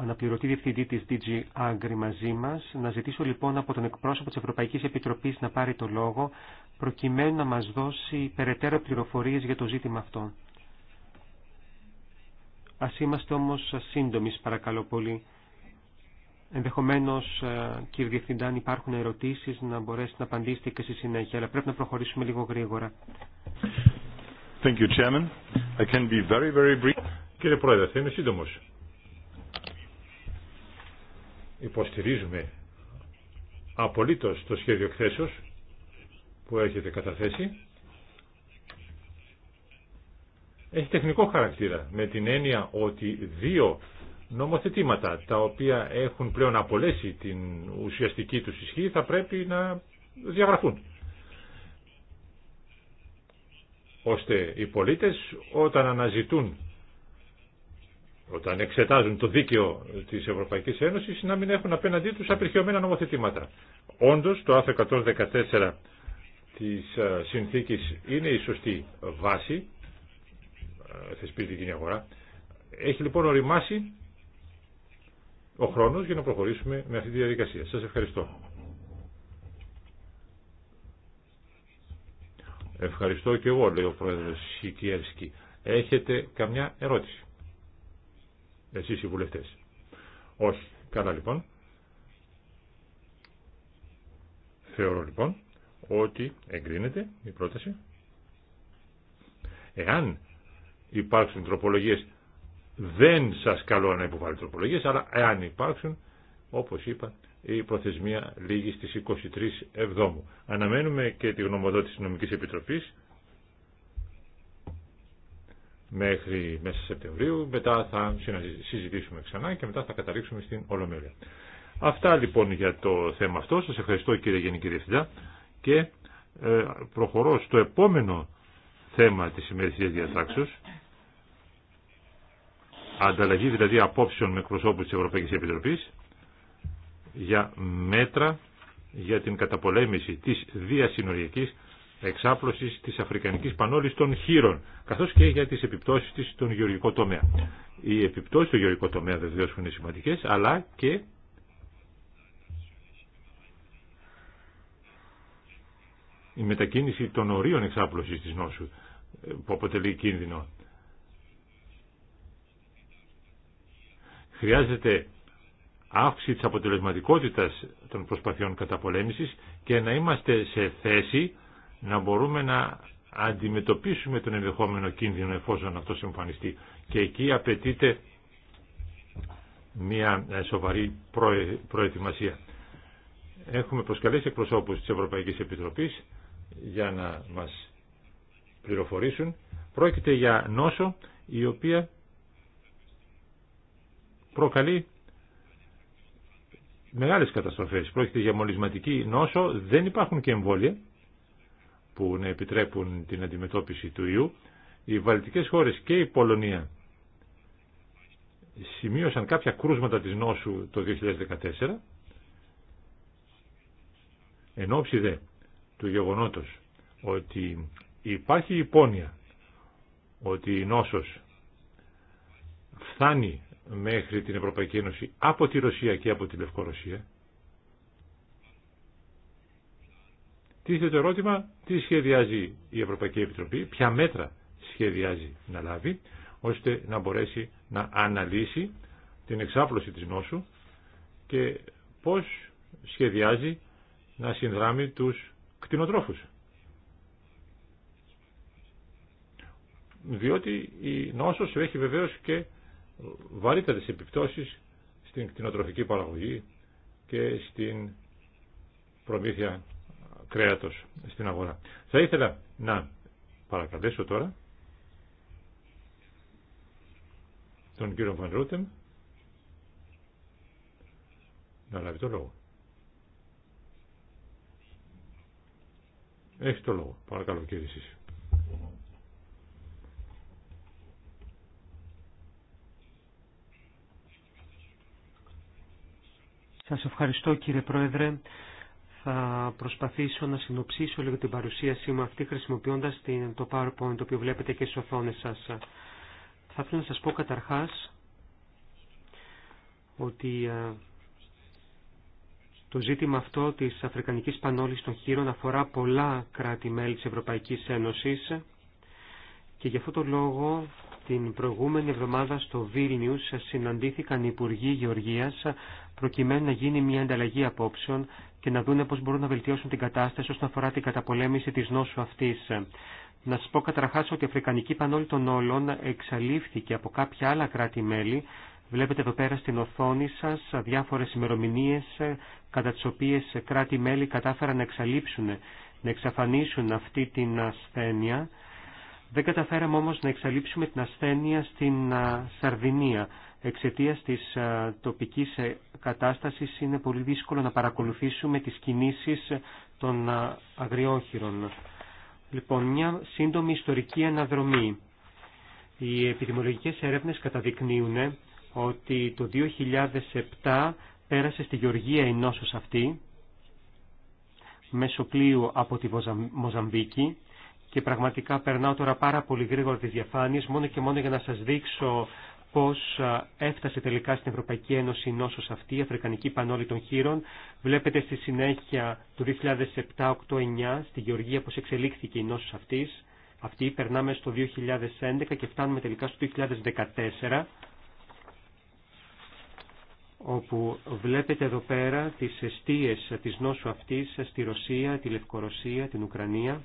αναπληρωτή διευθυντή της DG Agri μαζί μας. Να ζητήσω λοιπόν από τον εκπρόσωπο της Ευρωπαϊκής Επιτροπής να πάρει το λόγο, προκειμένου να μας δώσει περαιτέρω πληροφορίες για το ζήτημα αυτό. Ας είμαστε όμως σύντομοι, παρακαλώ πολύ. Ενδεχομένως, ε, κύριε Διευθυντά, αν υπάρχουν ερωτήσεις, να μπορέσετε να απαντήσετε και στη συνέχεια, αλλά πρέπει να προχωρήσουμε λίγο γρήγορα. Thank you, Chairman. I can be very, very brief. Κύριε Πρόεδρε, θα είμαι σύντομος. Υποστηρίζουμε απολύτως το σχέδιο εκθέσεως που έχετε καταθέσει. Έχει τεχνικό χαρακτήρα με την έννοια ότι δύο νομοθετήματα τα οποία έχουν πλέον απολέσει την ουσιαστική τους ισχύ θα πρέπει να διαγραφούν ώστε οι πολίτες όταν αναζητούν όταν εξετάζουν το δίκαιο τη Ευρωπαϊκή Ένωση να μην έχουν απέναντί τους απερχαιωμένα νομοθετήματα. Όντω το άρθρο 114 της ε, συνθήκης είναι η σωστή βάση ε, θεσπίζει κοινή αγορά. Έχει λοιπόν οριμάσει ο χρόνος για να προχωρήσουμε με αυτή τη διαδικασία. Σας ευχαριστώ. Ευχαριστώ και εγώ, λέει ο πρόεδρος Έχετε καμιά ερώτηση εσεί οι βουλευτέ. Όχι. Καλά λοιπόν. Θεωρώ λοιπόν ότι εγκρίνεται η πρόταση. Εάν υπάρξουν τροπολογίε δεν σας καλώ να υποβάλλετε τροπολογίε, αλλά εάν υπάρξουν, όπως είπα, η προθεσμία λήγει στι 23 Εβδόμου. Αναμένουμε και τη γνωμοδότηση της Νομικής Επιτροπής μέχρι μέσα Σεπτεμβρίου, μετά θα συζητήσουμε ξανά και μετά θα καταλήξουμε στην Ολομέλεια. Αυτά λοιπόν για το θέμα αυτό. Σας ευχαριστώ κύριε Γενική Διευθυντά και ε, προχωρώ στο επόμενο θέμα της ημερησίας διατάξεως. Ανταλλαγή δηλαδή απόψεων με προσώπου της Ευρωπαϊκής Επιτροπής για μέτρα για την καταπολέμηση της διασυνοριακής Εξάπλωση της αφρικανικής πανόλης των χείρων, καθώς και για τι επιπτώσει της στον γεωργικό τομέα. Οι επιπτώσει του γεωργικό τομέα βεβαίω είναι σημαντικέ, αλλά και η μετακίνηση των ορίων εξάπλωσης της νόσου, ε, που αποτελεί κίνδυνο. Χρειάζεται αύξηση της αποτελεσματικότητας των προσπαθειών καταπολέμησης και να είμαστε σε θέση να μπορούμε να αντιμετωπίσουμε τον ενδεχόμενο κίνδυνο εφόσον αυτό εμφανιστεί. Και εκεί απαιτείται μια ε, σοβαρή προετοιμασία. Έχουμε προσκαλέσει εκπροσώπους της Ευρωπαϊκής Επιτροπής για να μας πληροφορήσουν. Πρόκειται για νόσο η οποία προκαλεί μεγάλες καταστροφές. Πρόκειται για μολυσματική νόσο, δεν υπάρχουν και εμβόλια που να επιτρέπουν την αντιμετώπιση του ιού, οι βαλτικές χώρες και η Πολωνία σημείωσαν κάποια κρούσματα της νόσου το 2014, εν ώψη δε του γεγονότος ότι υπάρχει υπόνοια ότι η νόσος φτάνει μέχρι την Ευρωπαϊκή Ένωση από τη Ρωσία και από τη Λευκορωσία, τίθεται το ερώτημα τι σχεδιάζει η Ευρωπαϊκή Επιτροπή, ποια μέτρα σχεδιάζει να λάβει, ώστε να μπορέσει να αναλύσει την εξάπλωση της νόσου και πώς σχεδιάζει να συνδράμει τους κτηνοτρόφους. Διότι η νόσος έχει βεβαίως και βαρύτατες επιπτώσεις στην κτηνοτροφική παραγωγή και στην προμήθεια κρέατος στην αγορά. Θα ήθελα να παρακαλέσω τώρα τον κύριο Βαν Ρούτεμ να λάβει το λόγο. Έχει το λόγο. Παρακαλώ κύριε εσείς. Σας ευχαριστώ κύριε Πρόεδρε. Θα προσπαθήσω να συνοψίσω λίγο την παρουσίασή μου αυτή χρησιμοποιώντας το PowerPoint το οποίο βλέπετε και στις οθόνες σας. Θα ήθελα να σας πω καταρχάς ότι ε, το ζήτημα αυτό της Αφρικανικής Πανόλης των Χείρων αφορά πολλά κράτη-μέλη της Ευρωπαϊκής Ένωσης και γι' αυτό το λόγο την προηγούμενη εβδομάδα στο Βίλνιους συναντήθηκαν οι Υπουργοί Γεωργίας προκειμένου να γίνει μια ανταλλαγή απόψεων και να δούνε πώς μπορούν να βελτιώσουν την κατάσταση όσον αφορά την καταπολέμηση της νόσου αυτής. Να σας πω καταρχάς ότι η Αφρικανική Πανόλη των Όλων εξαλείφθηκε από κάποια άλλα κράτη-μέλη. Βλέπετε εδώ πέρα στην οθόνη σας διάφορες ημερομηνίε κατά τις οποίες κράτη-μέλη κατάφεραν να εξαλείψουν, να εξαφανίσουν αυτή την ασθένεια. Δεν καταφέραμε όμως να εξαλείψουμε την ασθένεια στην Σαρδινία εξαιτίας της τοπικής ε, κατάστασης είναι πολύ δύσκολο να παρακολουθήσουμε τις κινήσεις των αγριόχειρων. Λοιπόν, μια σύντομη ιστορική αναδρομή. Οι επιδημολογικές έρευνες καταδεικνύουν ότι το 2007 πέρασε στη Γεωργία η νόσος αυτή, μέσω πλοίου από τη Μοζαμβίκη και πραγματικά περνάω τώρα πάρα πολύ γρήγορα τις διαφάνειες μόνο και μόνο για να σας δείξω πώς έφτασε τελικά στην Ευρωπαϊκή Ένωση η νόσος αυτή, η Αφρικανική Πανόλη των Χείρων. Βλέπετε στη συνέχεια του 2007-2009 στη Γεωργία πώς εξελίχθηκε η νόσος αυτής. Αυτή περνάμε στο 2011 και φτάνουμε τελικά στο 2014 όπου βλέπετε εδώ πέρα τις αιστείες της νόσου αυτής στη Ρωσία, τη Λευκορωσία, την Ουκρανία.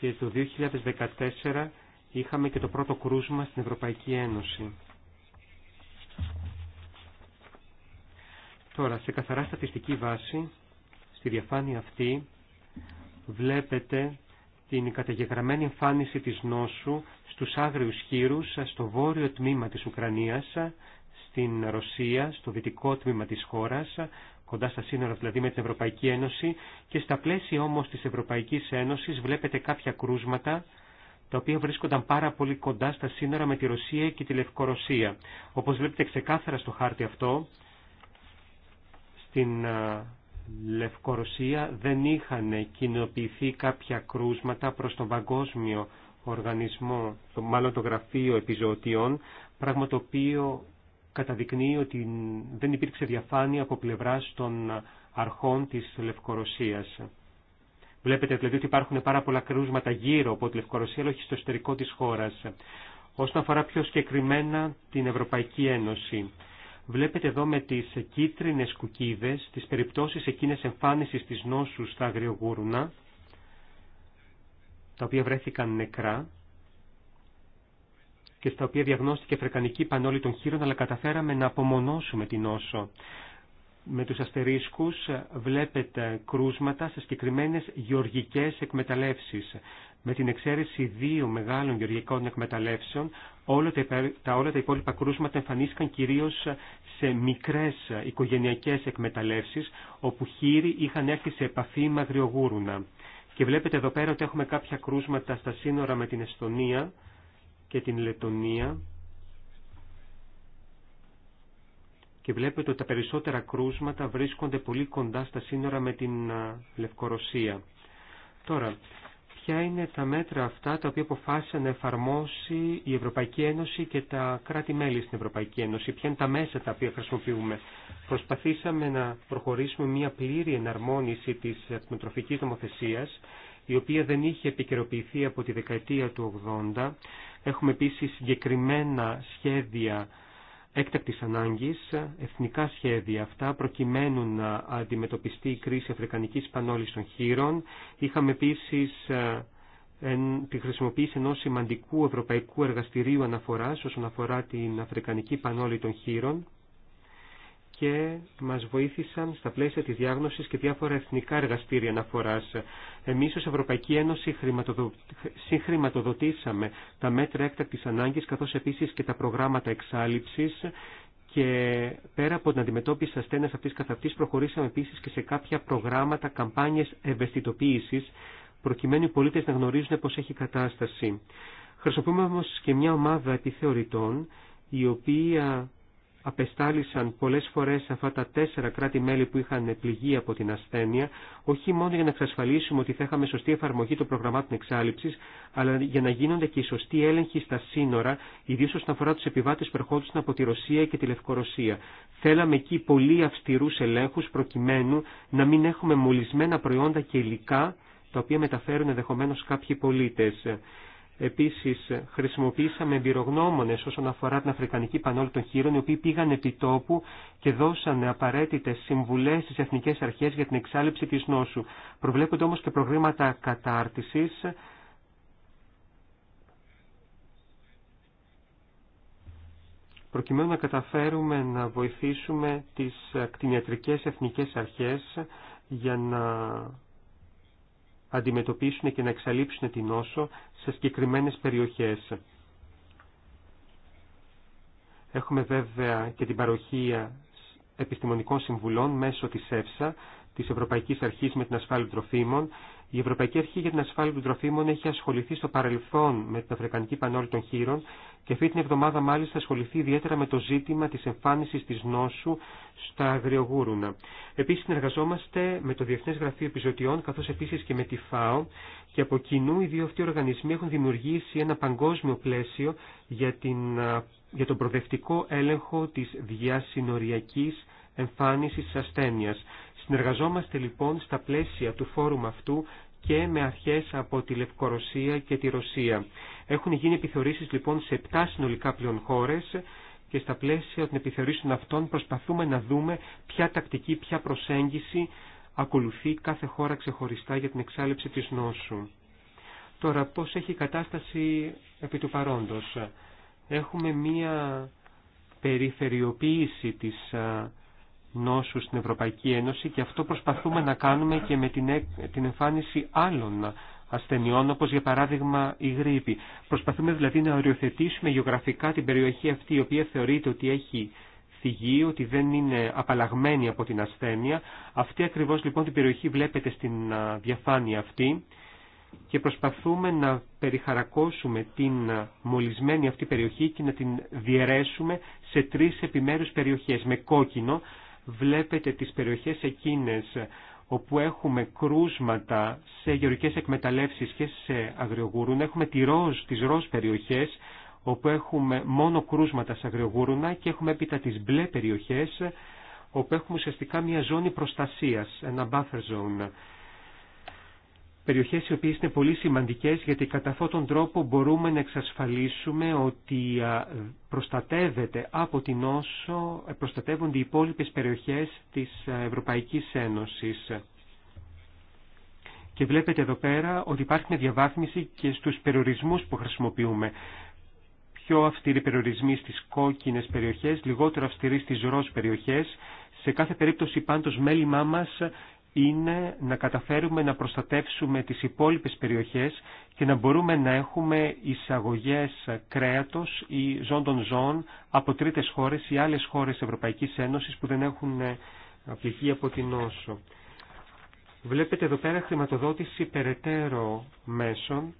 Και το 2014 είχαμε και το πρώτο κρούσμα στην Ευρωπαϊκή Ένωση. Τώρα, σε καθαρά στατιστική βάση, στη διαφάνεια αυτή, βλέπετε την καταγεγραμμένη εμφάνιση της νόσου στους άγριους χείρους στο βόρειο τμήμα της Ουκρανίας, στην Ρωσία, στο δυτικό τμήμα της χώρας, κοντά στα σύνορα δηλαδή με την Ευρωπαϊκή Ένωση και στα πλαίσια όμως της Ευρωπαϊκής Ένωσης βλέπετε κάποια κρούσματα τα οποία βρίσκονταν πάρα πολύ κοντά στα σύνορα με τη Ρωσία και τη Λευκορωσία. Όπως βλέπετε ξεκάθαρα στο χάρτη αυτό, στην Λευκορωσία δεν είχαν κοινοποιηθεί κάποια κρούσματα προς τον παγκόσμιο οργανισμό, το, μάλλον το γραφείο επιζωτιών, πράγμα το οποίο καταδεικνύει ότι δεν υπήρξε διαφάνεια από πλευράς των αρχών της Λευκορωσίας. Βλέπετε δηλαδή ότι υπάρχουν πάρα πολλά κρούσματα γύρω από τη Λευκορωσία, αλλά όχι στο εσωτερικό της χώρας. Όσον αφορά πιο συγκεκριμένα την Ευρωπαϊκή Ένωση, βλέπετε εδώ με τις κίτρινες κουκίδες τις περιπτώσεις εκείνες εμφάνισης της νόσου στα αγριογούρουνα, τα οποία βρέθηκαν νεκρά και στα οποία διαγνώστηκε φρεκανική πανόλη των χείρων, αλλά καταφέραμε να απομονώσουμε την νόσο με τους αστερίσκους βλέπετε κρούσματα σε συγκεκριμένες γεωργικές εκμεταλλεύσεις. Με την εξαίρεση δύο μεγάλων γεωργικών εκμεταλλεύσεων, όλα τα, όλα τα υπόλοιπα κρούσματα εμφανίστηκαν κυρίως σε μικρές οικογενειακές εκμεταλλεύσεις, όπου χείροι είχαν έρθει σε επαφή με αγριογούρουνα. Και βλέπετε εδώ πέρα ότι έχουμε κάποια κρούσματα στα σύνορα με την Εστονία και την Λετονία, και βλέπετε ότι τα περισσότερα κρούσματα βρίσκονται πολύ κοντά στα σύνορα με την Λευκορωσία. Τώρα, ποια είναι τα μέτρα αυτά τα οποία αποφάσισαν να εφαρμόσει η Ευρωπαϊκή Ένωση και τα κράτη-μέλη στην Ευρωπαϊκή Ένωση, ποια είναι τα μέσα τα οποία χρησιμοποιούμε. Προσπαθήσαμε να προχωρήσουμε μια πλήρη εναρμόνιση της ατμοτροφικής νομοθεσίας, η οποία δεν είχε επικαιροποιηθεί από τη δεκαετία του 80. Έχουμε επίσης συγκεκριμένα σχέδια έκτακτης ανάγκης, εθνικά σχέδια αυτά, προκειμένου να αντιμετωπιστεί η κρίση αφρικανικής πανόλης των χείρων. Είχαμε επίσης ε, τη χρησιμοποίηση ενός σημαντικού ευρωπαϊκού εργαστηρίου αναφοράς όσον αφορά την αφρικανική πανόλη των χείρων και μας βοήθησαν στα πλαίσια της διάγνωσης και διάφορα εθνικά εργαστήρια αναφοράς. Εμείς ως Ευρωπαϊκή Ένωση συγχρηματοδοτήσαμε τα μέτρα έκτακτης ανάγκης καθώς επίσης και τα προγράμματα εξάλληψης και πέρα από την αντιμετώπιση τη αυτής αυτή καθ' προχωρήσαμε επίσης και σε κάποια προγράμματα, καμπάνιες ευαισθητοποίησης, προκειμένου οι πολίτε να γνωρίζουν πώς έχει κατάσταση. Χρησιμοποιούμε όμω και μια ομάδα επιθεωρητών, η οποία απεστάλησαν πολλές φορές αυτά τα τέσσερα κράτη-μέλη που είχαν πληγεί από την ασθένεια, όχι μόνο για να εξασφαλίσουμε ότι θα είχαμε σωστή εφαρμογή των προγραμμάτων εξάλληψης, αλλά για να γίνονται και οι σωστοί έλεγχοι στα σύνορα, ιδίως όσον αφορά τους επιβάτες που ερχόντουσαν από τη Ρωσία και τη Λευκορωσία. Θέλαμε εκεί πολύ αυστηρούς ελέγχους προκειμένου να μην έχουμε μολυσμένα προϊόντα και υλικά, τα οποία μεταφέρουν ενδεχομένω κάποιοι πολίτες. Επίσης, χρησιμοποίησαμε εμπειρογνώμονες όσον αφορά την Αφρικανική Πανόλη των Χείρων, οι οποίοι πήγαν επί τόπου και δώσαν απαραίτητες συμβουλές στις εθνικές αρχές για την εξάλληψη της νόσου. Προβλέπονται όμως και προγράμματα κατάρτισης, προκειμένου να καταφέρουμε να βοηθήσουμε τις κτηνιατρικές εθνικές αρχές για να αντιμετωπίσουν και να εξαλείψουν την νόσο σε συγκεκριμένες περιοχές. Έχουμε βέβαια και την παροχή επιστημονικών συμβουλών μέσω της ΕΦΣΑ, της Ευρωπαϊκής Αρχής με την Ασφάλεια Τροφίμων η Ευρωπαϊκή Αρχή για την Ασφάλεια των Τροφίμων έχει ασχοληθεί στο παρελθόν με την Αφρικανική Πανόλη των Χείρων και αυτή την εβδομάδα μάλιστα ασχοληθεί ιδιαίτερα με το ζήτημα τη εμφάνιση τη νόσου στα αγριογούρουνα. Επίση συνεργαζόμαστε με το Διεθνέ Γραφείο Επιζωτιών καθώ επίση και με τη ΦΑΟ και από κοινού οι δύο αυτοί οργανισμοί έχουν δημιουργήσει ένα παγκόσμιο πλαίσιο για, την, για τον προδευτικό έλεγχο τη διασυνοριακή εμφάνιση τη ασθένεια. Συνεργαζόμαστε λοιπόν στα πλαίσια του φόρουμ αυτού και με αρχές από τη Λευκορωσία και τη Ρωσία. Έχουν γίνει επιθεωρήσεις λοιπόν σε 7 συνολικά πλέον χώρες και στα πλαίσια των επιθεωρήσεων αυτών προσπαθούμε να δούμε ποια τακτική, ποια προσέγγιση ακολουθεί κάθε χώρα ξεχωριστά για την εξάλληψη της νόσου. Τώρα πώς έχει η κατάσταση επί του παρόντος. Έχουμε μία περιφερειοποίηση της νόσου στην Ευρωπαϊκή Ένωση και αυτό προσπαθούμε να κάνουμε και με την εμφάνιση άλλων ασθενειών, όπως για παράδειγμα η γρήπη. Προσπαθούμε δηλαδή να οριοθετήσουμε γεωγραφικά την περιοχή αυτή, η οποία θεωρείται ότι έχει θυγεί, ότι δεν είναι απαλλαγμένη από την ασθένεια. Αυτή ακριβώς λοιπόν την περιοχή βλέπετε στην διαφάνεια αυτή και προσπαθούμε να περιχαρακώσουμε την μολυσμένη αυτή περιοχή και να την διαιρέσουμε σε τρεις επιμέρους περιοχές με κόκκινο βλέπετε τις περιοχές εκείνες όπου έχουμε κρούσματα σε γεωργικές εκμεταλλεύσεις και σε αγριογούρουνα, έχουμε τη ροζ, τις ροζ περιοχές, όπου έχουμε μόνο κρούσματα σε αγριογούρουνα και έχουμε έπειτα τις μπλε περιοχές, όπου έχουμε ουσιαστικά μια ζώνη προστασίας, ένα buffer zone περιοχές οι οποίες είναι πολύ σημαντικές γιατί κατά αυτόν τον τρόπο μπορούμε να εξασφαλίσουμε ότι προστατεύεται από την όσο ε, προστατεύονται οι υπόλοιπες περιοχές της Ευρωπαϊκής Ένωσης. Και βλέπετε εδώ πέρα ότι υπάρχει μια διαβάθμιση και στους περιορισμούς που χρησιμοποιούμε. Πιο αυστηροί περιορισμοί στις κόκκινες περιοχές, λιγότερο αυστηροί στις ροζ περιοχές. Σε κάθε περίπτωση πάντως μέλημά μας είναι να καταφέρουμε να προστατεύσουμε τις υπόλοιπες περιοχές και να μπορούμε να έχουμε εισαγωγές κρέατος ή ζών των ζώων από τρίτες χώρες ή άλλες χώρες Ευρωπαϊκής Ένωσης που δεν έχουν πληγεί ε, από την νόσο. Βλέπετε εδώ πέρα χρηματοδότηση περαιτέρω μέσων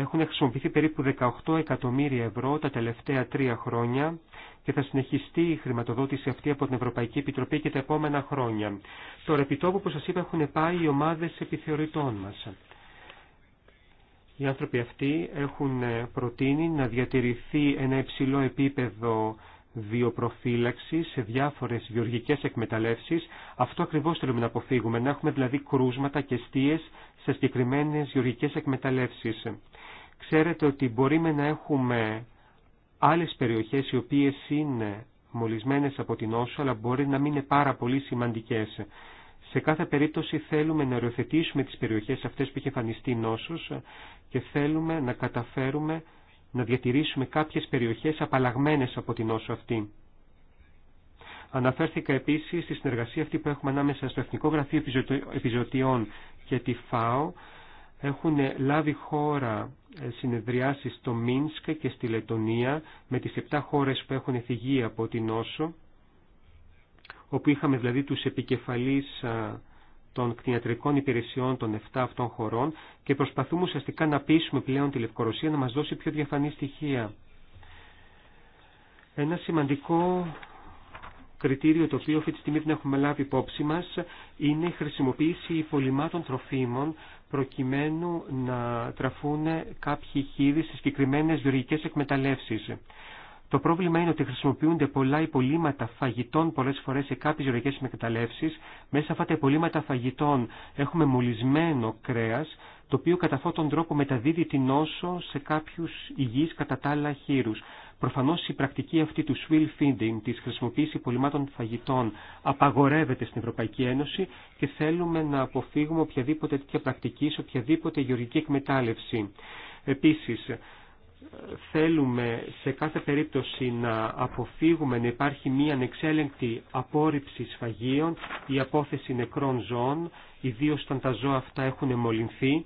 έχουν χρησιμοποιηθεί περίπου 18 εκατομμύρια ευρώ τα τελευταία τρία χρόνια και θα συνεχιστεί η χρηματοδότηση αυτή από την Ευρωπαϊκή Επιτροπή και τα επόμενα χρόνια. Τώρα, τόπου, όπως σας είπα, έχουν πάει οι ομάδες επιθεωρητών μας. Οι άνθρωποι αυτοί έχουν ε, προτείνει να διατηρηθεί ένα υψηλό επίπεδο βιοπροφύλαξη σε διάφορε γεωργικέ εκμεταλλεύσει. Αυτό ακριβώ θέλουμε να αποφύγουμε. Να έχουμε δηλαδή κρούσματα και στίε σε συγκεκριμένε γεωργικέ εκμεταλλεύσει. Ξέρετε ότι μπορούμε να έχουμε άλλες περιοχές οι οποίες είναι μολυσμένες από την νόσο, αλλά μπορεί να μην είναι πάρα πολύ σημαντικές. Σε κάθε περίπτωση θέλουμε να οριοθετήσουμε τις περιοχές αυτές που είχε εμφανιστεί νόσος και θέλουμε να καταφέρουμε να διατηρήσουμε κάποιες περιοχές απαλλαγμένες από την νόσο αυτή. Αναφέρθηκα επίσης στη συνεργασία αυτή που έχουμε ανάμεσα στο Εθνικό Γραφείο Επιζωτιών και τη ΦΑΟ έχουν λάβει χώρα ε, συνεδριάσεις στο Μίνσκ και στη Λετωνία με τις 7 χώρες που έχουν θυγεί από την Όσο, όπου είχαμε δηλαδή τους επικεφαλείς των κτηνιατρικών υπηρεσιών των 7 αυτών χωρών και προσπαθούμε ουσιαστικά να πείσουμε πλέον τη Λευκορωσία να μας δώσει πιο διαφανή στοιχεία. Ένα σημαντικό κριτήριο το οποίο αυτή τη στιγμή δεν έχουμε λάβει υπόψη μας είναι η χρησιμοποίηση υπολοιμάτων τροφίμων προκειμένου να τραφούν κάποιοι χείδη σε συγκεκριμένες γεωργικές εκμεταλλεύσεις. Το πρόβλημα είναι ότι χρησιμοποιούνται πολλά υπολείμματα φαγητών πολλέ φορέ σε κάποιε γεωργικέ εκμεταλλεύσει. Μέσα σε αυτά τα υπολείμματα φαγητών έχουμε μολυσμένο κρέα, το οποίο κατά αυτόν τον τρόπο μεταδίδει την νόσο σε κάποιου υγιεί κατά τα άλλα χείρου. Προφανώ η πρακτική αυτή του swill feeding, τη χρησιμοποίηση υπολείμματων φαγητών, απαγορεύεται στην Ευρωπαϊκή Ένωση και θέλουμε να αποφύγουμε οποιαδήποτε τέτοια πρακτική σε οποιαδήποτε γεωργική εκμετάλλευση. Επίσης, θέλουμε σε κάθε περίπτωση να αποφύγουμε να υπάρχει μία ανεξέλεγκτη απόρριψη σφαγίων ή απόθεση νεκρών ζώων, ιδίως όταν τα ζώα αυτά έχουν εμολυνθεί.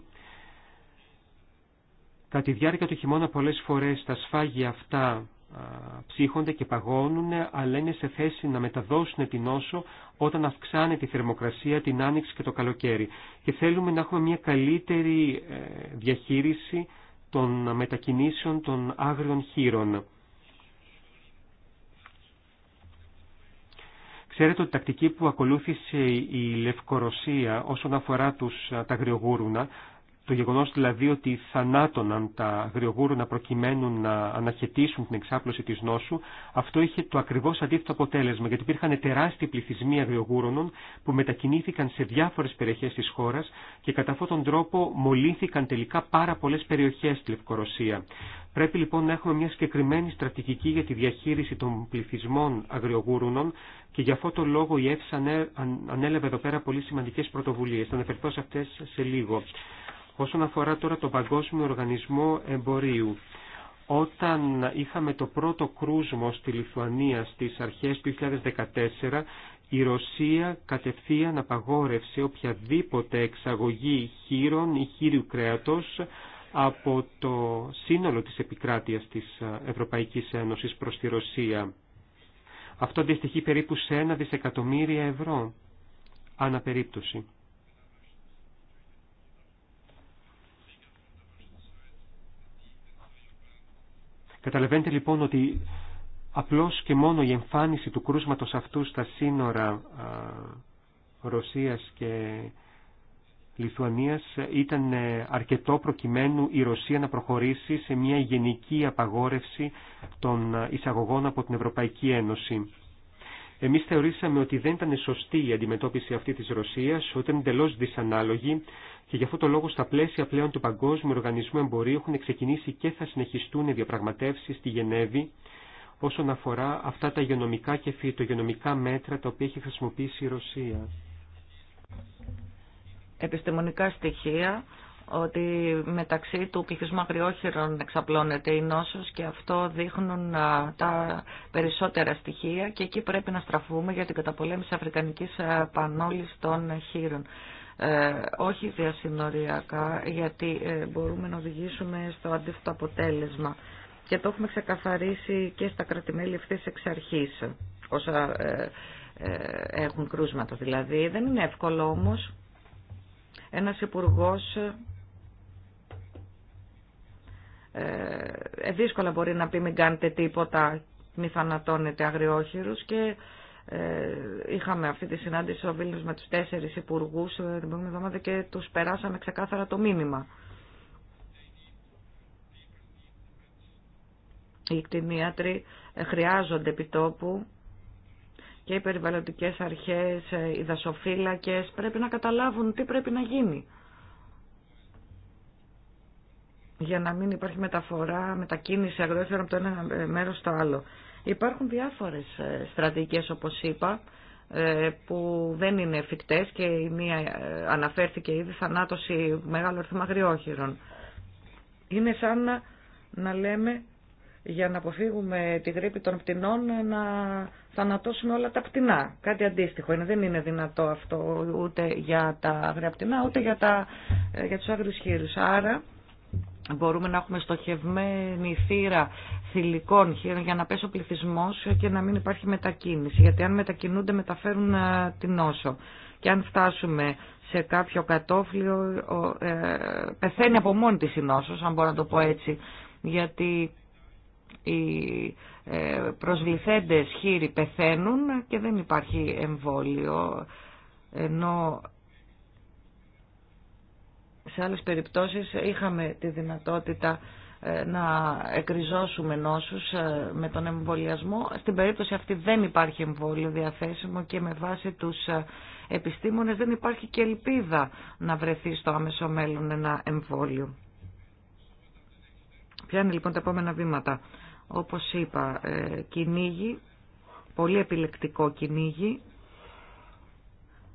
Κατά τη διάρκεια του χειμώνα πολλές φορές τα σφάγια αυτά ψύχονται και παγώνουν, αλλά είναι σε θέση να μεταδώσουν την όσο όταν αυξάνεται η θερμοκρασία την άνοιξη και το καλοκαίρι. Και θέλουμε να έχουμε μια καλύτερη ε, διαχείριση των μετακινήσεων των άγριων χείρων. Ξέρετε ότι η τακτική που ακολούθησε η Λευκορωσία όσον αφορά τους, τα αγριογούρουνα το γεγονός δηλαδή ότι θανάτωναν τα αγριογούρουνα προκειμένου να αναχαιτήσουν την εξάπλωση της νόσου, αυτό είχε το ακριβώς αντίθετο αποτέλεσμα, γιατί υπήρχαν τεράστιοι πληθυσμοί αγριογούρων που μετακινήθηκαν σε διάφορες περιοχές της χώρας και κατά αυτόν τον τρόπο μολύθηκαν τελικά πάρα πολλές περιοχές στη Λευκορωσία. Πρέπει λοιπόν να έχουμε μια συγκεκριμένη στρατηγική για τη διαχείριση των πληθυσμών αγριογούρουνων και για αυτό το λόγο η ΕΦΣ ανέλαβε εδώ πέρα πολύ σημαντικές πρωτοβουλίες. Θα αναφερθώ σε αυτές σε λίγο. Όσον αφορά τώρα τον Παγκόσμιο Οργανισμό Εμπορίου, όταν είχαμε το πρώτο κρούσμο στη Λιθουανία στις αρχές του 2014, η Ρωσία κατευθείαν απαγόρευσε οποιαδήποτε εξαγωγή χείρων ή χείριου κρέατος από το σύνολο της επικράτειας της Ευρωπαϊκής Ένωσης προς τη Ρωσία. Αυτό αντιστοιχεί περίπου σε ένα δισεκατομμύρια ευρώ αναπερίπτωση. Καταλαβαίνετε λοιπόν ότι απλώς και μόνο η εμφάνιση του κρούσματος αυτού στα σύνορα α, Ρωσίας και Λιθουανίας ήταν ε, αρκετό προκειμένου η Ρωσία να προχωρήσει σε μια γενική απαγόρευση των ε, εισαγωγών από την Ευρωπαϊκή Ένωση. Εμείς θεωρήσαμε ότι δεν ήταν σωστή η αντιμετώπιση αυτή της Ρωσίας, ότι ήταν εντελώ δυσανάλογη και γι' αυτό το λόγο στα πλαίσια πλέον του Παγκόσμιου Οργανισμού Εμπορίου έχουν ξεκινήσει και θα συνεχιστούν οι διαπραγματεύσεις στη Γενέβη όσον αφορά αυτά τα υγειονομικά και φυτογειονομικά μέτρα τα οποία έχει χρησιμοποιήσει η Ρωσία. Επιστημονικά στοιχεία ότι μεταξύ του πληθυσμού αγριόχειρων εξαπλώνεται η νόσος και αυτό δείχνουν τα περισσότερα στοιχεία και εκεί πρέπει να στραφούμε για την καταπολέμηση αφρικανικής πανόλης των χείρων. Ε, όχι διασυνοριακά, γιατί ε, μπορούμε να οδηγήσουμε στο αντίθετο αποτέλεσμα. Και το έχουμε ξεκαθαρίσει και στα κρατημέλη ευθύς εξ αρχής, όσα ε, ε έχουν κρούσματα δηλαδή. Δεν είναι εύκολο όμως ένας υπουργός ε, δύσκολα μπορεί να πει μην κάνετε τίποτα, μη θανατώνετε αγριόχειρους και ε, είχαμε αυτή τη συνάντηση ο Βίλνιος με τους τέσσερις υπουργούς ε, την προηγούμενη εβδομάδα και τους περάσαμε ξεκάθαρα το μήνυμα. Οι κτηνίατροι ε, χρειάζονται επιτόπου και οι περιβαλλοντικές αρχές, ε, οι δασοφύλακες πρέπει να καταλάβουν τι πρέπει να γίνει για να μην υπάρχει μεταφορά, μετακίνηση αγρόφερων από το ένα μέρος στο άλλο. Υπάρχουν διάφορες ε, στρατηγικές όπως είπα ε, που δεν είναι εφικτές και η μία ε, αναφέρθηκε ήδη θανάτωση μεγάλο αριθμό αγριόχειρων. Είναι σαν να λέμε για να αποφύγουμε τη γρήπη των πτηνών να θανατώσουμε όλα τα πτηνά. Κάτι αντίστοιχο είναι. Δεν είναι δυνατό αυτό ούτε για τα αγρία πτηνά ούτε για, τα, για τους άγριους χείρους. Άρα Μπορούμε να έχουμε στοχευμένη θύρα θηλυκών για να πέσει ο πληθυσμό και να μην υπάρχει μετακίνηση. Γιατί αν μετακινούνται μεταφέρουν ε, την νόσο. Και αν φτάσουμε σε κάποιο κατόφλιο ε, πεθαίνει από μόνη της η νόσος, αν μπορώ να το πω έτσι. Γιατί οι ε, προσβληθέντες χείροι πεθαίνουν και δεν υπάρχει εμβόλιο. Ενώ σε άλλες περιπτώσεις είχαμε τη δυνατότητα ε, να εκριζώσουμε νόσους ε, με τον εμβολιασμό. Στην περίπτωση αυτή δεν υπάρχει εμβόλιο διαθέσιμο και με βάση τους ε, επιστήμονες δεν υπάρχει και ελπίδα να βρεθεί στο άμεσο μέλλον ένα εμβόλιο. Ποια είναι λοιπόν τα επόμενα βήματα. Όπως είπα, κυνήγι, πολύ επιλεκτικό κυνήγι,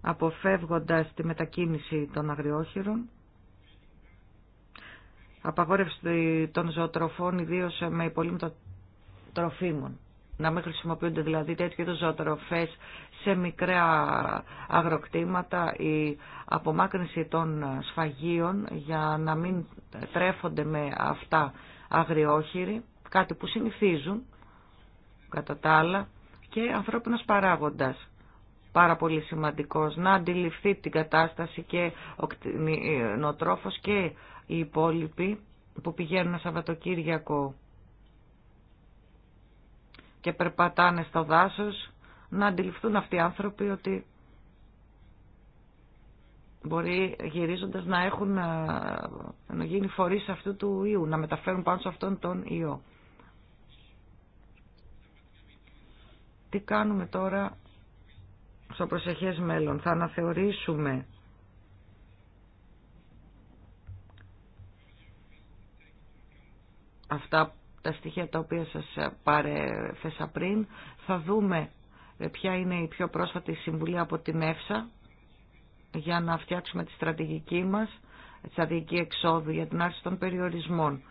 αποφεύγοντας τη μετακίνηση των αγριόχειρων, απαγόρευση των ζωοτροφών, ιδίω με υπολείμματα τροφίμων. Να μην χρησιμοποιούνται δηλαδή τέτοιου είδου ζωοτροφέ σε μικρά αγροκτήματα, η απομάκρυνση των σφαγίων για να μην τρέφονται με αυτά αγριόχειροι, κάτι που συνηθίζουν κατά τα άλλα και ανθρώπινος παράγοντας πάρα πολύ σημαντικός να αντιληφθεί την κατάσταση και ο νοτρόφος... Ε, και οι υπόλοιποι που πηγαίνουν Σαββατοκύριακο και περπατάνε στο δάσος, να αντιληφθούν αυτοί οι άνθρωποι ότι μπορεί γυρίζοντας να έχουν ε, να γίνει φορείς αυτού του ιού, να μεταφέρουν πάνω σε αυτόν τον ιό. Τι κάνουμε τώρα στο προσεχές μέλλον. Θα αναθεωρήσουμε αυτά τα στοιχεία τα οποία σας παρέθεσα πριν. Θα δούμε ε, ποια είναι η πιο πρόσφατη συμβουλή από την ΕΦΣΑ για να φτιάξουμε τη στρατηγική μας, τη στρατηγική εξόδου για την άρση των περιορισμών.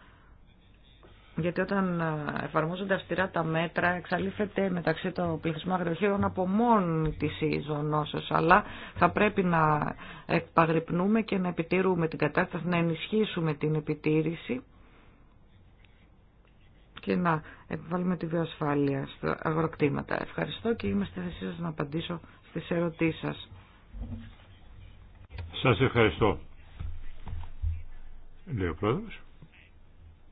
Γιατί όταν ε, εφαρμόζονται αυστηρά τα μέτρα, εξαλείφεται μεταξύ των πληθυσμών αγροχείων από μόνη τη η αλλά θα πρέπει να επαγρυπνούμε και να επιτηρούμε την κατάσταση, να ενισχύσουμε την επιτήρηση και να επιβάλλουμε τη βιοασφάλεια στα αγροκτήματα. Ευχαριστώ και είμαστε στη να απαντήσω στις ερωτήσεις σας. Σας ευχαριστώ. Λέει ο πρόεδρος.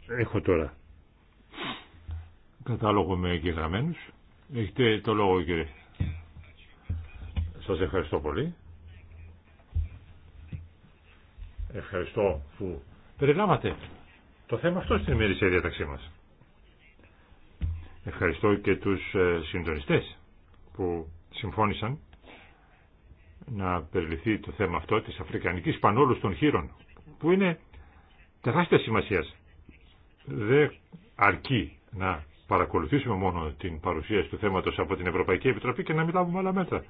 Έχω τώρα κατάλογο με εγγεγραμμένους. Έχετε το λόγο κύριε. Σας ευχαριστώ πολύ. Ευχαριστώ που περιλάβατε το θέμα αυτό στην ημερησία διάταξή μας. Ευχαριστώ και τους ε, συντονιστές που συμφώνησαν να περιληφθεί το θέμα αυτό της Αφρικανικής Πανόλου των Χείρων που είναι τεράστια σημασίας. Δεν αρκεί να παρακολουθήσουμε μόνο την παρουσίαση του θέματος από την Ευρωπαϊκή Επιτροπή και να μην λάβουμε άλλα μέτρα.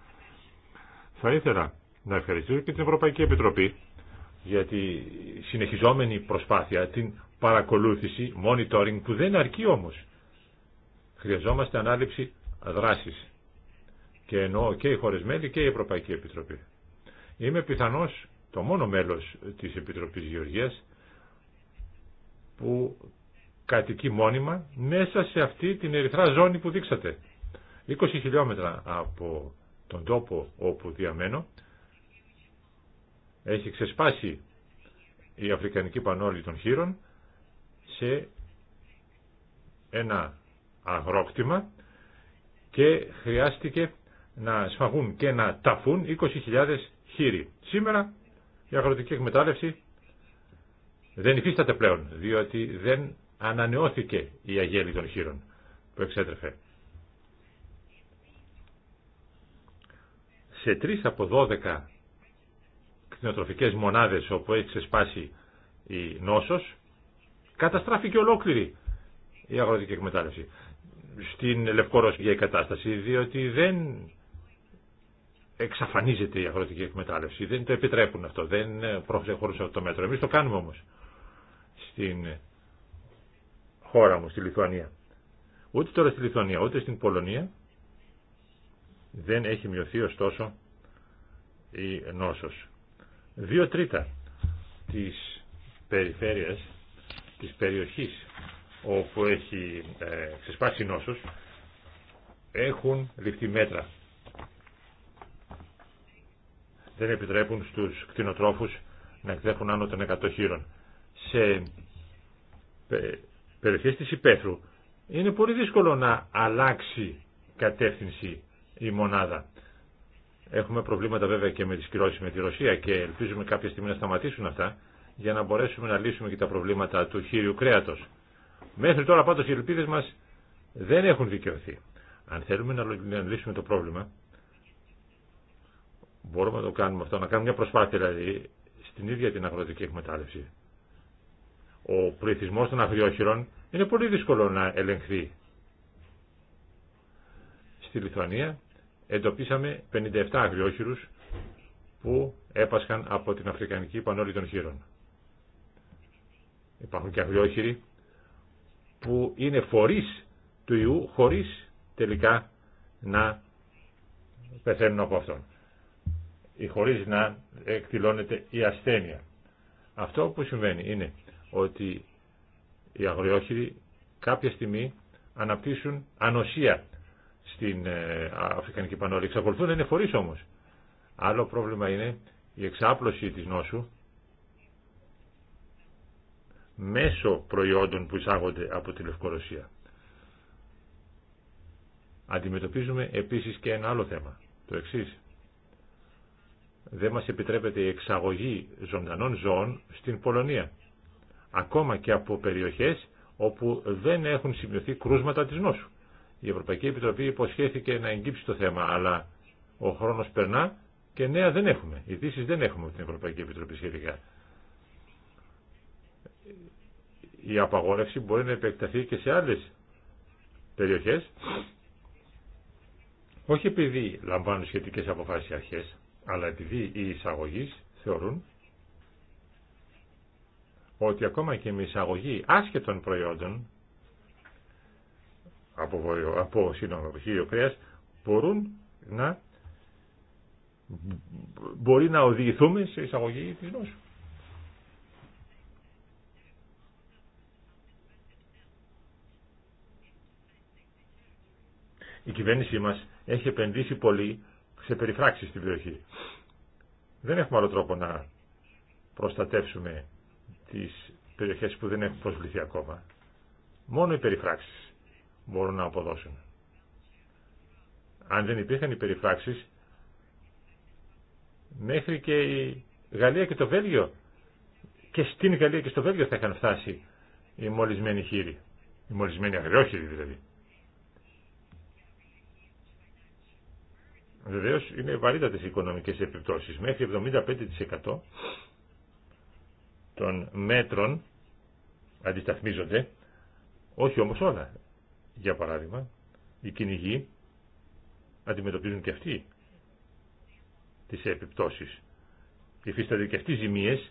Θα ήθελα να ευχαριστήσω και την Ευρωπαϊκή Επιτροπή για τη συνεχιζόμενη προσπάθεια, την παρακολούθηση, monitoring που δεν αρκεί όμως. Χρειαζόμαστε ανάληψη δράση Και εννοώ και οι χώρε και η Ευρωπαϊκή Επιτροπή. Είμαι πιθανώ το μόνο μέλος της Επιτροπής Γεωργία που κατοικεί μόνιμα μέσα σε αυτή την ερυθρά ζώνη που δείξατε. 20 χιλιόμετρα από τον τόπο όπου διαμένω έχει ξεσπάσει η Αφρικανική Πανόλη των Χείρων σε ένα αγρόκτημα και χρειάστηκε να σφαγούν και να ταφούν 20.000 χείρι. Σήμερα η αγροτική εκμετάλλευση δεν υφίσταται πλέον, διότι δεν ανανεώθηκε η αγέλη των χείρων που εξέτρεφε. Σε τρεις από δώδεκα κτηνοτροφικές μονάδες όπου έχει ξεσπάσει η νόσος, καταστράφηκε ολόκληρη η αγροτική εκμετάλλευση στην η κατάσταση, διότι δεν εξαφανίζεται η αγροτική εκμετάλλευση. Δεν το επιτρέπουν αυτό. Δεν σε αυτό το μέτρο. Εμείς το κάνουμε όμως στην χώρα μου, στη Λιθουανία. Ούτε τώρα στη Λιθουανία, ούτε στην Πολωνία δεν έχει μειωθεί ωστόσο η νόσος. Δύο τρίτα της περιφέρειας, της περιοχής όπου έχει ε, ξεσπάσει νόσος έχουν ληφθεί μέτρα. Δεν επιτρέπουν στους κτηνοτρόφους να εκδέχουν άνω των 100 χείρων. Σε περιοχές της είναι πολύ δύσκολο να αλλάξει κατεύθυνση η μονάδα. Έχουμε προβλήματα βέβαια και με τις κυρώσεις με τη Ρωσία και ελπίζουμε κάποια στιγμή να σταματήσουν αυτά για να μπορέσουμε να λύσουμε και τα προβλήματα του χείριου κρέατος. Μέχρι τώρα πάντως οι ελπίδες μας δεν έχουν δικαιωθεί. Αν θέλουμε να λύσουμε το πρόβλημα, μπορούμε να το κάνουμε αυτό, να κάνουμε μια προσπάθεια δηλαδή στην ίδια την αγροτική εκμετάλλευση. Ο πληθυσμό των αγριόχειρων είναι πολύ δύσκολο να ελεγχθεί. Στη Λιθουανία εντοπίσαμε 57 αγριόχειρους που έπασχαν από την Αφρικανική Πανόλη των Χείρων. Υπάρχουν και αγριόχειροι που είναι φορείς του ιού χωρίς τελικά να πεθαίνουν από αυτόν ή χωρίς να εκδηλώνεται η ασθένεια. Αυτό που συμβαίνει είναι ότι οι αγριόχειροι κάποια στιγμή αναπτύσσουν ανοσία στην ε, Αφρικανική Πανόλη. Εξακολουθούν να είναι φορείς όμως. Άλλο πρόβλημα είναι η εξάπλωση της νόσου μέσω προϊόντων που εισάγονται από τη Λευκορωσία. Αντιμετωπίζουμε επίσης και ένα άλλο θέμα, το εξής. Δεν μας επιτρέπεται η εξαγωγή ζωντανών ζώων στην Πολωνία, ακόμα και από περιοχές όπου δεν έχουν σημειωθεί κρούσματα της νόσου. Η Ευρωπαϊκή Επιτροπή υποσχέθηκε να εγκύψει το θέμα, αλλά ο χρόνος περνά και νέα δεν έχουμε. Ειδήσει δεν έχουμε από την Ευρωπαϊκή Επιτροπή σχετικά. η απαγόρευση μπορεί να επεκταθεί και σε άλλες περιοχές όχι επειδή λαμβάνουν σχετικές αποφάσεις οι αρχές αλλά επειδή οι εισαγωγείς θεωρούν ότι ακόμα και με εισαγωγή άσχετων προϊόντων από, σύνολο από, σύνομα, από χείριο κρέας μπορούν να μπορεί να οδηγηθούμε σε εισαγωγή της νόσου. η κυβέρνησή μας έχει επενδύσει πολύ σε περιφράξεις στην περιοχή. Δεν έχουμε άλλο τρόπο να προστατεύσουμε τις περιοχές που δεν έχουν προσβληθεί ακόμα. Μόνο οι περιφράξεις μπορούν να αποδώσουν. Αν δεν υπήρχαν οι περιφράξεις, μέχρι και η Γαλλία και το Βέλγιο και στην Γαλλία και στο Βέλγιο θα είχαν φτάσει οι μολυσμένοι χείροι. Οι μολυσμένοι αγριόχειροι δηλαδή. Βεβαίω είναι βαρύτατες οι οικονομικές επιπτώσεις. Μέχρι 75% των μέτρων αντισταθμίζονται, όχι όμως όλα. Για παράδειγμα, οι κυνηγοί αντιμετωπίζουν και αυτοί τις επιπτώσεις. Υφίστανται και αυτοί ζημίες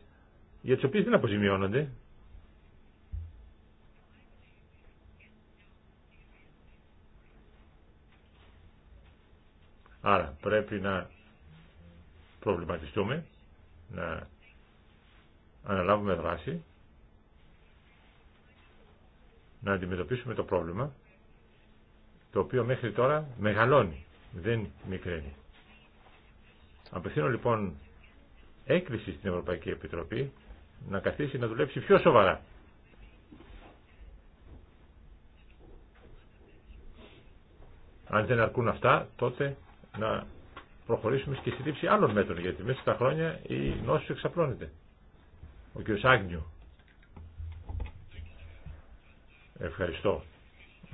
για τι οποίε δεν αποζημιώνονται Άρα πρέπει να προβληματιστούμε, να αναλάβουμε δράση, να αντιμετωπίσουμε το πρόβλημα, το οποίο μέχρι τώρα μεγαλώνει, δεν μικραίνει. Απευθύνω λοιπόν έκκληση στην Ευρωπαϊκή Επιτροπή να καθίσει να δουλέψει πιο σοβαρά. Αν δεν αρκούν αυτά, τότε να προχωρήσουμε και στη λήψη άλλων μέτρων, γιατί μέσα στα χρόνια η γνώση εξαπλώνεται. Ο κ. Σάγνιου Ευχαριστώ,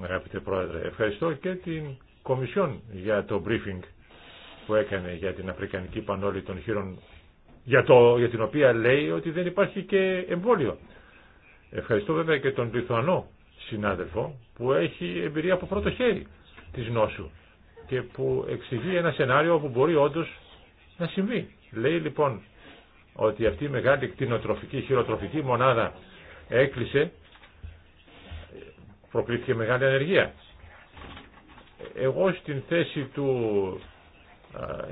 αγαπητέ Πρόεδρε. Ευχαριστώ και την Κομισιόν για το briefing που έκανε για την Αφρικανική Πανόλη των Χείρων, για, το, για την οποία λέει ότι δεν υπάρχει και εμβόλιο. Ευχαριστώ βέβαια και τον Λιθουανό συνάδελφο που έχει εμπειρία από πρώτο χέρι της νόσου και που εξηγεί ένα σενάριο που μπορεί όντω να συμβεί. Λέει λοιπόν ότι αυτή η μεγάλη κτηνοτροφική, χειροτροφική μονάδα έκλεισε, προκλήθηκε μεγάλη ανεργία. Εγώ στην θέση του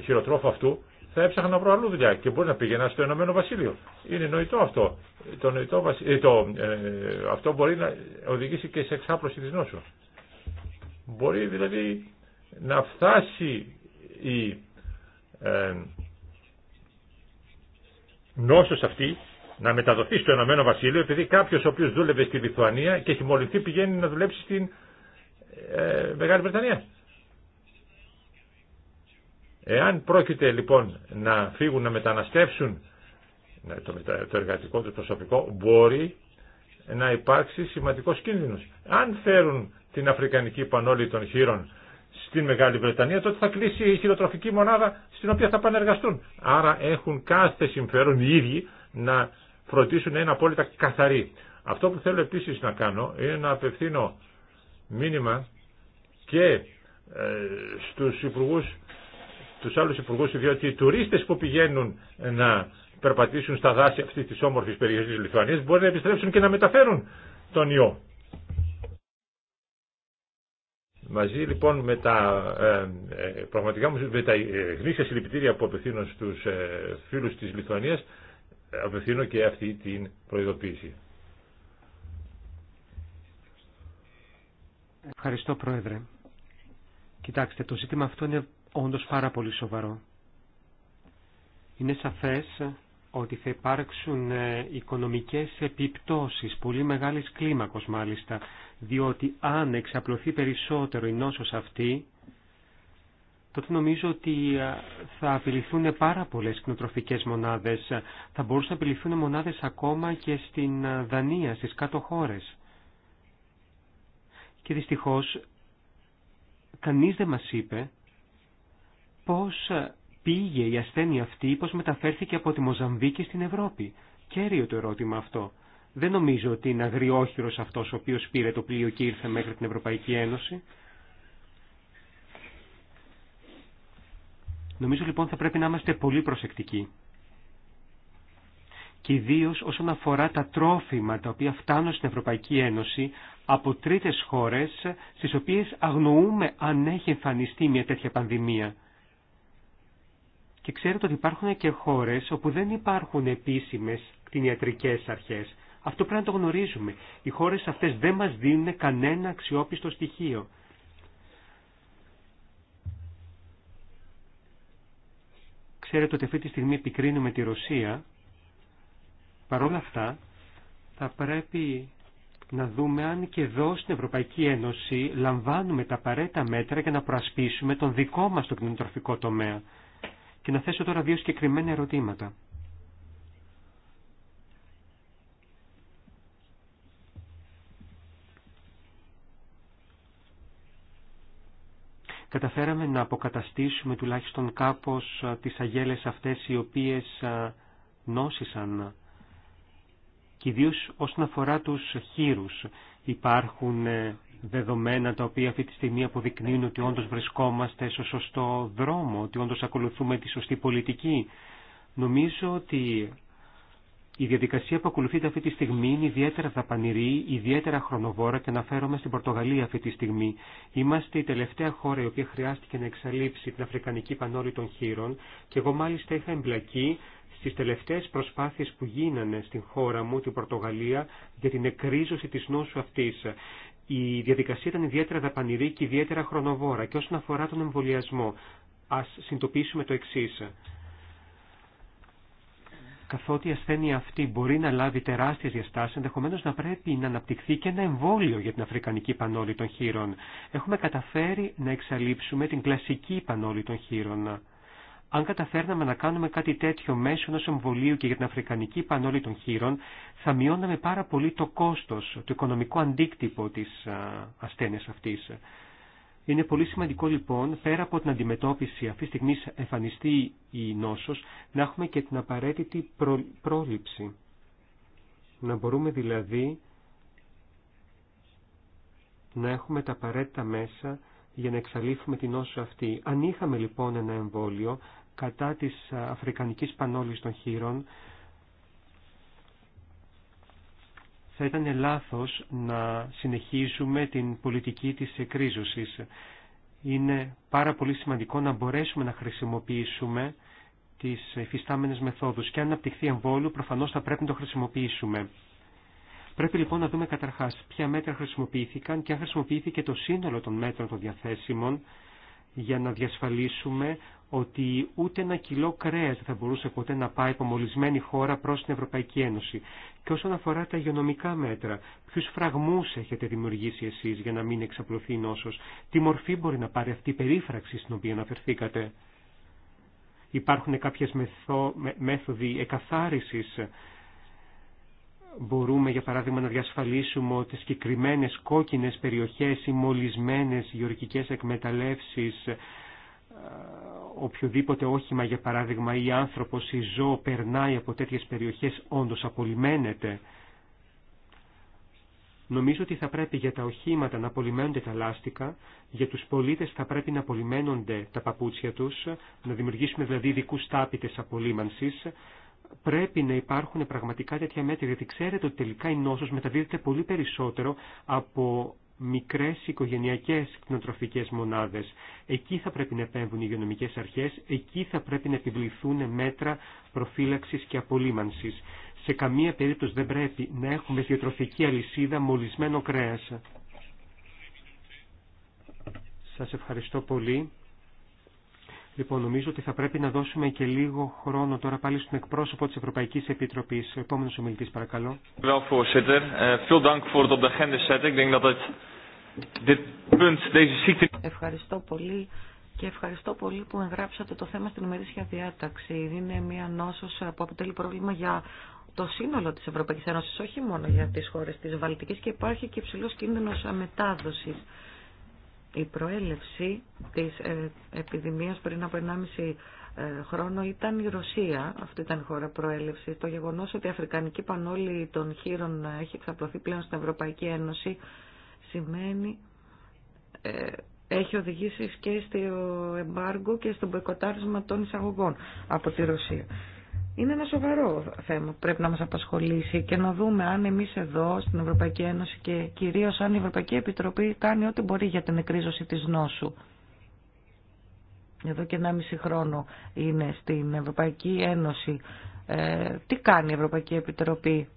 χειροτρόφου αυτού θα έψαχνα να βρω αλλού δουλειά και μπορεί να πήγαινα στο Ηνωμένο Βασίλειο. Είναι νοητό αυτό. Το, νοητό ε, το... Ε, αυτό μπορεί να οδηγήσει και σε εξάπλωση της νόσου. Μπορεί δηλαδή να φτάσει η ε, νόσος αυτή να μεταδοθεί στο Ενωμένο Βασίλειο επειδή κάποιος ο οποίος δούλευε στη Λιθουανία και έχει μολυνθεί πηγαίνει να δουλέψει στην ε, Μεγάλη Βρετανία. Εάν πρόκειται λοιπόν να φύγουν να μεταναστεύσουν το, το εργατικό του προσωπικό μπορεί να υπάρξει σημαντικός κίνδυνος. Αν φέρουν την Αφρικανική Πανόλη των Χείρων στην Μεγάλη Βρετανία, τότε θα κλείσει η χειροτροφική μονάδα στην οποία θα πανεργαστούν. Άρα έχουν κάθε συμφέρον οι ίδιοι να φροντίσουν ένα απόλυτα καθαρή. Αυτό που θέλω επίσης να κάνω είναι να απευθύνω μήνυμα και ε, στους υπουργούς, τους άλλους υπουργούς, διότι οι τουρίστες που πηγαίνουν να περπατήσουν στα δάση αυτή της όμορφης περιοχής της Λιθουανίας μπορεί να επιστρέψουν και να μεταφέρουν τον ιό. Μαζί λοιπόν με τα ε, ε, πραγματικά με τα ε, γνήσια συλληπιτήρια που απευθύνω στους φίλους της Λιθουανίας απευθύνω και αυτή την προειδοποίηση. Ευχαριστώ Πρόεδρε. Κοιτάξτε, το ζήτημα αυτό είναι όντως πάρα πολύ σοβαρό. Είναι σαφές ότι θα υπάρξουν ε, οικονομικές επιπτώσεις, πολύ μεγάλης κλίμακος μάλιστα, διότι αν εξαπλωθεί περισσότερο η νόσος αυτή, τότε νομίζω ότι ε, θα απειληθούν πάρα πολλές κοινοτροφικές μονάδες. Θα μπορούσαν να απειληθούν μονάδες ακόμα και στην ε, Δανία, στις κάτω χώρες. Και δυστυχώς, κανείς δεν μας είπε πώς πήγε η ασθένεια αυτή, πώς μεταφέρθηκε από τη Μοζαμβίκη στην Ευρώπη. Κέριο το ερώτημα αυτό. Δεν νομίζω ότι είναι αγριόχειρος αυτός ο οποίος πήρε το πλοίο και ήρθε μέχρι την Ευρωπαϊκή Ένωση. Νομίζω λοιπόν θα πρέπει να είμαστε πολύ προσεκτικοί. Και ιδίω όσον αφορά τα τρόφιμα τα οποία φτάνουν στην Ευρωπαϊκή Ένωση από τρίτες χώρες στις οποίες αγνοούμε αν έχει εμφανιστεί μια τέτοια πανδημία. Και ξέρετε ότι υπάρχουν και χώρες όπου δεν υπάρχουν επίσημες κτηνιατρικές αρχές. Αυτό πρέπει να το γνωρίζουμε. Οι χώρες αυτές δεν μας δίνουν κανένα αξιόπιστο στοιχείο. Ξέρετε ότι αυτή τη στιγμή επικρίνουμε τη Ρωσία. Παρ' όλα αυτά θα πρέπει να δούμε αν και εδώ στην Ευρωπαϊκή Ένωση λαμβάνουμε τα απαραίτητα μέτρα για να προασπίσουμε τον δικό μας το κοινοτροφικό τομέα και να θέσω τώρα δύο συγκεκριμένα ερωτήματα. Καταφέραμε να αποκαταστήσουμε τουλάχιστον κάπως τις αγέλες αυτές οι οποίες νόσησαν και ιδίως όσον αφορά τους χείρους. Υπάρχουν ε, δεδομένα τα οποία αυτή τη στιγμή αποδεικνύουν ότι όντως βρισκόμαστε στο σωστό δρόμο, ότι όντως ακολουθούμε τη σωστή πολιτική. Νομίζω ότι η διαδικασία που ακολουθείται αυτή τη στιγμή είναι ιδιαίτερα δαπανηρή, ιδιαίτερα χρονοβόρα και αναφέρομαι στην Πορτογαλία αυτή τη στιγμή. Είμαστε η τελευταία χώρα η οποία χρειάστηκε να εξαλείψει την Αφρικανική Πανόλη των Χείρων και εγώ μάλιστα είχα εμπλακεί στι τελευταίε προσπάθειε που γίνανε στην χώρα μου, την Πορτογαλία, για την εκρίζωση τη νόσου αυτή. Η διαδικασία ήταν ιδιαίτερα δαπανηρή και ιδιαίτερα χρονοβόρα και όσον αφορά τον εμβολιασμό. Ας συνειδητοποιήσουμε το εξή. Καθότι η ασθένεια αυτή μπορεί να λάβει τεράστιες διαστάσεις, ενδεχομένως να πρέπει να αναπτυχθεί και ένα εμβόλιο για την Αφρικανική πανόλη των χείρων. Έχουμε καταφέρει να εξαλείψουμε την κλασική πανόλη των χείρων. Αν καταφέρναμε να κάνουμε κάτι τέτοιο μέσω ενό εμβολίου και για την Αφρικανική Πανόλη των Χείρων, θα μειώναμε πάρα πολύ το κόστο, το οικονομικό αντίκτυπο τη ασθένεια αυτή. Είναι πολύ σημαντικό λοιπόν, πέρα από την αντιμετώπιση αυτή τη στιγμή εμφανιστεί η νόσος, να έχουμε και την απαραίτητη πρόληψη. Να μπορούμε δηλαδή να έχουμε τα απαραίτητα μέσα για να εξαλείφουμε την νόσο αυτή. Αν είχαμε λοιπόν ένα εμβόλιο, κατά της αφρικανικής πανόλης των χείρων, θα ήταν λάθος να συνεχίσουμε την πολιτική της εκρίζωσης. Είναι πάρα πολύ σημαντικό να μπορέσουμε να χρησιμοποιήσουμε τις εφιστάμενες μεθόδους και αν αναπτυχθεί εμβόλου προφανώς θα πρέπει να το χρησιμοποιήσουμε. Πρέπει λοιπόν να δούμε καταρχάς ποια μέτρα χρησιμοποιήθηκαν και αν χρησιμοποιήθηκε το σύνολο των μέτρων των διαθέσιμων για να διασφαλίσουμε ότι ούτε ένα κιλό κρέας δεν θα μπορούσε ποτέ να πάει από μολυσμένη χώρα προς την Ευρωπαϊκή Ένωση. Και όσον αφορά τα υγειονομικά μέτρα, ποιους φραγμούς έχετε δημιουργήσει εσείς για να μην εξαπλωθεί η νόσος, τι μορφή μπορεί να πάρει αυτή η περίφραξη στην οποία αναφερθήκατε. Υπάρχουν κάποιες μέθοδοι εκαθάρισης μπορούμε για παράδειγμα να διασφαλίσουμε ότι συγκεκριμένε κόκκινες περιοχές ή μολυσμένες γεωργικές εκμεταλλεύσεις ε, οποιοδήποτε όχημα για παράδειγμα ή άνθρωπος ή ζώο περνάει από τέτοιες περιοχές όντως απολυμμένεται. Νομίζω ότι θα πρέπει για τα οχήματα να απολυμμένονται τα λάστικα, για τους πολίτες θα πρέπει να απολυμμένονται τα παπούτσια τους, να δημιουργήσουμε δηλαδή ειδικού τάπητες απολύμανσης, πρέπει να υπάρχουν πραγματικά τέτοια μέτρα, γιατί ξέρετε ότι τελικά η νόσος μεταδίδεται πολύ περισσότερο από μικρές οικογενειακές κτηνοτροφικές μονάδες. Εκεί θα πρέπει να επέμβουν οι υγειονομικές αρχές, εκεί θα πρέπει να επιβληθούν μέτρα προφύλαξης και απολύμανσης. Σε καμία περίπτωση δεν πρέπει να έχουμε διατροφική αλυσίδα μολυσμένο κρέας. Σας ευχαριστώ πολύ. Λοιπόν, νομίζω ότι θα πρέπει να δώσουμε και λίγο χρόνο τώρα πάλι στον εκπρόσωπο της Ευρωπαϊκής Επιτροπής. Ο επόμενο ομιλητή, παρακαλώ. Ευχαριστώ πολύ και ευχαριστώ πολύ που εγγράψατε το θέμα στην ημερήσια διάταξη. Είναι μια νόσος που αποτελεί πρόβλημα για το σύνολο της Ευρωπαϊκής Ένωσης, όχι μόνο για τις χώρες της Βαλτικής και υπάρχει και υψηλός κίνδυνος μετάδοση. Η προέλευση της ε, επιδημίας πριν από 1,5 ε, χρόνο ήταν η Ρωσία, αυτή ήταν η χώρα προέλευση. Το γεγονός ότι η Αφρικανική Πανόλη των Χείρων ε, έχει εξαπλωθεί πλέον στην Ευρωπαϊκή Ένωση σημαίνει έχει οδηγήσει και στο εμπάργκο και στο μποϊκοτάρισμα των εισαγωγών από τη Ρωσία είναι ένα σοβαρό θέμα που πρέπει να μας απασχολήσει και να δούμε αν εμείς εδώ στην Ευρωπαϊκή Ένωση και κυρίως αν η Ευρωπαϊκή Επιτροπή κάνει ό,τι μπορεί για την εκρίζωση της νόσου. Εδώ και μισή χρόνο είναι στην Ευρωπαϊκή Ένωση. Ε, τι κάνει η Ευρωπαϊκή Επιτροπή.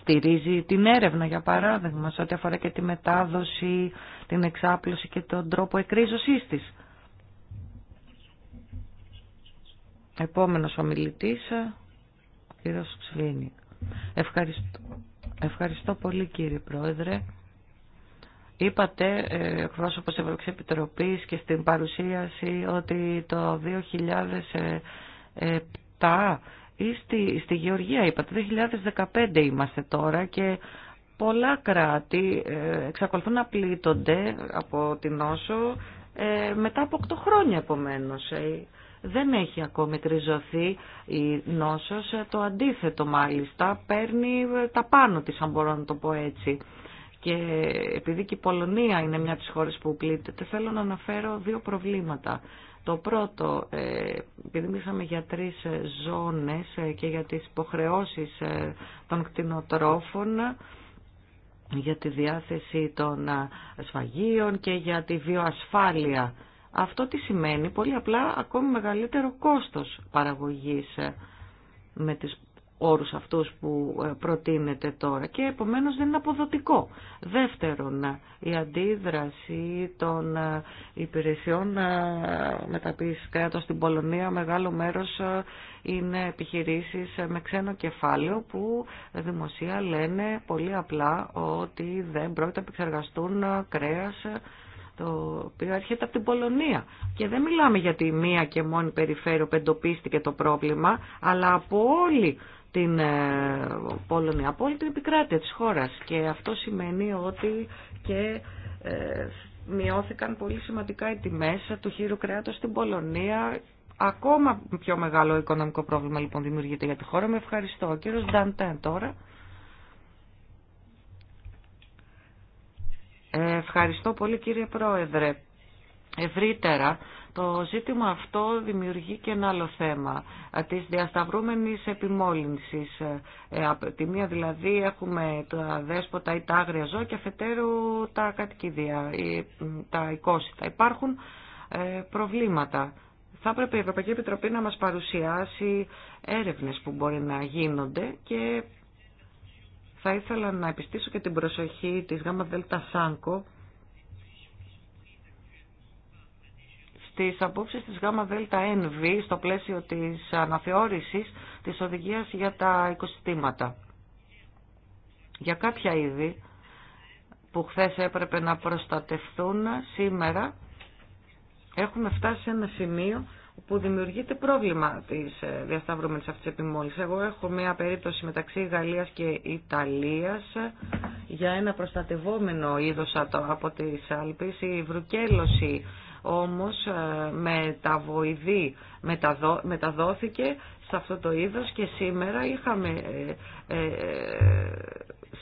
Στηρίζει την έρευνα, για παράδειγμα, σε ό,τι αφορά και τη μετάδοση, την εξάπλωση και τον τρόπο εκρίζωσής της. Επόμενος ομιλητής, ε, κύριος Ξυλίνη. Ευχαριστώ. Ευχαριστώ πολύ κύριε Πρόεδρε. Είπατε, ε, εκπρόσωπο τη Ευρωπαϊκή Επιτροπή και στην παρουσίαση, ότι το 2007 ή στη, στη Γεωργία, είπατε, 2015 είμαστε τώρα και πολλά κράτη ε, εξακολουθούν να πλήττονται από την όσο μετά από 8 χρόνια επομένως δεν έχει ακόμη κρυζωθεί η νόσος, το αντίθετο μάλιστα, παίρνει τα πάνω της αν μπορώ να το πω έτσι. Και επειδή και η Πολωνία είναι μια από τις χώρες που πλήττεται, θέλω να αναφέρω δύο προβλήματα. Το πρώτο, ε, επειδή μιλήσαμε για τρεις ζώνες ε, και για τις υποχρεώσεις ε, των κτηνοτρόφων, για τη διάθεση των σφαγίων και για τη βιοασφάλεια αυτό τι σημαίνει, πολύ απλά ακόμη μεγαλύτερο κόστος παραγωγής ε, με τις όρους αυτούς που ε, προτείνεται τώρα και επομένως δεν είναι αποδοτικό. Δεύτερον, ε, η αντίδραση των υπηρεσιών μεταποίησης κρέατος στην Πολωνία μεγάλο μέρος είναι επιχειρήσεις με ξένο κεφάλαιο που δημοσία λένε πολύ απλά ότι δεν πρόκειται να επεξεργαστούν κρέας το οποίο έρχεται από την Πολωνία. Και δεν μιλάμε για τη μία και μόνη περιφέρεια που εντοπίστηκε το πρόβλημα, αλλά από όλη την ε, Πολωνία, από όλη την επικράτεια της χώρας. Και αυτό σημαίνει ότι και ε, μειώθηκαν πολύ σημαντικά οι τιμές του χείρου κρέατος στην Πολωνία. Ακόμα πιο μεγάλο οικονομικό πρόβλημα λοιπόν δημιουργείται για τη χώρα. Με ευχαριστώ. Ο κύριος Νταντέν τώρα. Ευχαριστώ πολύ κύριε Πρόεδρε. Ευρύτερα, το ζήτημα αυτό δημιουργεί και ένα άλλο θέμα ε, της διασταυρούμενης επιμόλυνσης. Ε, ε, από τη μία δηλαδή έχουμε τα δέσποτα ή τα άγρια ζώα και αφετέρου τα κατοικίδια, τα οικόσιτα. Υπάρχουν προβλήματα. Θα έπρεπε η Ευρωπαϊκή Επιτροπή να μας παρουσιάσει έρευνες που μπορεί να γίνονται και θα ήθελα να επιστήσω και την προσοχή της ΓΑΜΑ ΔΕΛΤΑ ΣΑΝΚΟ στις απόψεις της ΓΑΜΑ ΔΕΛΤΑ στο πλαίσιο της αναθεώρησης της οδηγίας για τα οικοσυστήματα. Για κάποια είδη που χθε έπρεπε να προστατευτούν σήμερα έχουμε φτάσει σε ένα σημείο που δημιουργείται πρόβλημα της ε, διασταυρωμένη αυτή επιμόλυνσης. Εγώ έχω μια περίπτωση μεταξύ Γαλλίας και Ιταλίας για ένα προστατευόμενο είδο από τις Άλπεις. Η βρουκέλωση όμως ε, μεταβοηδή μεταδο, μεταδόθηκε σε αυτό το είδο και σήμερα είχαμε ε,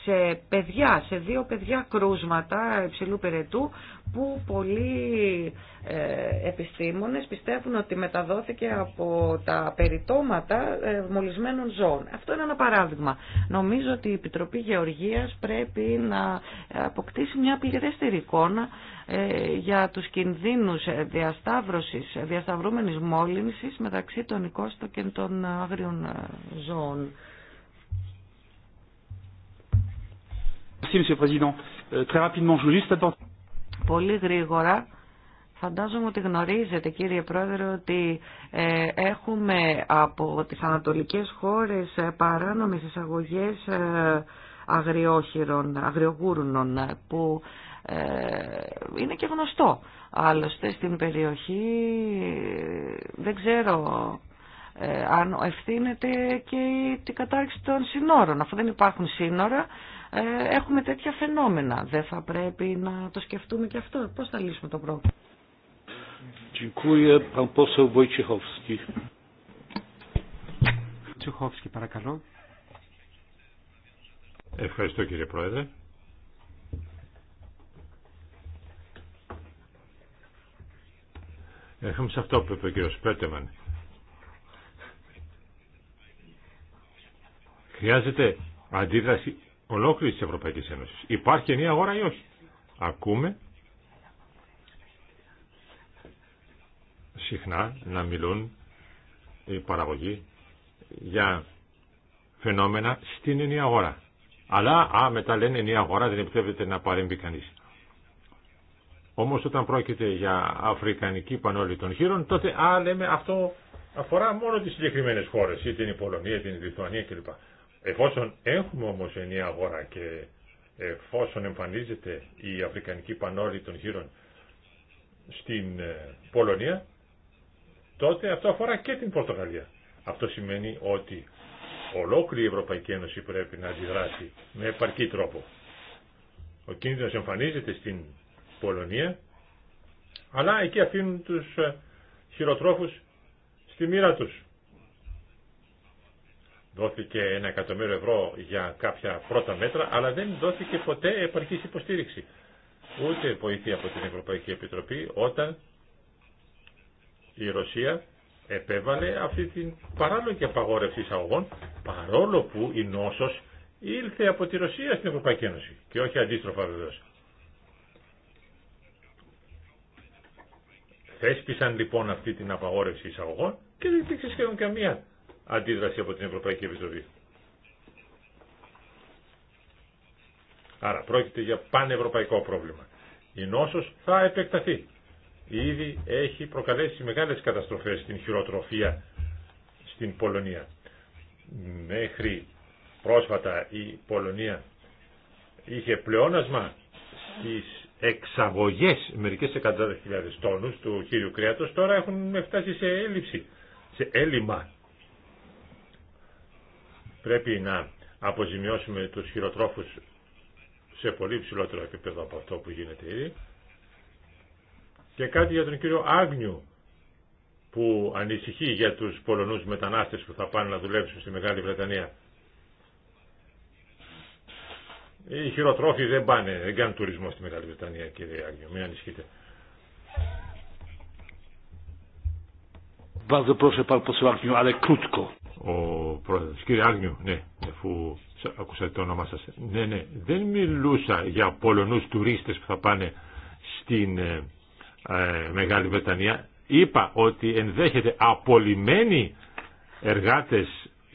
σε παιδιά, σε δύο παιδιά κρούσματα υψηλού περαιτού που πολλοί ε, επιστήμονες πιστεύουν ότι μεταδόθηκε από τα περιτώματα ε, μολυσμένων ζώων. Αυτό είναι ένα παράδειγμα. Νομίζω ότι η Επιτροπή Γεωργίας πρέπει να αποκτήσει μια πληρέστερη εικόνα ε, για τους κινδύνους διασταύρωσης, διασταυρούμενης μόλυνσης μεταξύ των οικόστων και των άγριων ζώων. Πολύ γρήγορα. Φαντάζομαι ότι γνωρίζετε κύριε Πρόεδρε ότι ε, έχουμε από τις ανατολικές χώρες ε, παράνομες εισαγωγές ε, αγριόχειρων, αγριογούρνων που είναι και γνωστό. Άλλωστε στην περιοχή δεν ξέρω αν ευθύνεται και την κατάρριξη των συνόρων. Αφού δεν υπάρχουν σύνορα ε, έχουμε τέτοια φαινόμενα. Δεν θα πρέπει να το σκεφτούμε και αυτό. Πώς θα λύσουμε το πρόβλημα. παρακαλώ. Ευχαριστώ κύριε Πρόεδρε. Έρχομαι σε αυτό που είπε ο κύριο Πέτεμαν. Χρειάζεται αντίδραση ολόκληρης της Ευρωπαϊκής Ένωσης. Υπάρχει ενία αγορά ή όχι. Ακούμε συχνά να μιλούν οι παραγωγοί για φαινόμενα στην ενία αγορά. Αλλά α, μετά λένε ενία αγορά δεν επιτρέπεται να παρέμβει κανείς. Όμως όταν πρόκειται για αφρικανική πανόλη των χείρων, τότε α, λέμε αυτό αφορά μόνο τις συγκεκριμένες χώρες, είτε είναι η Πολωνία, μετα λενε ενή αγορα δεν επιτρεπεται να παρεμβει κανεις ομως οταν προκειται για αφρικανικη πανολη των χειρων τοτε α λεμε αυτο αφορα μονο τις συγκεκριμενες χωρες ειτε την πολωνια την λιθουανια κλπ. Εφόσον έχουμε όμως ενιαία αγορά και εφόσον εμφανίζεται η Αφρικανική Πανόλη των Χείρων στην ε, Πολωνία, τότε αυτό αφορά και την Πορτογαλία. Αυτό σημαίνει ότι ολόκληρη η Ευρωπαϊκή Ένωση πρέπει να αντιδράσει με επαρκή τρόπο. Ο κίνδυνος εμφανίζεται στην Πολωνία, αλλά εκεί αφήνουν τους ε, χειροτρόφους στη μοίρα τους δόθηκε ένα εκατομμύριο ευρώ για κάποια πρώτα μέτρα, αλλά δεν δόθηκε ποτέ επαρκής υποστήριξη. Ούτε βοήθεια από την Ευρωπαϊκή Επιτροπή όταν η Ρωσία επέβαλε αυτή την παράλογη απαγόρευση εισαγωγών, παρόλο που η νόσος ήλθε από τη Ρωσία στην Ευρωπαϊκή Ένωση και όχι αντίστροφα βεβαίω. Θέσπισαν λοιπόν αυτή την απαγόρευση εισαγωγών και δεν υπήρξε σχεδόν καμία αντίδραση από την Ευρωπαϊκή Επιτροπή. Άρα πρόκειται για πανευρωπαϊκό πρόβλημα. Η νόσος θα επεκταθεί. Ήδη έχει προκαλέσει μεγάλες καταστροφές στην χειροτροφία στην Πολωνία. Μέχρι πρόσφατα η Πολωνία είχε πλεόνασμα στις εξαγωγές μερικές εκατοντάδες χιλιάδες τόνους του χείριου κρέατος, τώρα έχουν φτάσει σε έλλειψη, σε έλλειμμα Πρέπει να αποζημιώσουμε τους χειροτρόφους σε πολύ ψηλότερο επίπεδο από αυτό που γίνεται ήδη. Και κάτι για τον κύριο Άγνιου που ανησυχεί για τους Πολωνούς μετανάστες που θα πάνε να δουλέψουν στη Μεγάλη Βρετανία. Οι χειροτρόφοι δεν πάνε, δεν κάνουν τουρισμό στη Μεγάλη Βρετανία κύριε Άγνιου, μην ανησυχείτε. Bardzo proszę pan poseł Agniu, ο πρόεδρος. Κύριε Άγνιου, ναι, αφού ακούσατε το όνομά σας. Ναι, ναι, δεν μιλούσα για Πολωνούς τουρίστες που θα πάνε στην ε, ε, Μεγάλη Βρετανία. Είπα ότι ενδέχεται απολυμένοι εργάτες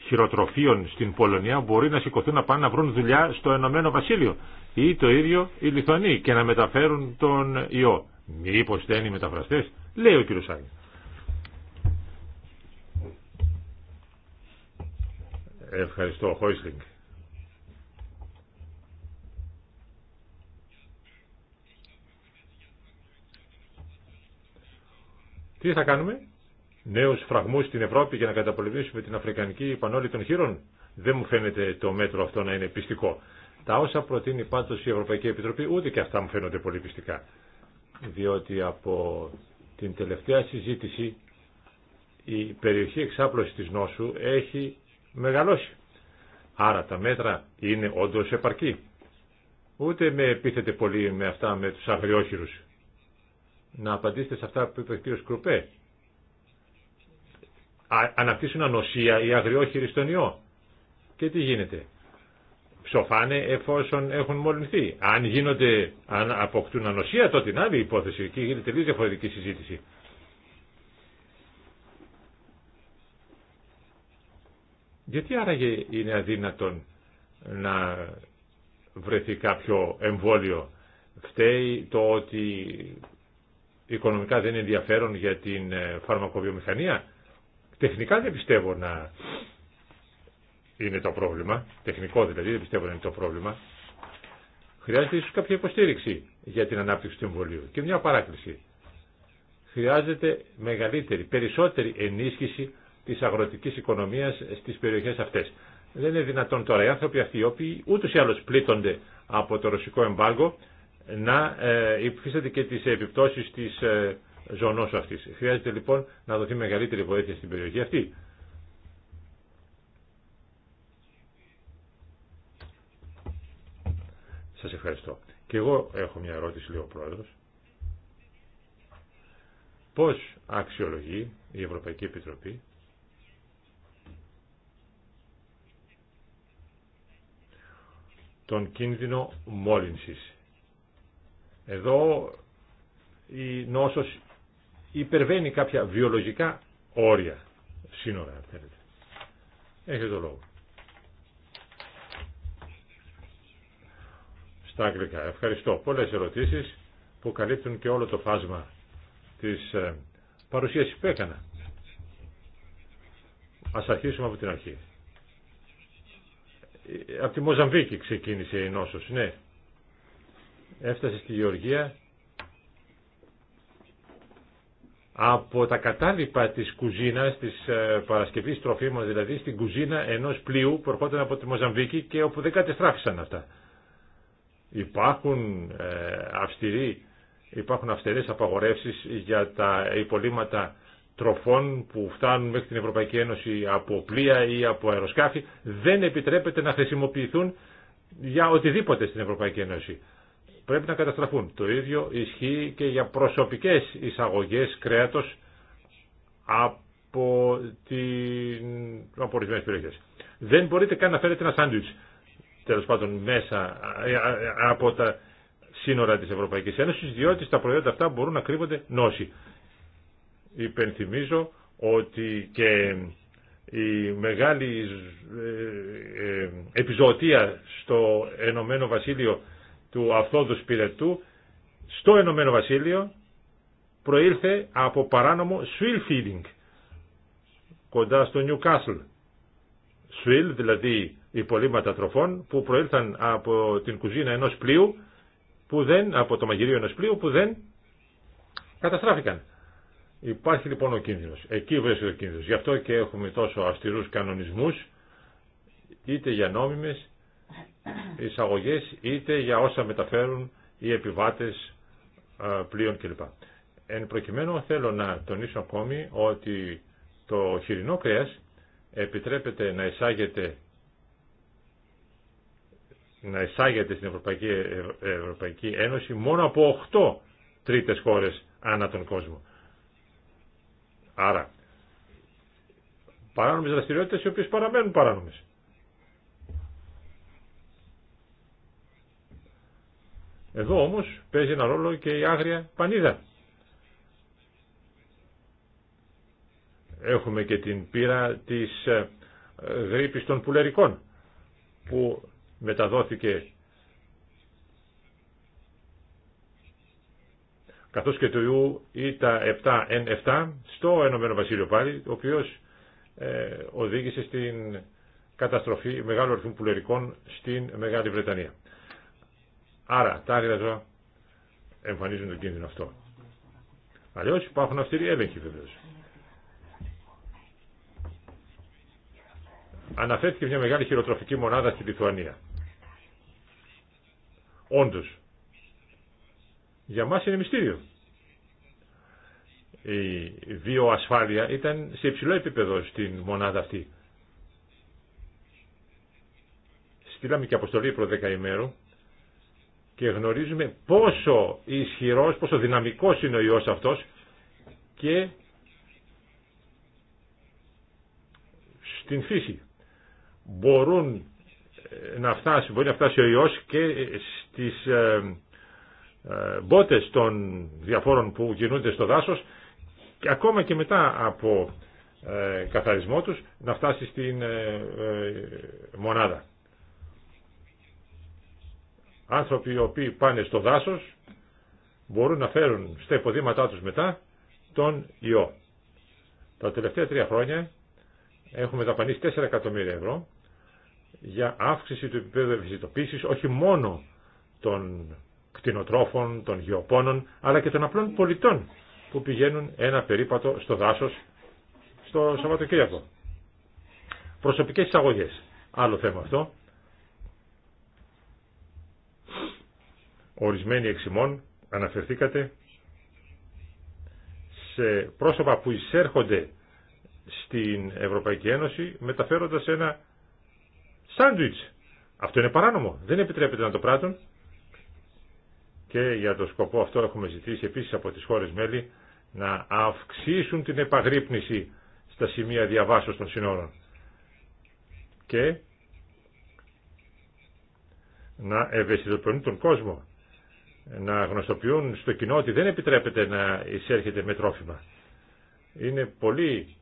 χειροτροφίων στην Πολωνία μπορεί να σηκωθούν να πάνε να βρουν δουλειά στο Ενωμένο Βασίλειο ή το ίδιο οι Λιθωνοί και να μεταφέρουν τον ιό. Μήπως δεν μεταφραστές, λέει ο κύριος Άγνιου. Ευχαριστώ, Χόισλινγκ. Τι θα κάνουμε, νέου φραγμού στην Ευρώπη για να καταπολεμήσουμε την Αφρικανική Πανόλη των Χείρων. Δεν μου φαίνεται το μέτρο αυτό να είναι πιστικό. Τα όσα προτείνει πάντω η Ευρωπαϊκή Επιτροπή, ούτε και αυτά μου φαίνονται πολύ πιστικά. Διότι από την τελευταία συζήτηση η περιοχή εξάπλωση της νόσου έχει μεγαλώσει. Άρα τα μέτρα είναι όντω επαρκή. Ούτε με επίθετε πολύ με αυτά με τους αγριόχειρους. Να απαντήσετε σε αυτά που είπε ο κ. Κρουπέ. Αναπτύσσουν ανοσία οι αγριόχειροι στον ιό. Και τι γίνεται. Ψοφάνε εφόσον έχουν μολυνθεί. Αν γίνονται, αν αποκτούν ανοσία, τότε την άλλη υπόθεση. Εκεί γίνεται τελείω διαφορετική συζήτηση. Γιατί άραγε είναι αδύνατον να βρεθεί κάποιο εμβόλιο. Φταίει το ότι οικονομικά δεν είναι ενδιαφέρον για την ε, φαρμακοβιομηχανία. Τεχνικά δεν πιστεύω να είναι το πρόβλημα. Τεχνικό δηλαδή δεν πιστεύω να είναι το πρόβλημα. Χρειάζεται ίσως κάποια υποστήριξη για την ανάπτυξη του εμβολίου. Και μια παράκληση. Χρειάζεται μεγαλύτερη, περισσότερη ενίσχυση Τη αγροτική οικονομία στι περιοχέ αυτέ. Δεν είναι δυνατόν τώρα οι άνθρωποι αυτοί οι οποίοι ούτω ή άλλω πλήττονται από το ρωσικό εμπάργκο, να ε, υφίστανται και τι επιπτώσει τη ε, ζωνό αυτή. Χρειάζεται λοιπόν να δοθεί μεγαλύτερη βοήθεια στην περιοχή αυτή. Σα ευχαριστώ. Και εγώ έχω μια ερώτηση, λέει ο πρόεδρο. Πώ αξιολογεί η Ευρωπαϊκή Επιτροπή τον κίνδυνο μόλυνσης. Εδώ η νόσος υπερβαίνει κάποια βιολογικά όρια, σύνορα αν θέλετε. Έχετε το λόγο. Στα αγγλικά. Ευχαριστώ. Πολλές ερωτήσεις που καλύπτουν και όλο το φάσμα της ε, παρουσίασης που έκανα. Ας αρχίσουμε από την αρχή από τη Μοζαμβίκη ξεκίνησε η νόσος, ναι. Έφτασε στη Γεωργία από τα κατάλοιπα της κουζίνας, της ε, παρασκευής τροφίμων δηλαδή, στην κουζίνα ενός πλοίου που ερχόταν από τη Μοζαμβίκη και όπου δεν κατεστράφησαν αυτά. Υπάρχουν, ε, αυστηροί, υπάρχουν αυστηρές απαγορεύσεις για τα υπολείμματα τροφών που φτάνουν μέχρι την Ευρωπαϊκή Ένωση από πλοία ή από αεροσκάφη δεν επιτρέπεται να χρησιμοποιηθούν για οτιδήποτε στην Ευρωπαϊκή Ένωση. Πρέπει να καταστραφούν. Το ίδιο ισχύει και για προσωπικές εισαγωγές κρέατος από, την... από περιοχές. Δεν μπορείτε καν να φέρετε ένα σάντουιτς τέλος πάντων μέσα ε, ε, ε, από τα σύνορα της Ευρωπαϊκής Ένωσης διότι στα προϊόντα αυτά μπορούν να κρύβονται νόση υπενθυμίζω ότι και η μεγάλη ε, ε, επιζωτία στο Ενωμένο Βασίλειο του Αυθόδου πυρετού στο Ενωμένο Βασίλειο προήλθε από παράνομο swill feeding κοντά στο Κάσλ. Swill, δηλαδή υπολείμματα τροφών που προήλθαν από την κουζίνα ενός πλοίου που δεν, από το μαγειρίο ενός πλοίου που δεν καταστράφηκαν. Υπάρχει λοιπόν ο κίνδυνο, Εκεί βρίσκεται ο κίνδυνος. Γι' αυτό και έχουμε τόσο αυστηρούς κανονισμούς είτε για νόμιμε, εισαγωγέ, είτε για όσα μεταφέρουν οι επιβάτες πλοίων κλπ. Εν προκειμένου θέλω να τονίσω ακόμη ότι το χοιρινό κρέας επιτρέπεται να εισάγεται να εισάγεται στην Ευρωπαϊκή, Ευρωπαϊκή Ένωση μόνο από 8 τρίτες χώρες ανά τον κόσμο. Άρα, παράνομες δραστηριότητες οι οποίες παραμένουν παράνομες. Εδώ όμως παίζει ένα ρόλο και η άγρια πανίδα. Έχουμε και την πύρα της ε, γρήπης των πουλερικών που μεταδόθηκε καθώς και του ιού ΙΤΑ7N7 στο Ενωμένο Βασίλειο πάλι, ο οποίος ε, οδήγησε στην καταστροφή μεγάλου αριθμού πουλερικών στην Μεγάλη Βρετανία. Άρα τα άγρια ζώα εμφανίζουν τον κίνδυνο αυτό. Αλλιώ υπάρχουν αυστηροί έλεγχοι βεβαίω. Αναφέρθηκε μια μεγάλη χειροτροφική μονάδα στη Λιθουανία. Όντω, για μας είναι μυστήριο. Η βιοασφάλεια ήταν σε υψηλό επίπεδο στην μονάδα αυτή. Στείλαμε και αποστολή προ 10 ημέρου και γνωρίζουμε πόσο ισχυρός, πόσο δυναμικός είναι ο ιός αυτός και στην φύση. Μπορούν να φτάσει, μπορεί να φτάσει ο ιός και στις ε, ε, μπότες των διαφόρων που κινούνται στο δάσος και ακόμα και μετά από ε, καθαρισμό τους να φτάσει στην ε, μονάδα. Άνθρωποι οι οποίοι πάνε στο δάσος μπορούν να φέρουν στα υποδήματά τους μετά τον ιό. Τα τελευταία τρία χρόνια έχουμε δαπανίσει 4 εκατομμύρια ευρώ για αύξηση του επίπεδου ευαισθητοποίησης όχι μόνο των κτηνοτρόφων, των γεωπόνων, αλλά και των απλών πολιτών που πηγαίνουν ένα περίπατο στο δάσος στο Σαββατοκύριακο. Προσωπικές εισαγωγές. Άλλο θέμα αυτό. Ορισμένοι εξημών αναφερθήκατε σε πρόσωπα που εισέρχονται στην Ευρωπαϊκή Ένωση μεταφέροντας ένα σάντουιτς. Αυτό είναι παράνομο. Δεν επιτρέπεται να το πράττουν και για το σκοπό αυτό έχουμε ζητήσει επίσης από τις χώρες μέλη να αυξήσουν την επαγρύπνηση στα σημεία διαβάσεως των συνόρων και να ευαισθητοποιούν τον κόσμο, να γνωστοποιούν στο κοινό ότι δεν επιτρέπεται να εισέρχεται με τρόφιμα. Είναι πολύ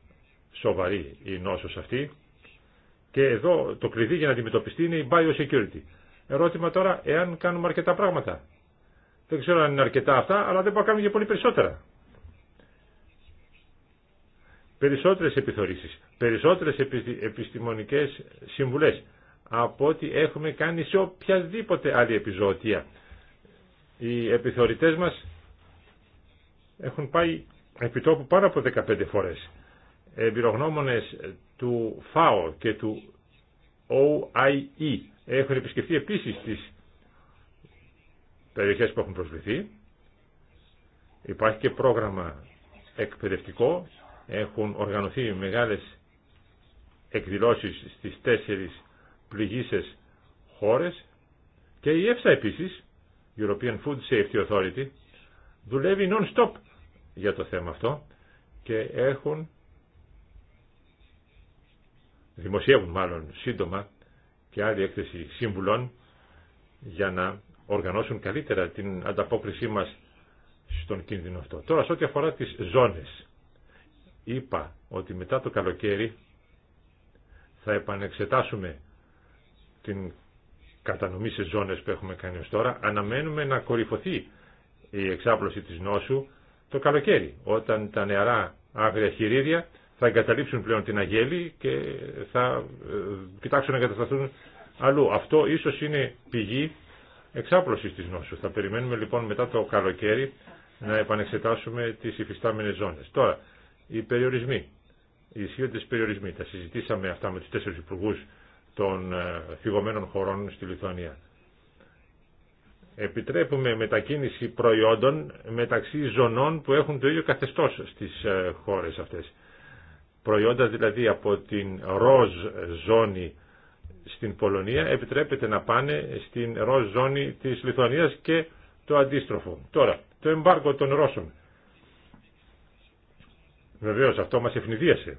σοβαρή η νόσος αυτή και εδώ το κλειδί για να αντιμετωπιστεί είναι η biosecurity. Ερώτημα τώρα, εάν κάνουμε αρκετά πράγματα. Δεν ξέρω αν είναι αρκετά αυτά, αλλά δεν μπορούμε να κάνουμε για πολύ περισσότερα. Περισσότερες επιθορήσεις, περισσότερες επιστημονικές συμβουλές από ό,τι έχουμε κάνει σε οποιαδήποτε άλλη επιζωοτία. Οι επιθεωρητές μας έχουν πάει επί τόπου πάνω από 15 φορές. Εμπειρογνώμονες του ΦΑΟ και του OIE έχουν επισκεφθεί επίσης τις περιοχές που έχουν προσβληθεί. Υπάρχει και πρόγραμμα εκπαιδευτικό. Έχουν οργανωθεί μεγάλες εκδηλώσεις στις τέσσερις πληγήσεις χώρες και η ΕΦΣΑ επίσης, European Food Safety Authority, δουλεύει non-stop για το θέμα αυτό και έχουν δημοσιεύουν μάλλον σύντομα και άλλη έκθεση σύμβουλων για να οργανώσουν καλύτερα την ανταπόκρισή μας στον κίνδυνο αυτό. Τώρα, σε ό,τι αφορά τις ζώνες, είπα ότι μετά το καλοκαίρι θα επανεξετάσουμε την κατανομή σε ζώνες που έχουμε κάνει ως τώρα. Αναμένουμε να κορυφωθεί η εξάπλωση της νόσου το καλοκαίρι, όταν τα νεαρά άγρια χειρίδια θα εγκαταλείψουν πλέον την αγέλη και θα ε, κοιτάξουν να εγκατασταθούν αλλού. Αυτό ίσως είναι πηγή Εξάπλωση της νόσου. Θα περιμένουμε λοιπόν μετά το καλοκαίρι να επανεξετάσουμε τις υφιστάμενες ζώνες. Τώρα, οι περιορισμοί, οι ισχύοντες περιορισμοί, τα συζητήσαμε αυτά με τους τέσσερις υπουργού των φυγωμένων ε, χωρών στη Λιθουανία. Επιτρέπουμε μετακίνηση προϊόντων μεταξύ ζωνών που έχουν το ίδιο καθεστώς στις ε, χώρες αυτές. Προϊόντα δηλαδή από την ροζ ζώνη στην Πολωνία επιτρέπεται να πάνε στην ροζ ζώνη της Λιθουανίας και το αντίστροφο. Τώρα, το εμπάρκο των Ρώσων. Βεβαίως αυτό μας ευνηδίασε.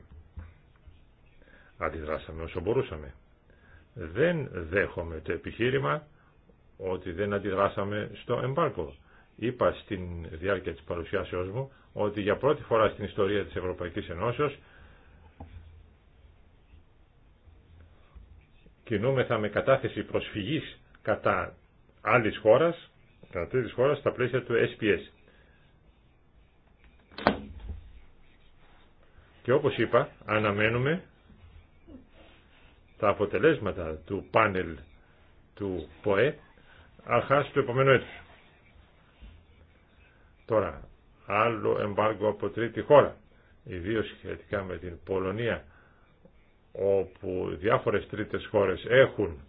Αντιδράσαμε όσο μπορούσαμε. Δεν δέχομαι το επιχείρημα ότι δεν αντιδράσαμε στο εμπάρκο. Είπα στην διάρκεια της παρουσιάσεώς μου ότι για πρώτη φορά στην ιστορία της Ευρωπαϊκής Ενώσεως κινούμεθα με κατάθεση προσφυγής κατά άλλης χώρας, κατά τρίτης χώρας, στα πλαίσια του SPS. Και όπως είπα, αναμένουμε τα αποτελέσματα του πάνελ του ΠΟΕ αρχάς του επόμενου έτους. Τώρα, άλλο εμπάργο από τρίτη χώρα, ιδίως σχετικά με την Πολωνία, όπου διάφορες τρίτες χώρες έχουν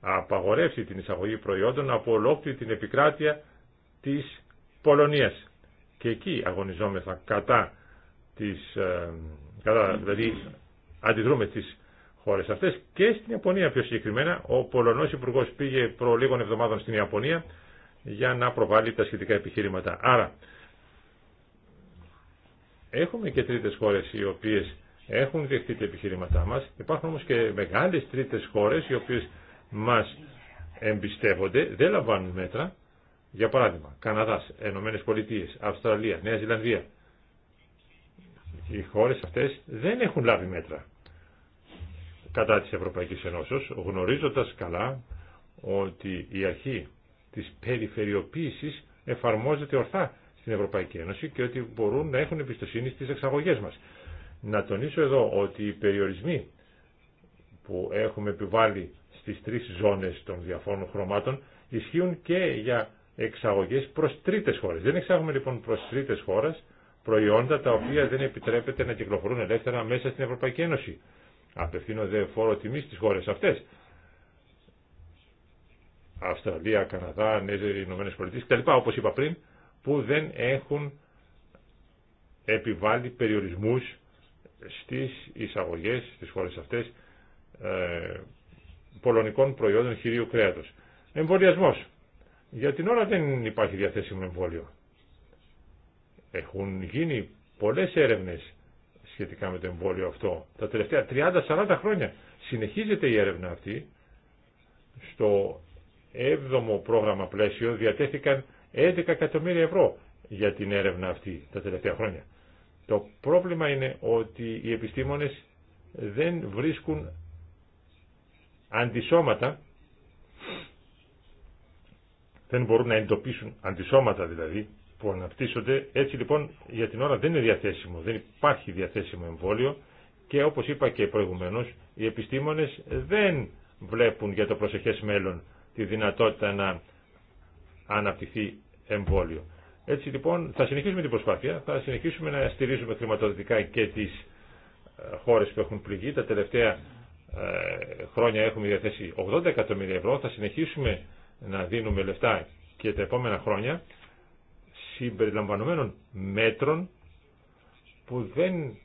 απαγορεύσει την εισαγωγή προϊόντων από ολόκληρη την επικράτεια της Πολωνίας. Και εκεί αγωνιζόμεθα κατά τις, ε, κατά, δηλαδή αντιδρούμε τις χώρες αυτές και στην Ιαπωνία πιο συγκεκριμένα. Ο Πολωνός υπουργό πήγε προ λίγων εβδομάδων στην Ιαπωνία για να προβάλλει τα σχετικά επιχειρήματα. Άρα, έχουμε και τρίτες χώρες οι οποίες έχουν δεχτεί τα επιχειρήματά μας. Υπάρχουν όμως και μεγάλες τρίτες χώρες οι οποίες μας εμπιστεύονται, δεν λαμβάνουν μέτρα. Για παράδειγμα, Καναδάς, Ενωμένες Πολιτείες, Αυστραλία, Νέα Ζηλανδία. Οι χώρες αυτές δεν έχουν λάβει μέτρα κατά της Ευρωπαϊκής Ενώσεως, γνωρίζοντας καλά ότι η αρχή της περιφερειοποίησης εφαρμόζεται ορθά στην Ευρωπαϊκή Ένωση και ότι μπορούν να έχουν εμπιστοσύνη στις εξαγωγές μας. Να τονίσω εδώ ότι οι περιορισμοί που έχουμε επιβάλει στις τρεις ζώνες των διαφόρων χρωμάτων ισχύουν και για εξαγωγές προς τρίτες χώρες. Δεν εξάγουμε λοιπόν προς τρίτες χώρες προϊόντα τα οποία δεν επιτρέπεται να κυκλοφορούν ελεύθερα μέσα στην Ευρωπαϊκή Ένωση. Απευθύνω δε φόρο τιμή στις χώρες αυτές. Αυστραλία, Καναδά, Ηνωμένες Πολιτείες κτλ. όπως είπα πριν που δεν έχουν επιβάλει περιορισμούς στις εισαγωγές στις χώρες αυτές ε, πολωνικών προϊόντων χειρίου κρέατος. Εμβολιασμό, Για την ώρα δεν υπάρχει διαθέσιμο εμβόλιο. Έχουν γίνει πολλές έρευνες σχετικά με το εμβόλιο αυτό. Τα τελευταία 30-40 χρόνια συνεχίζεται η έρευνα αυτή. Στο 7ο πρόγραμμα πλαίσιο διατέθηκαν 11 εκατομμύρια ευρώ για την έρευνα αυτή τα τελευταία χρόνια. Το πρόβλημα είναι ότι οι επιστήμονες δεν βρίσκουν αντισώματα, δεν μπορούν να εντοπίσουν αντισώματα δηλαδή που αναπτύσσονται. Έτσι λοιπόν για την ώρα δεν είναι διαθέσιμο, δεν υπάρχει διαθέσιμο εμβόλιο και όπως είπα και προηγουμένως οι επιστήμονες δεν βλέπουν για το προσεχές μέλλον τη δυνατότητα να αναπτυχθεί εμβόλιο. Έτσι λοιπόν θα συνεχίσουμε την προσπάθεια, θα συνεχίσουμε να στηρίζουμε χρηματοδοτικά και τις ε, χώρες που έχουν πληγεί. Τα τελευταία ε, χρόνια έχουμε διαθέσει 80 εκατομμύρια ευρώ, θα συνεχίσουμε να δίνουμε λεφτά και τα επόμενα χρόνια συμπεριλαμβανομένων μέτρων που δεν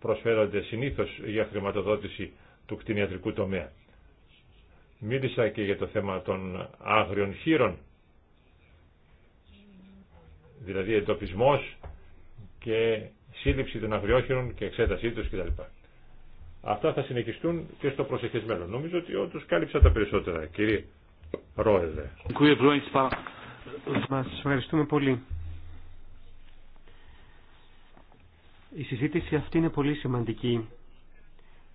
προσφέρονται συνήθως για χρηματοδότηση του κτηνιατρικού τομέα. Μίλησα και για το θέμα των άγριων χείρων δηλαδή εντοπισμός και σύλληψη των αγριόχειρων και εξέτασή τους κτλ. Αυτά θα συνεχιστούν και στο προσεχές μέλλον. Νομίζω ότι όντω κάλυψα τα περισσότερα, κύριε Πρόεδρε. Σα ευχαριστούμε πολύ. Η συζήτηση αυτή είναι πολύ σημαντική,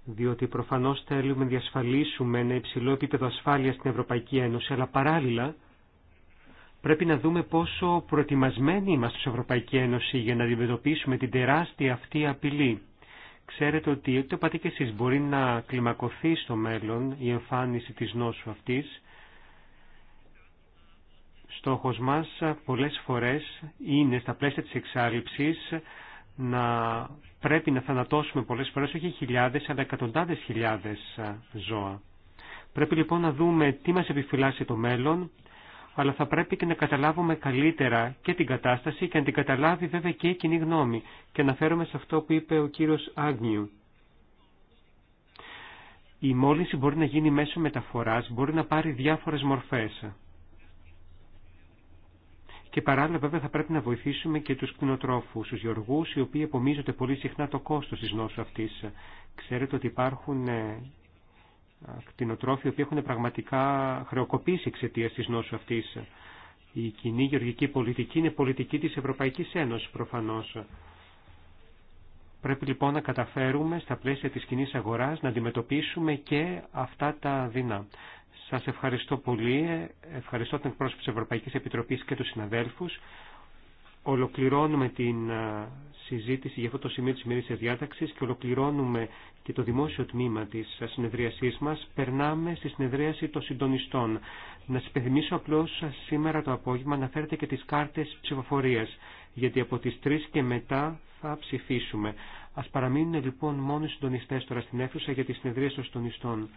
διότι προφανώς θέλουμε να διασφαλίσουμε ένα υψηλό επίπεδο ασφάλειας στην Ευρωπαϊκή Ένωση, αλλά παράλληλα πρέπει να δούμε πόσο προετοιμασμένοι είμαστε στην Ευρωπαϊκή Ένωση για να αντιμετωπίσουμε την τεράστια αυτή απειλή. Ξέρετε ότι το είπατε και εσείς μπορεί να κλιμακωθεί στο μέλλον η εμφάνιση της νόσου αυτής. Στόχος μας πολλές φορές είναι στα πλαίσια της εξάλληψης να πρέπει να θανατώσουμε πολλές φορές όχι χιλιάδες αλλά εκατοντάδες χιλιάδες ζώα. Πρέπει λοιπόν να δούμε τι μας επιφυλάσσει το μέλλον αλλά θα πρέπει και να καταλάβουμε καλύτερα και την κατάσταση και να την καταλάβει βέβαια και η κοινή γνώμη. Και αναφέρομαι σε αυτό που είπε ο κύριος Άγνιου. Η μόλυνση μπορεί να γίνει μέσω μεταφοράς, μπορεί να πάρει διάφορες μορφές. Και παράλληλα βέβαια θα πρέπει να βοηθήσουμε και τους κτηνοτρόφους, τους γεωργούς, οι οποίοι απομίζονται πολύ συχνά το κόστος της νόσου αυτής. Ξέρετε ότι υπάρχουν ε, κτηνοτρόφοι που έχουν πραγματικά χρεοκοπήσει εξαιτία τη νόσου αυτής. Η κοινή γεωργική πολιτική είναι πολιτική της Ευρωπαϊκής Ένωση, προφανώ. Πρέπει λοιπόν να καταφέρουμε στα πλαίσια της κοινή αγοράς να αντιμετωπίσουμε και αυτά τα δεινά. Σα ευχαριστώ πολύ, ευχαριστώ την πρόσωπο της Ευρωπαϊκής Επιτροπής και του συναδέλφου. Ολοκληρώνουμε την συζήτηση για αυτό το σημείο της σημερινής διάταξης και ολοκληρώνουμε και το δημόσιο τμήμα της συνεδρίασής μας. Περνάμε στη συνεδρίαση των συντονιστών. Να σας υπενθυμίσω απλώς σήμερα το απόγευμα να φέρετε και τις κάρτες ψηφοφορίας, γιατί από τις 3 και μετά θα ψηφίσουμε. Ας παραμείνουν λοιπόν μόνο οι συντονιστές τώρα στην αίθουσα για τη συνεδρία των συντονιστών.